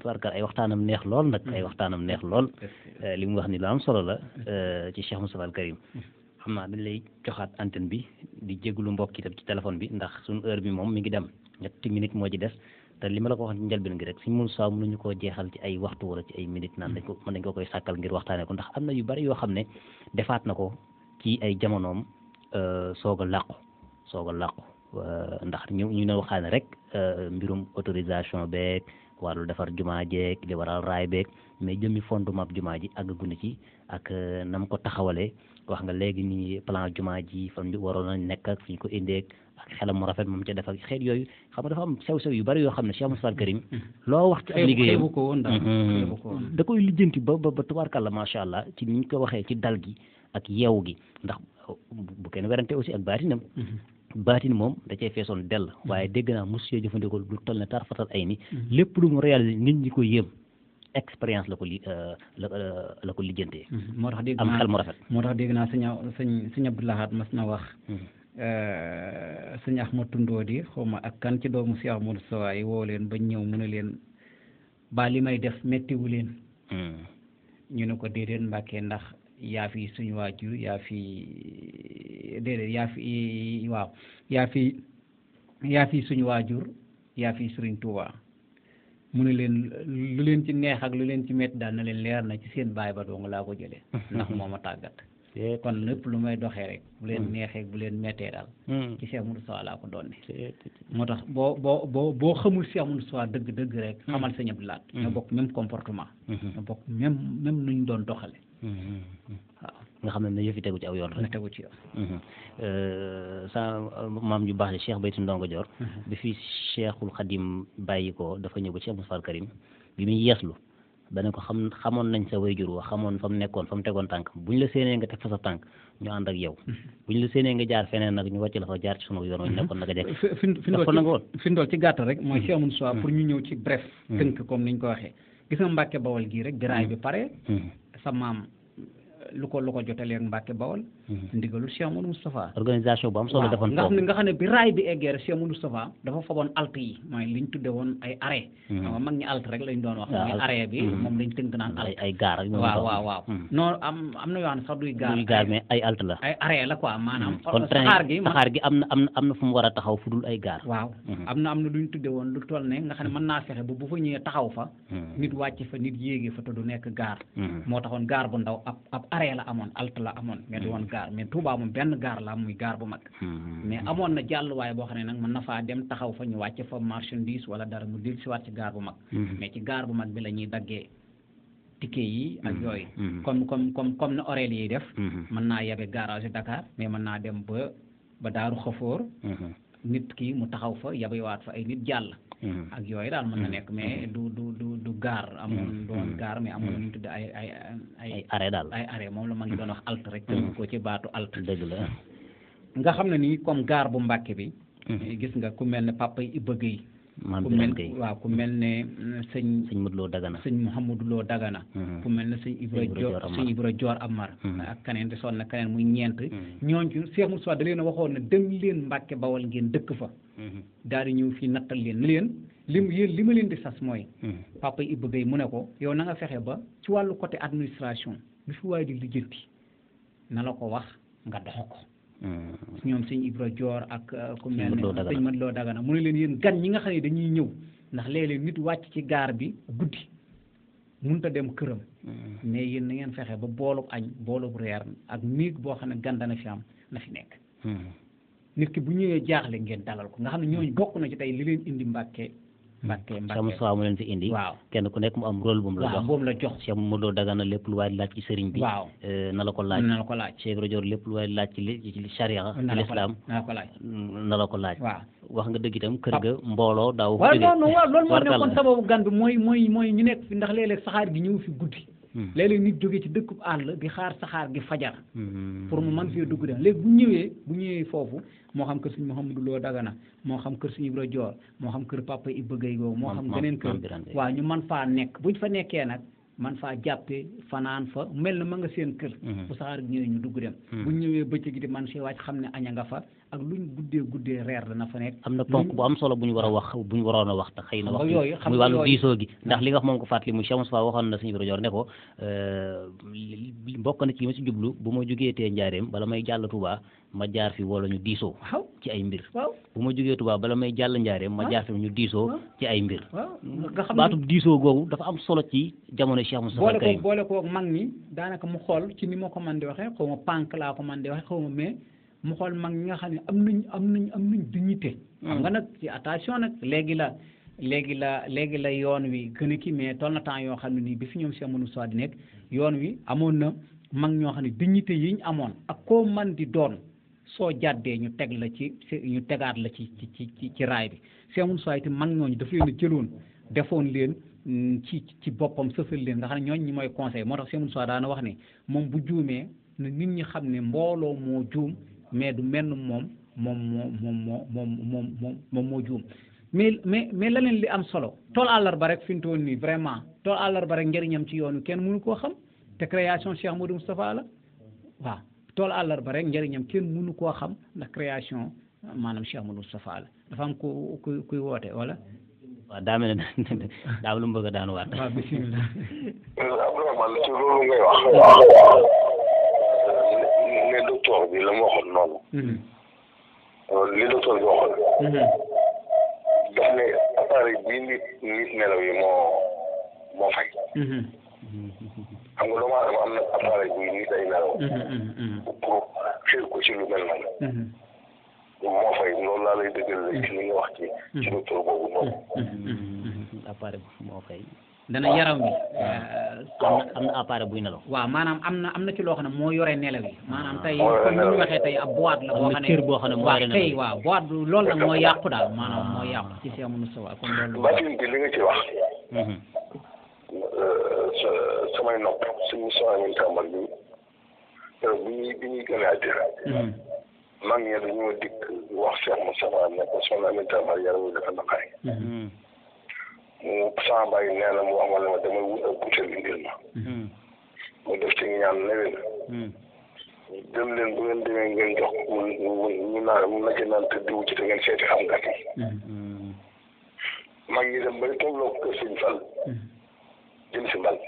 tubaarkal ay waxtaanam neex lool nag ay mm-hmm. waxtaanam neex lool eh, li mu wax ni lu am solo la eh, ci Cheikh Moustapha Al Karim mm-hmm. xam naa dañ lay joxaat antenne bi di jéglu mbokk itam ci téléphone bi ndax suñu heure bi moom mi ngi dem ñetti minutes moo ci des te li ma la ko waxoon ci njëlbeen gi rek si mun saa ñu koo jeexal ci ay waxtu wala ci ay minutes naan dañ ko ko koy sàkkal ngir waxtaanee am na yu bari yoo xam ne defaat na ko ci ay jamonoom eh, soog a làqu soog a làqu ndax ñu ñu ne waxaane rek mbirum autorisation beeg wàllu defar jumaa jeeg li waral raay beeg mais jëmmi fondement jumaa ji àggagunu ci ak euh, nam ko taxawalee wax nga léegi nii plan jumaa ji fan bi waroon nañ nekk fi ñu ko indeeg xelam mu rafet moom ca def ak xeet yooyu xam nga dafa am sew yu bari yoo xam ne Cheikh Moussa Karim mm-hmm. loo wax ci ab liggéeyam mm-hmm. da koy lijjanti ba ba tubaarkàlla macha allah ci ni ñu ko waxee ci dal gi ak yeew gi ndax bu kenn werante aussi ak baatinam mm-hmm. baatin moom da cay feesoon dell waaye dégg naa monsieur jëfandikoo lu toll ne tar fatal ay ni mm-hmm. lépp lu mu réalisé nit ñi ko yéem expérience la ko li euh, euh, la ko lijjantee mm-hmm. moo tax dégg am xel mu rafet moo tax dégg naa sëñ sëñ sëñ Abdou Lahad mas na wax mm-hmm. euh, sëñ Tundoo di xaw ma ak kan ci doomu si Ahmadu Sawaay woo leen ba ñëw mu ne leen ba li may def méttiwu leen ñu ne ko déedéet Mbàkke ndax yaa fi suñu waajur yaa fi déedéet yaa fi waaw suñu waajur yaa fi Sëriñ Tuuba mu ne leen lu leen ci neex ak lu leen ci mett daal na leen leer na ci seen baay ba dong laa ko jële ndax moo ma tàggat kon lépp lu may doxee rek bu leen mm. neexee bu leen méttee daal mm. ci Cheikh Moudou Sow laa ko doon ne moo tax boo boo boo boo xamul Cheikh Moudou Sow dëgg dëgg rek mm. xamal Sëñ Abdou Lahad ñoo bokk même comportement ñoo mm-hmm. bokk même même ñu doon doxale Mm-hmm. waaw nga xam ne ne yëfi tegu ci aw yoon rek. tegu ci yoon. Mm-hmm. Euh, sa euh, maam ju baax ji Cheikh Bayti Ndongo Dior. Mm-hmm. bi fi Cheikhul Khadim bàyyi ko dafa ñëw ba Cheikh Moustapha Karim bi muy yeeslu ne ko xam xamoon nañ sa wayjur wa xamoon fa mu nekkoon fa mu tegoon tànk buñ la séenee nga teg fa sa tànk ñu ànd ak yow. buñ la séenee nga jaar feneen nag ñu wàcc la fa jaar ci sunu yoon wa ñu nekkoon naka jekk. dafa nanga woon fi ndool ci gàttal rek mooy Cheikh Moustapha pour ñu ñëw ci bref. tënk comme ko waxee gis nga Mbàkke Bawol gii rek. bi lu ko lu ko jotee leen Mbàkke Bawol Mhm. ndigalu Cheikh Amadou Moustapha organisation bu am solo defoon nga xam ne nga xam ne bi raay bi eggee rek Cheikh Amadou dafa faboon alt yi mooy liñ tudde woon ay arrêt mhm. rek lañ doon wax mooy arrêt bi mhm. moom lañ tënk naan alt ay gaar ak na yoo xam ne sax duy la maanaam kon saxaar am na am na am na fu mu war a taxaw fu dul ay gaar waaw am na am na luñ tudde woon lu toll ne nga xam ne man naa fexe ba bu fa ñëwee taxaw fa nit wàcc fa nit yéegee fa te du nekk gaar moo taxoon gaar bu ndaw ab ab arrêt la amoon alt la amoon nga di woon gaar mais Touba moom benn gaar la muy gaar bu mag. Hmm, hmm, mais hmm. amoon na jàlluwaay boo xam ne nag mën na faa dem taxaw fa ñu wàcc fa marchandise wala dara mu dellu siwaat ci gaar bu mag. mais ci gaar bu mag bi la ñuy daggee. ticket yi ak yooyu comme comme comme comme na orel yi def mën naa yebe garage Dakar mais mën naa dem ba ba daaru xafoor nit kii mu taxaw fa yabaywaat fa ay nit jàll mm-hmm. ak yooyu daal mën na nekk mm-hmm. mais du du du du gaar mm-hmm. amoon doon gaar mais amoon ñu tudd ay ay ay arrêt daal ay arrêt moom la ma ngi doon wax alt rek ko ci baatu alt dëgg la nga xam ne nii comme gaar bu Mbàkke bi gis nga ku mel ne papa yi Ibba Gueye maam ku mel waaw ku mel ne euh, sëñ. sëñ Modou Lo Dagana sëñ Mouhamadou Lo Dagana. Mm-hmm. ku mel ne sëñ Ibra Joor sëñ Ibra Joor Amar. Mm-hmm. ak keneen de sonn na keneen muy ñeent. Mm-hmm. ñooñu Cheikh Moussa da leen a waxoon na dem leen Mbàkke Bawal ngeen dëkk fa. daal di ñëw fii nattal leen leen. lim yéen li ma leen di sas mooy. papa yi bëggee mu ne ko. yow na fexe ba ci wàllu côté administration bi fi waaye di lijjanti na la ko wax nga dox ko. Hmm. ñoom sëñ Ibra Joor ak euh, ku mel ne sëñ Mat Loo Dagana mu ne leen yéen gan ñi nga xam ne dañuy ñëw ndax léeg-léeg nit wàcc ci gaar bi guddi mënut a dem këram hmm. mais yéen na ngeen fexe ba boolub añ bu reer ak néeg boo xam ne gan dana fi am na fi nekk hmm. nit ki bu ñëwee jaaxle ngeen dalal ko nga xam ne ñooñu bokk na ci tey li leen indi Mbàkke Mbacke Mbacke Cheikh Moustapha mu leen fi indi. waaw kenn ku nekk mu am rôle bu la jox. waaw boobu la jox Cheikh Dagana lépp lu waay laaj ci sëriñ bi. Euh, na la ko laaj na la ko laaj. Cheikh Rodior lépp lu waay laaj ci li ci charia. na la ko laaj na la ko laaj na la ko laaj. waaw wax nga dëgg itam kër ga mbooloo daaw. war nga la waaw loolu moo nekkoon mooy nekk fi ndax léeg saxaar gi ñëw fi guddi Hmm. léeg-léeg nit jógee ci dëkkub àll di xaar saxaar gi fajar hmm. pour mu man fee dugg dem léegi bu ñëwee bu ñëwee foofu moo xam kër suñu Mouhamadou Lo Dagana moo xam kër suñu Ibra Joor moo xam kër Papa bëgg Gueye googu moo xam geneen kër waa ñu man faa nekk bu ñu fa nekkee nag man faa jàppee fanaan fa mel na ma nga seen kër hmm. bu saxaar gi ñëwee ñu dugg dem bu ñëwee bëccëg di man see wàcc xam ne aña nga fa ak luñ guddee guddee reer dana fa nekk am na ponk bu am solo bu ñu war a wax bu ñu waroon a wax te xëy na wax muy wàllu diisoo gi ndax li nga wax ne ko euh, bokk ma si jublu bu ma jógee tee njaareem bala may jàll Touba ma jaar fi wala ñu diisoo ci ay mbir bu ma jógee Touba bala may jàll njaareem ma jaar fi ñu diisoo ci ay mbir baatu diisoo googu dafa am solo ci jamono Cheikh Moustapha Karim boole boole ko mag ñi daanaka mu xool ci ni ma ko xaw ma pànk laa ko man xaw ma mais mu xool mag ñi nga xam ne am nañ am nañ am nañ dignité. xam nga nag ci attention nag léegi la léegi la léegi la yoon wi gën a kii mais toll temps yoo xam ne nii bi fi ñoom Cheikh Manou di nekk yoon wi amoon na mag ñoo xam ne dignité yi ñu amoon ak koo man di doon soo jàddee ñu teg la ci ñu tegaat la ci ci ci ci raay bi Cheikh Manou Sow itam mag ñooñu daf leen a jëloon defoon leen. Mm, ci ci boppam sëfal leen nga xam ne ñooñ ñi mooy conseil moo tax soo Moussa daana wax ne moom bu juumee na nit ñi xam ne mbooloo moo juum mais du menn moom moom moo moom moo moom moom moom moom moo juum mais mais mais leneen li am solo tool àllarba rek fi mu toll nii vraiment tool àllarba rek njëriñam ci yoonu kenn mënu koo xam te création Cheikh Modou Moustapha la waaw tool àllarba rek njëriñam kenn mënu koo xam ndax création maanaam Cheikh Modou Moustapha la dafa am ku ku kuy woote wala. waaw daa mel ne daa am lu mu bëgg a daan waat. waaw bisimilah. ci loolu ngay wax. docteur bi la mu waxoon noonu. Mhm. Euh, li docteur bi waxoon. Mhm. daf ne appareil bii nit nit nelaw yi moo moo fay. Mhm. xam nga doomu aadama am na appareil buy nit ay nelaw. pour xëy ko ci lu mel noonu. moo fay loolu laa lay dëggal ci li nga wax ci. ci docteur boobu noonu. appareil moo fay. dana yaraw mi. am na appareil buy nelaw. waaw maanaam am na am na ci loo xam ne moo yore nelaw yi. maanaam tey comme ni ñu waxee tey la. boo ne cër boo xam ne moo yore waaw boîte bi loolu la daal maanaam moo ah. yàqu ci Cheikh Moussa waaw comme loolu. batin bi wax. Mm-hmm. Euh, samay nopp suñu soxnañu tàmbal bi bi ñuy bi ñuy gën mm-hmm. wax Cheikh Moussa ne ko soxnañu mu sama bàyyi nee na mu wax ma ne ma damay wut ak butéel indil ma. Hmm. mu def ci ñaan newén. Hmm. dem leen bu ngeen demee ngeen jox mu mu mu naan mu na ci naan te diw ci te ngeen seeti xam kat yi. Hmm. mag ñi dem bay tolloo ko sëñ Fall. jëm si mbal.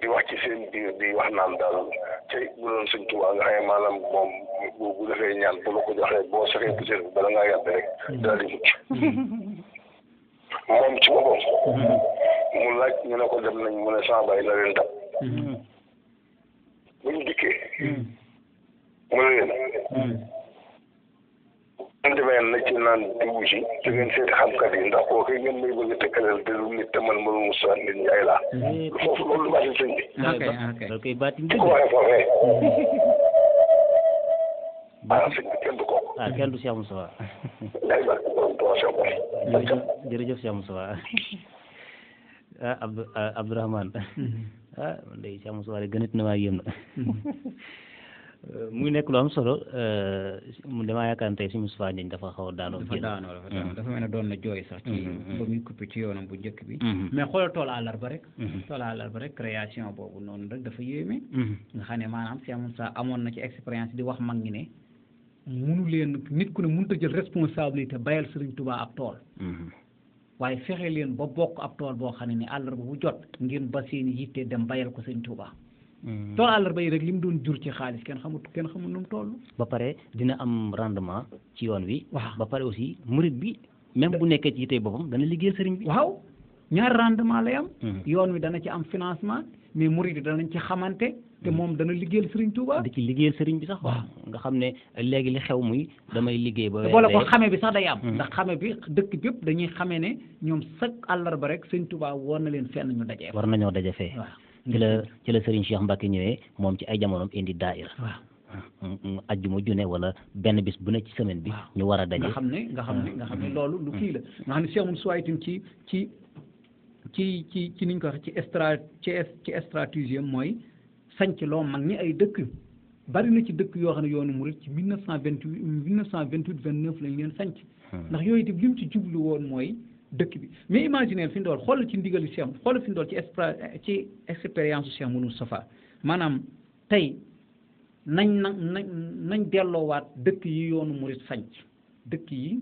di wax ci seen biir di wax naan daal tey bu doon sëñ Tuubaa nga xam ne maanaam moom bu bu defee ñaan bu la ko joxee boo saxee bu seen bala ngaa yàgg rek daal di mucc. moom ci boppam. Mm-hmm. mu laaj ñu ne ko dem nañ mu ne sama baay la leen dab. Mm-hmm. bu ñu dikkee. Mm-hmm. mu ne leen. man demee na ci naan diwu ji da ngeen seeti xamkat yi ndax kooku ngeen may bëgg a tëkkaleel te lu nit te man mënu mu soit nit ñi ay laa. Eh, foofu eh, loolu lu baatin sëñ bi. Eh, ok ok loolu koy baatin sëñ bi. ko waxee foofee. ah sëñ bi kenn du ko ah kenn du Cheikh Moustapha. jërëjëf jërëjëf Cheikh Moustapha ah Abdou ah, Abdourahmane mm-hmm. ah man mm-hmm. nekk lu am solo euh, damaa yaakaar ne tey si Moustapha Ndiagne dafa xaw a daanoo. dafa daanoo mm-hmm. doon na jooy sax. ci ba muy coupé ci yoonam bu njëkk bi. mais xoolal toolu ba rek. toolu àllarba rek création boobu noonu rek dafa yéeme. nga xam ne maanaam Cheikh Moustapha amoon na ci expérience di wax mag ngi ne. munu leen nit ku ne mënut a jël responsabilité bayal Serigne tubaa ab tool. Mhm. waaye fexe leen ba bokk ab tool boo xam ne ni àllarba bu jot ngeen ba seen yitte dem bayal ko Serigne Touba. Mhm. tool àllarba yi rek li mu doon jur ci xaalis kenn xamut kenn xamut nu tool ba pare dina am rendement ci yoon wi. waaw ba pare aussi murit bi. même bu nekkee ci yitte boppam dana liggéey Serigne bi. waaw ñaari rendement lay am. Mhm. yoon wi dana ci am financement mais murit yi danañ ci xamante. te moom dana liggéeyal Serigne Touba. ci liggéeyal Serigne bi sax nga xam ne léegi li xew muy damay liggéey ba. wala ko xame bi sax day am. Mm. ndax xame bi dëkk bépp dañuy xamee ne ñoom chaque àllarba rek Serigne Touba woon na leen fenn ñu daje. war nañoo daje fee. ci la ci la Serigne Cheikh Mbacke ñëwee moom ci ay jamonoom indi daayira. Mm, mm, ajjuma ju ne wala benn bis bu ne ci semaine bi. ñu war a daje nga xam ne nga xam ne nga xam ne loolu lu kii la. nga xam ne Cheikh Moussa itam ci ci ci ci ci niñ ko waxee ci stra ci stratégie mooy sanc loo mag ñi ay dëkk bari na ci dëkk yoo xam ne yoonu murit ci mille neuf cent vingt huit mille neuf cent vingt huit vingt neuf lañ leen sanc hmm. ndax yooyu di li mu ci jublu woon mooy dëkk bi mais imaginer fi mu dool xool ci ndigali Cheikh xool fi mu dool ci ci expérience Cheikh nu Safa maanaam tey nañ na nañ nañ delloowaat dëkk yi yoonu murit sanc dëkk yi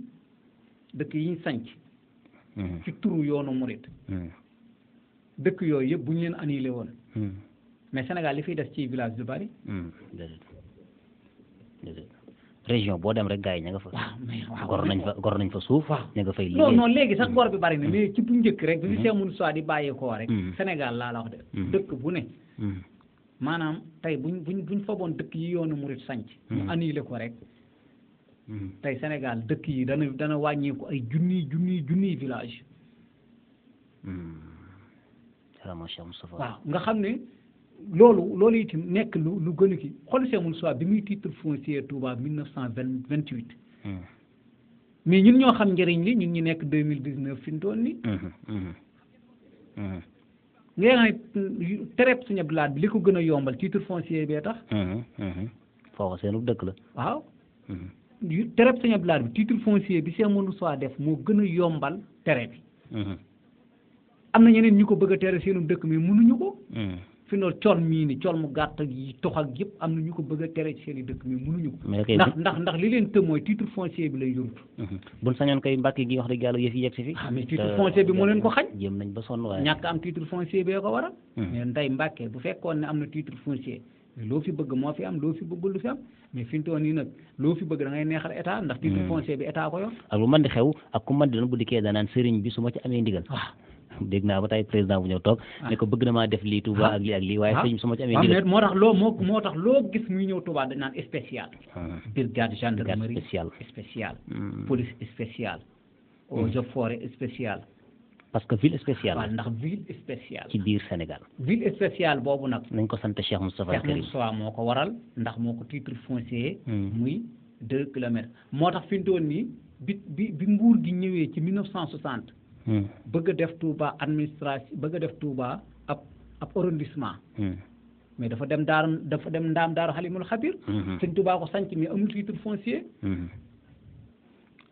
dëkk yi sañc hmm. ci turu yoonu murit hmm. dëkk yooyu yëpp bu ñu leen annulé woon mais senegal li fiy des ci village du bari. Hmm, région boo dem rek gars yi ña nga fa. gor nañ fa gor nañ fa suuf. ña nga fay liggéey hmm. bi bari na mais bu njëkk rek. bi fi see mun soit di bàyyeekoo rek. Hmm. senegal laa la wax de. dëkk bu ne. maanaam tey buñ buñ buñ dëkk yi yoonu murit sanc ñu annulé ko rek. tey senegal dëkk yi dana dana wàññeeku ay junniy junniy junniy village. waaw nga xam ne. loolu loolu itam nekk lu lu gën a kii xool Cheikh Moustapha bi muy titre foncier Touba 1928. Hmm. mais ñun ñoo xam njëriñ li ñun ñi nekk 2019 fi mu toll nii. Hmm, hmm, nga ne tereb suñu abdoulaye bi li ko gën a yombal titre foncier bee tax. foofa seenu dëkk la. waaw. tereb suñu abdoulaye bi titre foncier bi see Cheikh Moustapha def moo gën a yombal tere bi. am na ñeneen ñu ko bëgg a tere seenu dëkk mais mënuñu ko. fi na col mii ni col mu gàtt ak yi yëpp am na ñu ko bëgg a tere ci seen dëkk mais mënuñu ko ndax ndax ndax li leen të mooy titre foncier bi lay mhm. gi wax dëgg yàlla yëf yi yegg si fi ah, mais titre foncier bi moo leen ko xañ jéem nañ ba sonn waaye ñàkk am titre foncier mhm. bu fekkoon ne am na titre foncier loo fi bëgg moo fi am loo fi bëggul lu fi am mais fi mu nag loo fi bëgg da ngay neexal état ndax titre mhm. foncier bi état ko yor ak lu mën di xew ak ku mën di doon bu dikkee danaan sëriñ bi su ma ci amee ndigal ah. dégg naa ba tey président bu ñëw toog ah. ne ko bëgg na maa def lii Touba ah. ak lii ak lii waaye ah. sëñ moo tax loo moo moo tax loo gis muy ñëw Touba dañ naan spécial brigade gendarmerie spécial spécial hmm. police spécial hmm. eaux et forêt spécial parce que ville spéciale waaw ndax ville spéciale ci biir Sénégal ville spéciale boobu nag nañ ko sant Cheikh Moustapha Karim Cheikh Moustapha moo ko waral ndax moo ko titre foncier hmm. muy deux kilomètres moo tax fi mu toll nii bi bi bi nguur gi ñëwee ci mille neuf cent Hmm. bëgg def Touba administration bëgg def Touba ab ab arrondissement. Hmm. mais dafa dem daaru dafa dem ndaam daaru xalimul xabir. Hmm. sëñ Touba ko sanc mais am titre foncier.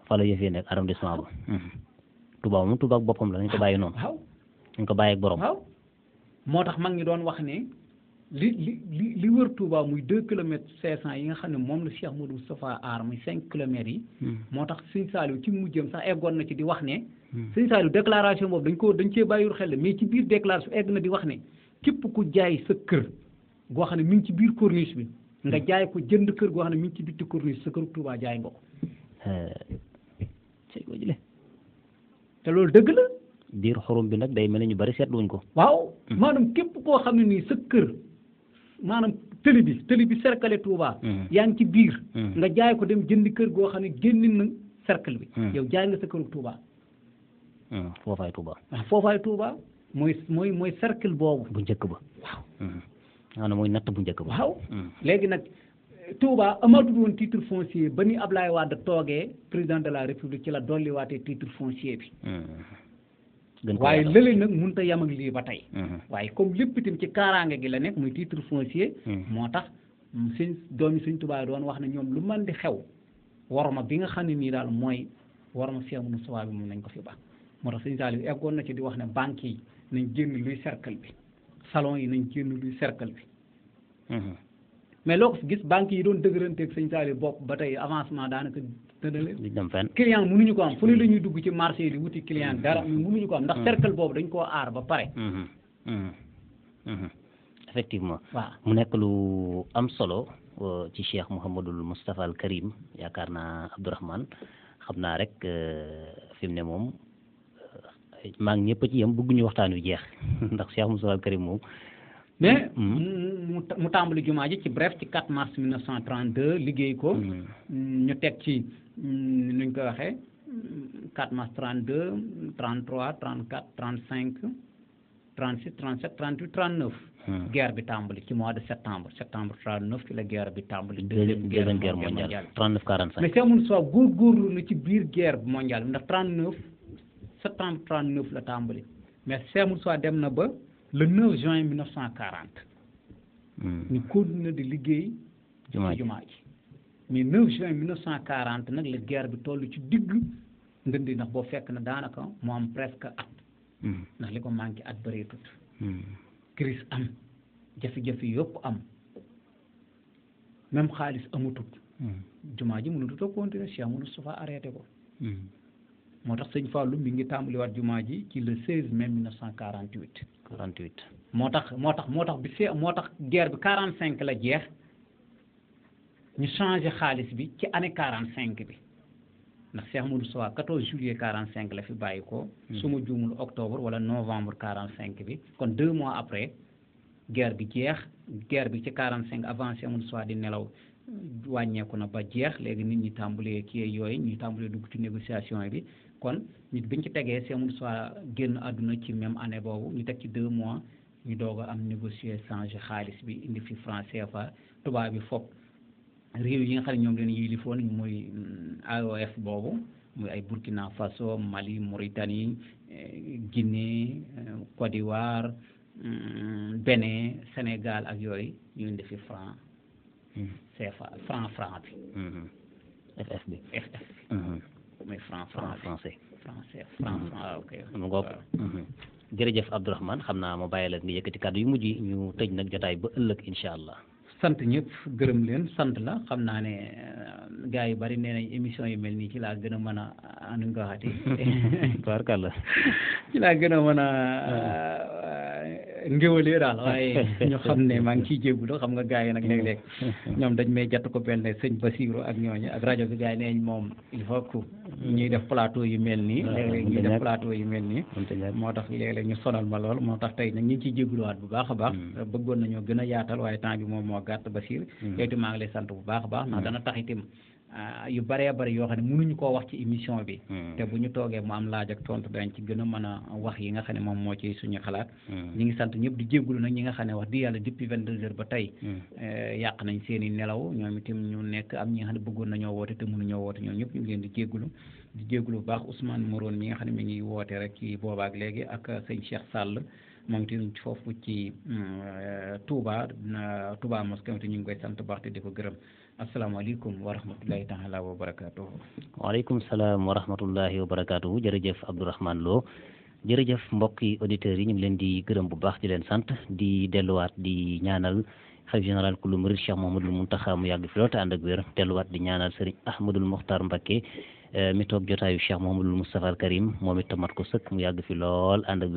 fa la yëfee nekk arrondissement ba. Touba moom ak boppam la dañ ko bàyyi noonu. waaw dañ ko bàyyi ak borom. moo tax mag ñi doon wax ne li li li li wër Touba muy deux kilomètres cinq cent yi nga xam ne moom la Cheikh Modou Moustapha aar muy cinq kilomètres yi. moo tax sëñ Saliou ci mujjëm sax eggoon na ci di wax ne. Hmm. sëñ Saliou déclaration boobu dañ ko dañ cee bàyyiwul xel mais ci biir déclaration egg na di wax ne képp ku jaay sa kër goo xam ne mi ngi ci biir corniche bi nga hmm. jaay ko jënd kër goo xam ne mi ngi ci bitti corniche sa këru Touba jaay nga euh, te loolu dëgg la diir xorom bi nag day mel ne ñu bari seetluwuñ ko waaw hmm. maanaam képp koo xam ne nii sa kër maanaam tëli bi tëli bi cercle Touba yaa ngi ci biir nga jaay ko dem jënd kër goo xam ne génn na cercle bi yow jaay nga sa këru Mm. foofaay Touba ah, foofaay Touba mooy mooy mooy cercle boobu bu njëkk ba waaw mm-hmm. maanaam mooy natt bu njëkk ba waaw mm. léegi nag Touba amatul woon titre foncier ba ni Ablaye Wade toogee président de la République ci la dolliwaatee titre foncier bi mm-hmm. waaye lële nag mënut a yem ak lii ba tey mm-hmm. waaye comme lépp itam ci kaaraange gi la nekk muy titre foncier moo tax doom yi suñ Touba doon wax ne ñoom lu man di xew warma bi nga xam ne nii daal mooy warma fiamunu sawaa bi moom nañ ko fi ba moo tax sëñ Saliou eggoon na ci di wax ne banque yi nañ génn luy cercle bi salon yi nañ génn luy cercle bi mm-hmm. mais loo ko gis banque yi doon dëgëranteeg sëñ Saliou bopp ba tey avancement daanaka tëddale client mënuñu ko am fu ne la ñuy dugg ci marché yi di wuti client dara mais mm-hmm. mënuñu ko am ndax mm-hmm. cercle boobu dañ koo aar ba pare effectivement waaw mu nekk lu am solo euh, ci Cheikh Mouhamadul Moustapha al Karim yaakaar naa Abdourahmane xam naa rek euh, fi mu ne moom maa ngi ñëpp ci yem bëgguñu waxtaan wi jeex ndax mu Moussa Karim moom. mais mm, mm. mu mu tàmbali jumaa ji ci bref ci 4 mars 1932 liggéey ko. Mm. ñu teg ci nuñ koy waxee 4 mars 32 33 34 35 36 37 38 39. guerre bi tàmbali ci mois de septembre septembre 39 ci la guerre bi tàmbali. deuxième guerre mondiale 39 45. mais Cheikh Moussa góorgóorlu na ci biir guerre mondiale bi ndax 39. septembre 39 la tàmbali mais Cheikh Moustapha dem na ba la 9 juin 1940. Hmm. ñu continué di liggéey. jumaa jumaa ji mais 9 juin 1940 nag la guerre bi toll ci digg ndëndi ndax boo fekk na daanaka mu am presque at. Hmm. ndax li ko manqué at bëreetut. Hmm. crise am jafe-jafe yëpp am même xaalis amutut. jumaa ji mënutut a continuer Cheikh Moustapha arrêté ko. moo tax sëñ Fallou mi ngi tàmbaliwaat jumaa ji ci le 16 mai 1948. 48 moo tax moo tax moo tax bi see moo tax ger bi 45 la jeex ñu changé xaalis bi ci année cinq bi ndax Cheikh soit Sow 14 juillet cinq la fi bàyyi ko. Hmm. suma ma juumul octobre wala novembre 45 bi kon deux mois après ger bi jeex guerre bi ci 45 avant Cheikh Modou soit di nelaw. wàññeeku na ba jeex léegi nit ñi tàmbalee ki yooyu ñu tàmbalee dugg ci négociation bi kon nit biñ ci tegee Cheikh Modou génn àdduna ci même année boobu ñu teg ci deux mois ñu doog am négocier changer xaalis bi indi fi franc CFA tubaab bi fopp réew yi nga xam ne ñoom leen yilifoon muy mm, AOF boobu muy ay Burkina Faso Mali Mauritanie eh, Guinée eh, Côte d'Ivoire mm, Bénin Sénégal ak yooyu ñu indi fi franc mm-hmm. CFA franc franc bi FF bi FF muy franc franc français français franc mm-hmm. waaw ok mu ngoog jërëjëf Abdourahmane xam naa ma bàyyi la nga yëkkati kàddu yu mujj ñu tëj nag jotaay ba ëllëg incha allah sant ñëpp gërëm leen sant la xam naa ne euh, gars yu bari nee nañ émission yu mel nii ci laa gën a mën a euh, anu nga waxati barkalla ci a a euh, ngéwalee daal waaye ñu xam ne maa ngi ciy jégalu xam nga gars yi nag léeg-léeg ñoom dañ may jatt ko benn ne sëñ Basirou ak ñooñu ak rajo bi gars yi neeñ moom il faut que ñuy def plateau yu mel nii léeg-léeg ñuy def plateau yu mel nii moo tax léeg-léeg ñu sonal ma lool moo tax tey nag ñu ngi ciy jégaluwaat bu baax a baax mm. bëggoon nañoo gën a yaatal waaye gàtt Bachir mm-hmm. yow itam maa ngi lay sant bu baax a baax ndax mm-hmm. dana tax ah, yu bëree bëri yoo xam ne mënuñu koo wax ci émission bi mm-hmm. te bu ñu toogee mu am laaj ak tontu dañ ci gën a a wax yi nga xam ne moom moo ci suñu xalaat ñi ngi sant ñëpp di jéggulu nag ñi nga xam ne wax di yàlla depuis vingt deux heures ba tey eh, yàq nañ seen i nelaw ñoom itam ñu nekk am ñi nga xam ne bëggoon nañoo woote te mënuñoo woote ñoom ñëpp ñu leen di jéggulu di jéggulu bu baax Ousmane Morone mi nga xam ne mi ngi moom tamit foofu ci euh, Touba euh, Touba mosquée moom ñu ngi koy sant baax te di ko gërëm asalaamaaleykum wa rahmatullahi taala wa barakaatuhu waaleykum salaam wa rahmatullahi wa barakaatuhu jërëjëf Abdourahmane Lo jërëjëf mbokki auditeurs yi ñu ngi leen di gërëm bu baax di leen sant di delluwaat di ñaanal xalifa général kullu murid Cheikh Mouhamadoul Mountakha mu yàgg fi lool ta ànd ak wér delluwaat di ñaanal Serigne Ahmadoul Mokhtar Mbacké euh, mi toog jotaayu Cheikh Mouhamadoul Moustapha al Karim moom it tamat ko sëkk mu yàgg fi lool ànd ak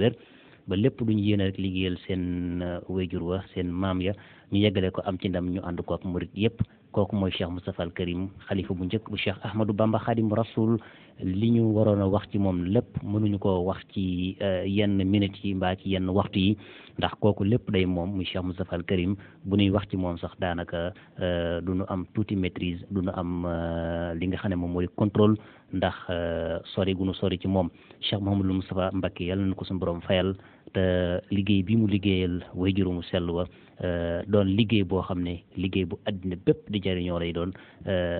ba lépp du yéene rek liggéeyal seen uh, wayjur wa seen maam ya ñu yeggale ko am ci ndam ñu ànd ko ak murit yépp kooku mooy Cheikh Moustapha al Karim bu njëkk bu Cheikh Ahmadou Bamba Xaadimu Rasul li ñu waroon a wax ci moom lépp mënuñu ko wax ci euh, yenn minutes yi mbaa ci yenn waxtu yi ndax kooku lépp day moom muy Cheikh Moustapha al Karim bu ñuy wax ci moom sax daanaka euh, du nu am tuuti maîtrise du nu am euh, li nga xam ne moom mooy contrôle ndax sori gu ñu sori ci moom Cheikh Mouhamadul Moustapha Mbacké yàlla nañu ko suñu borom fayal te liggéey bi mu liggéeyal way juróomu sell wa doon liggéey boo xam ne liggéey bu àddina bépp di jëriñoo lay doon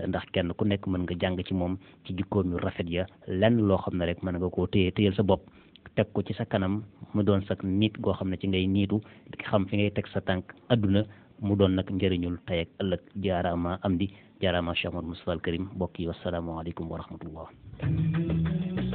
ndax kenn ku nekk mën nga jàng ci moom ci rafet njaboot ya lenn loo xam ne rek mën nga koo téye téyel sa bopp teg ko ci sa kanam mu doon sa nit koo xam ne ci ngay niitu xam fi ngay teg sa tànk adduna mu doon nag njëriñul tey ak ëllëg jaaraama am di jaaraama Cheikh Mouhamadou Moustapha al Karim mbokk yi wasalaamaaleykum wa rahmatullah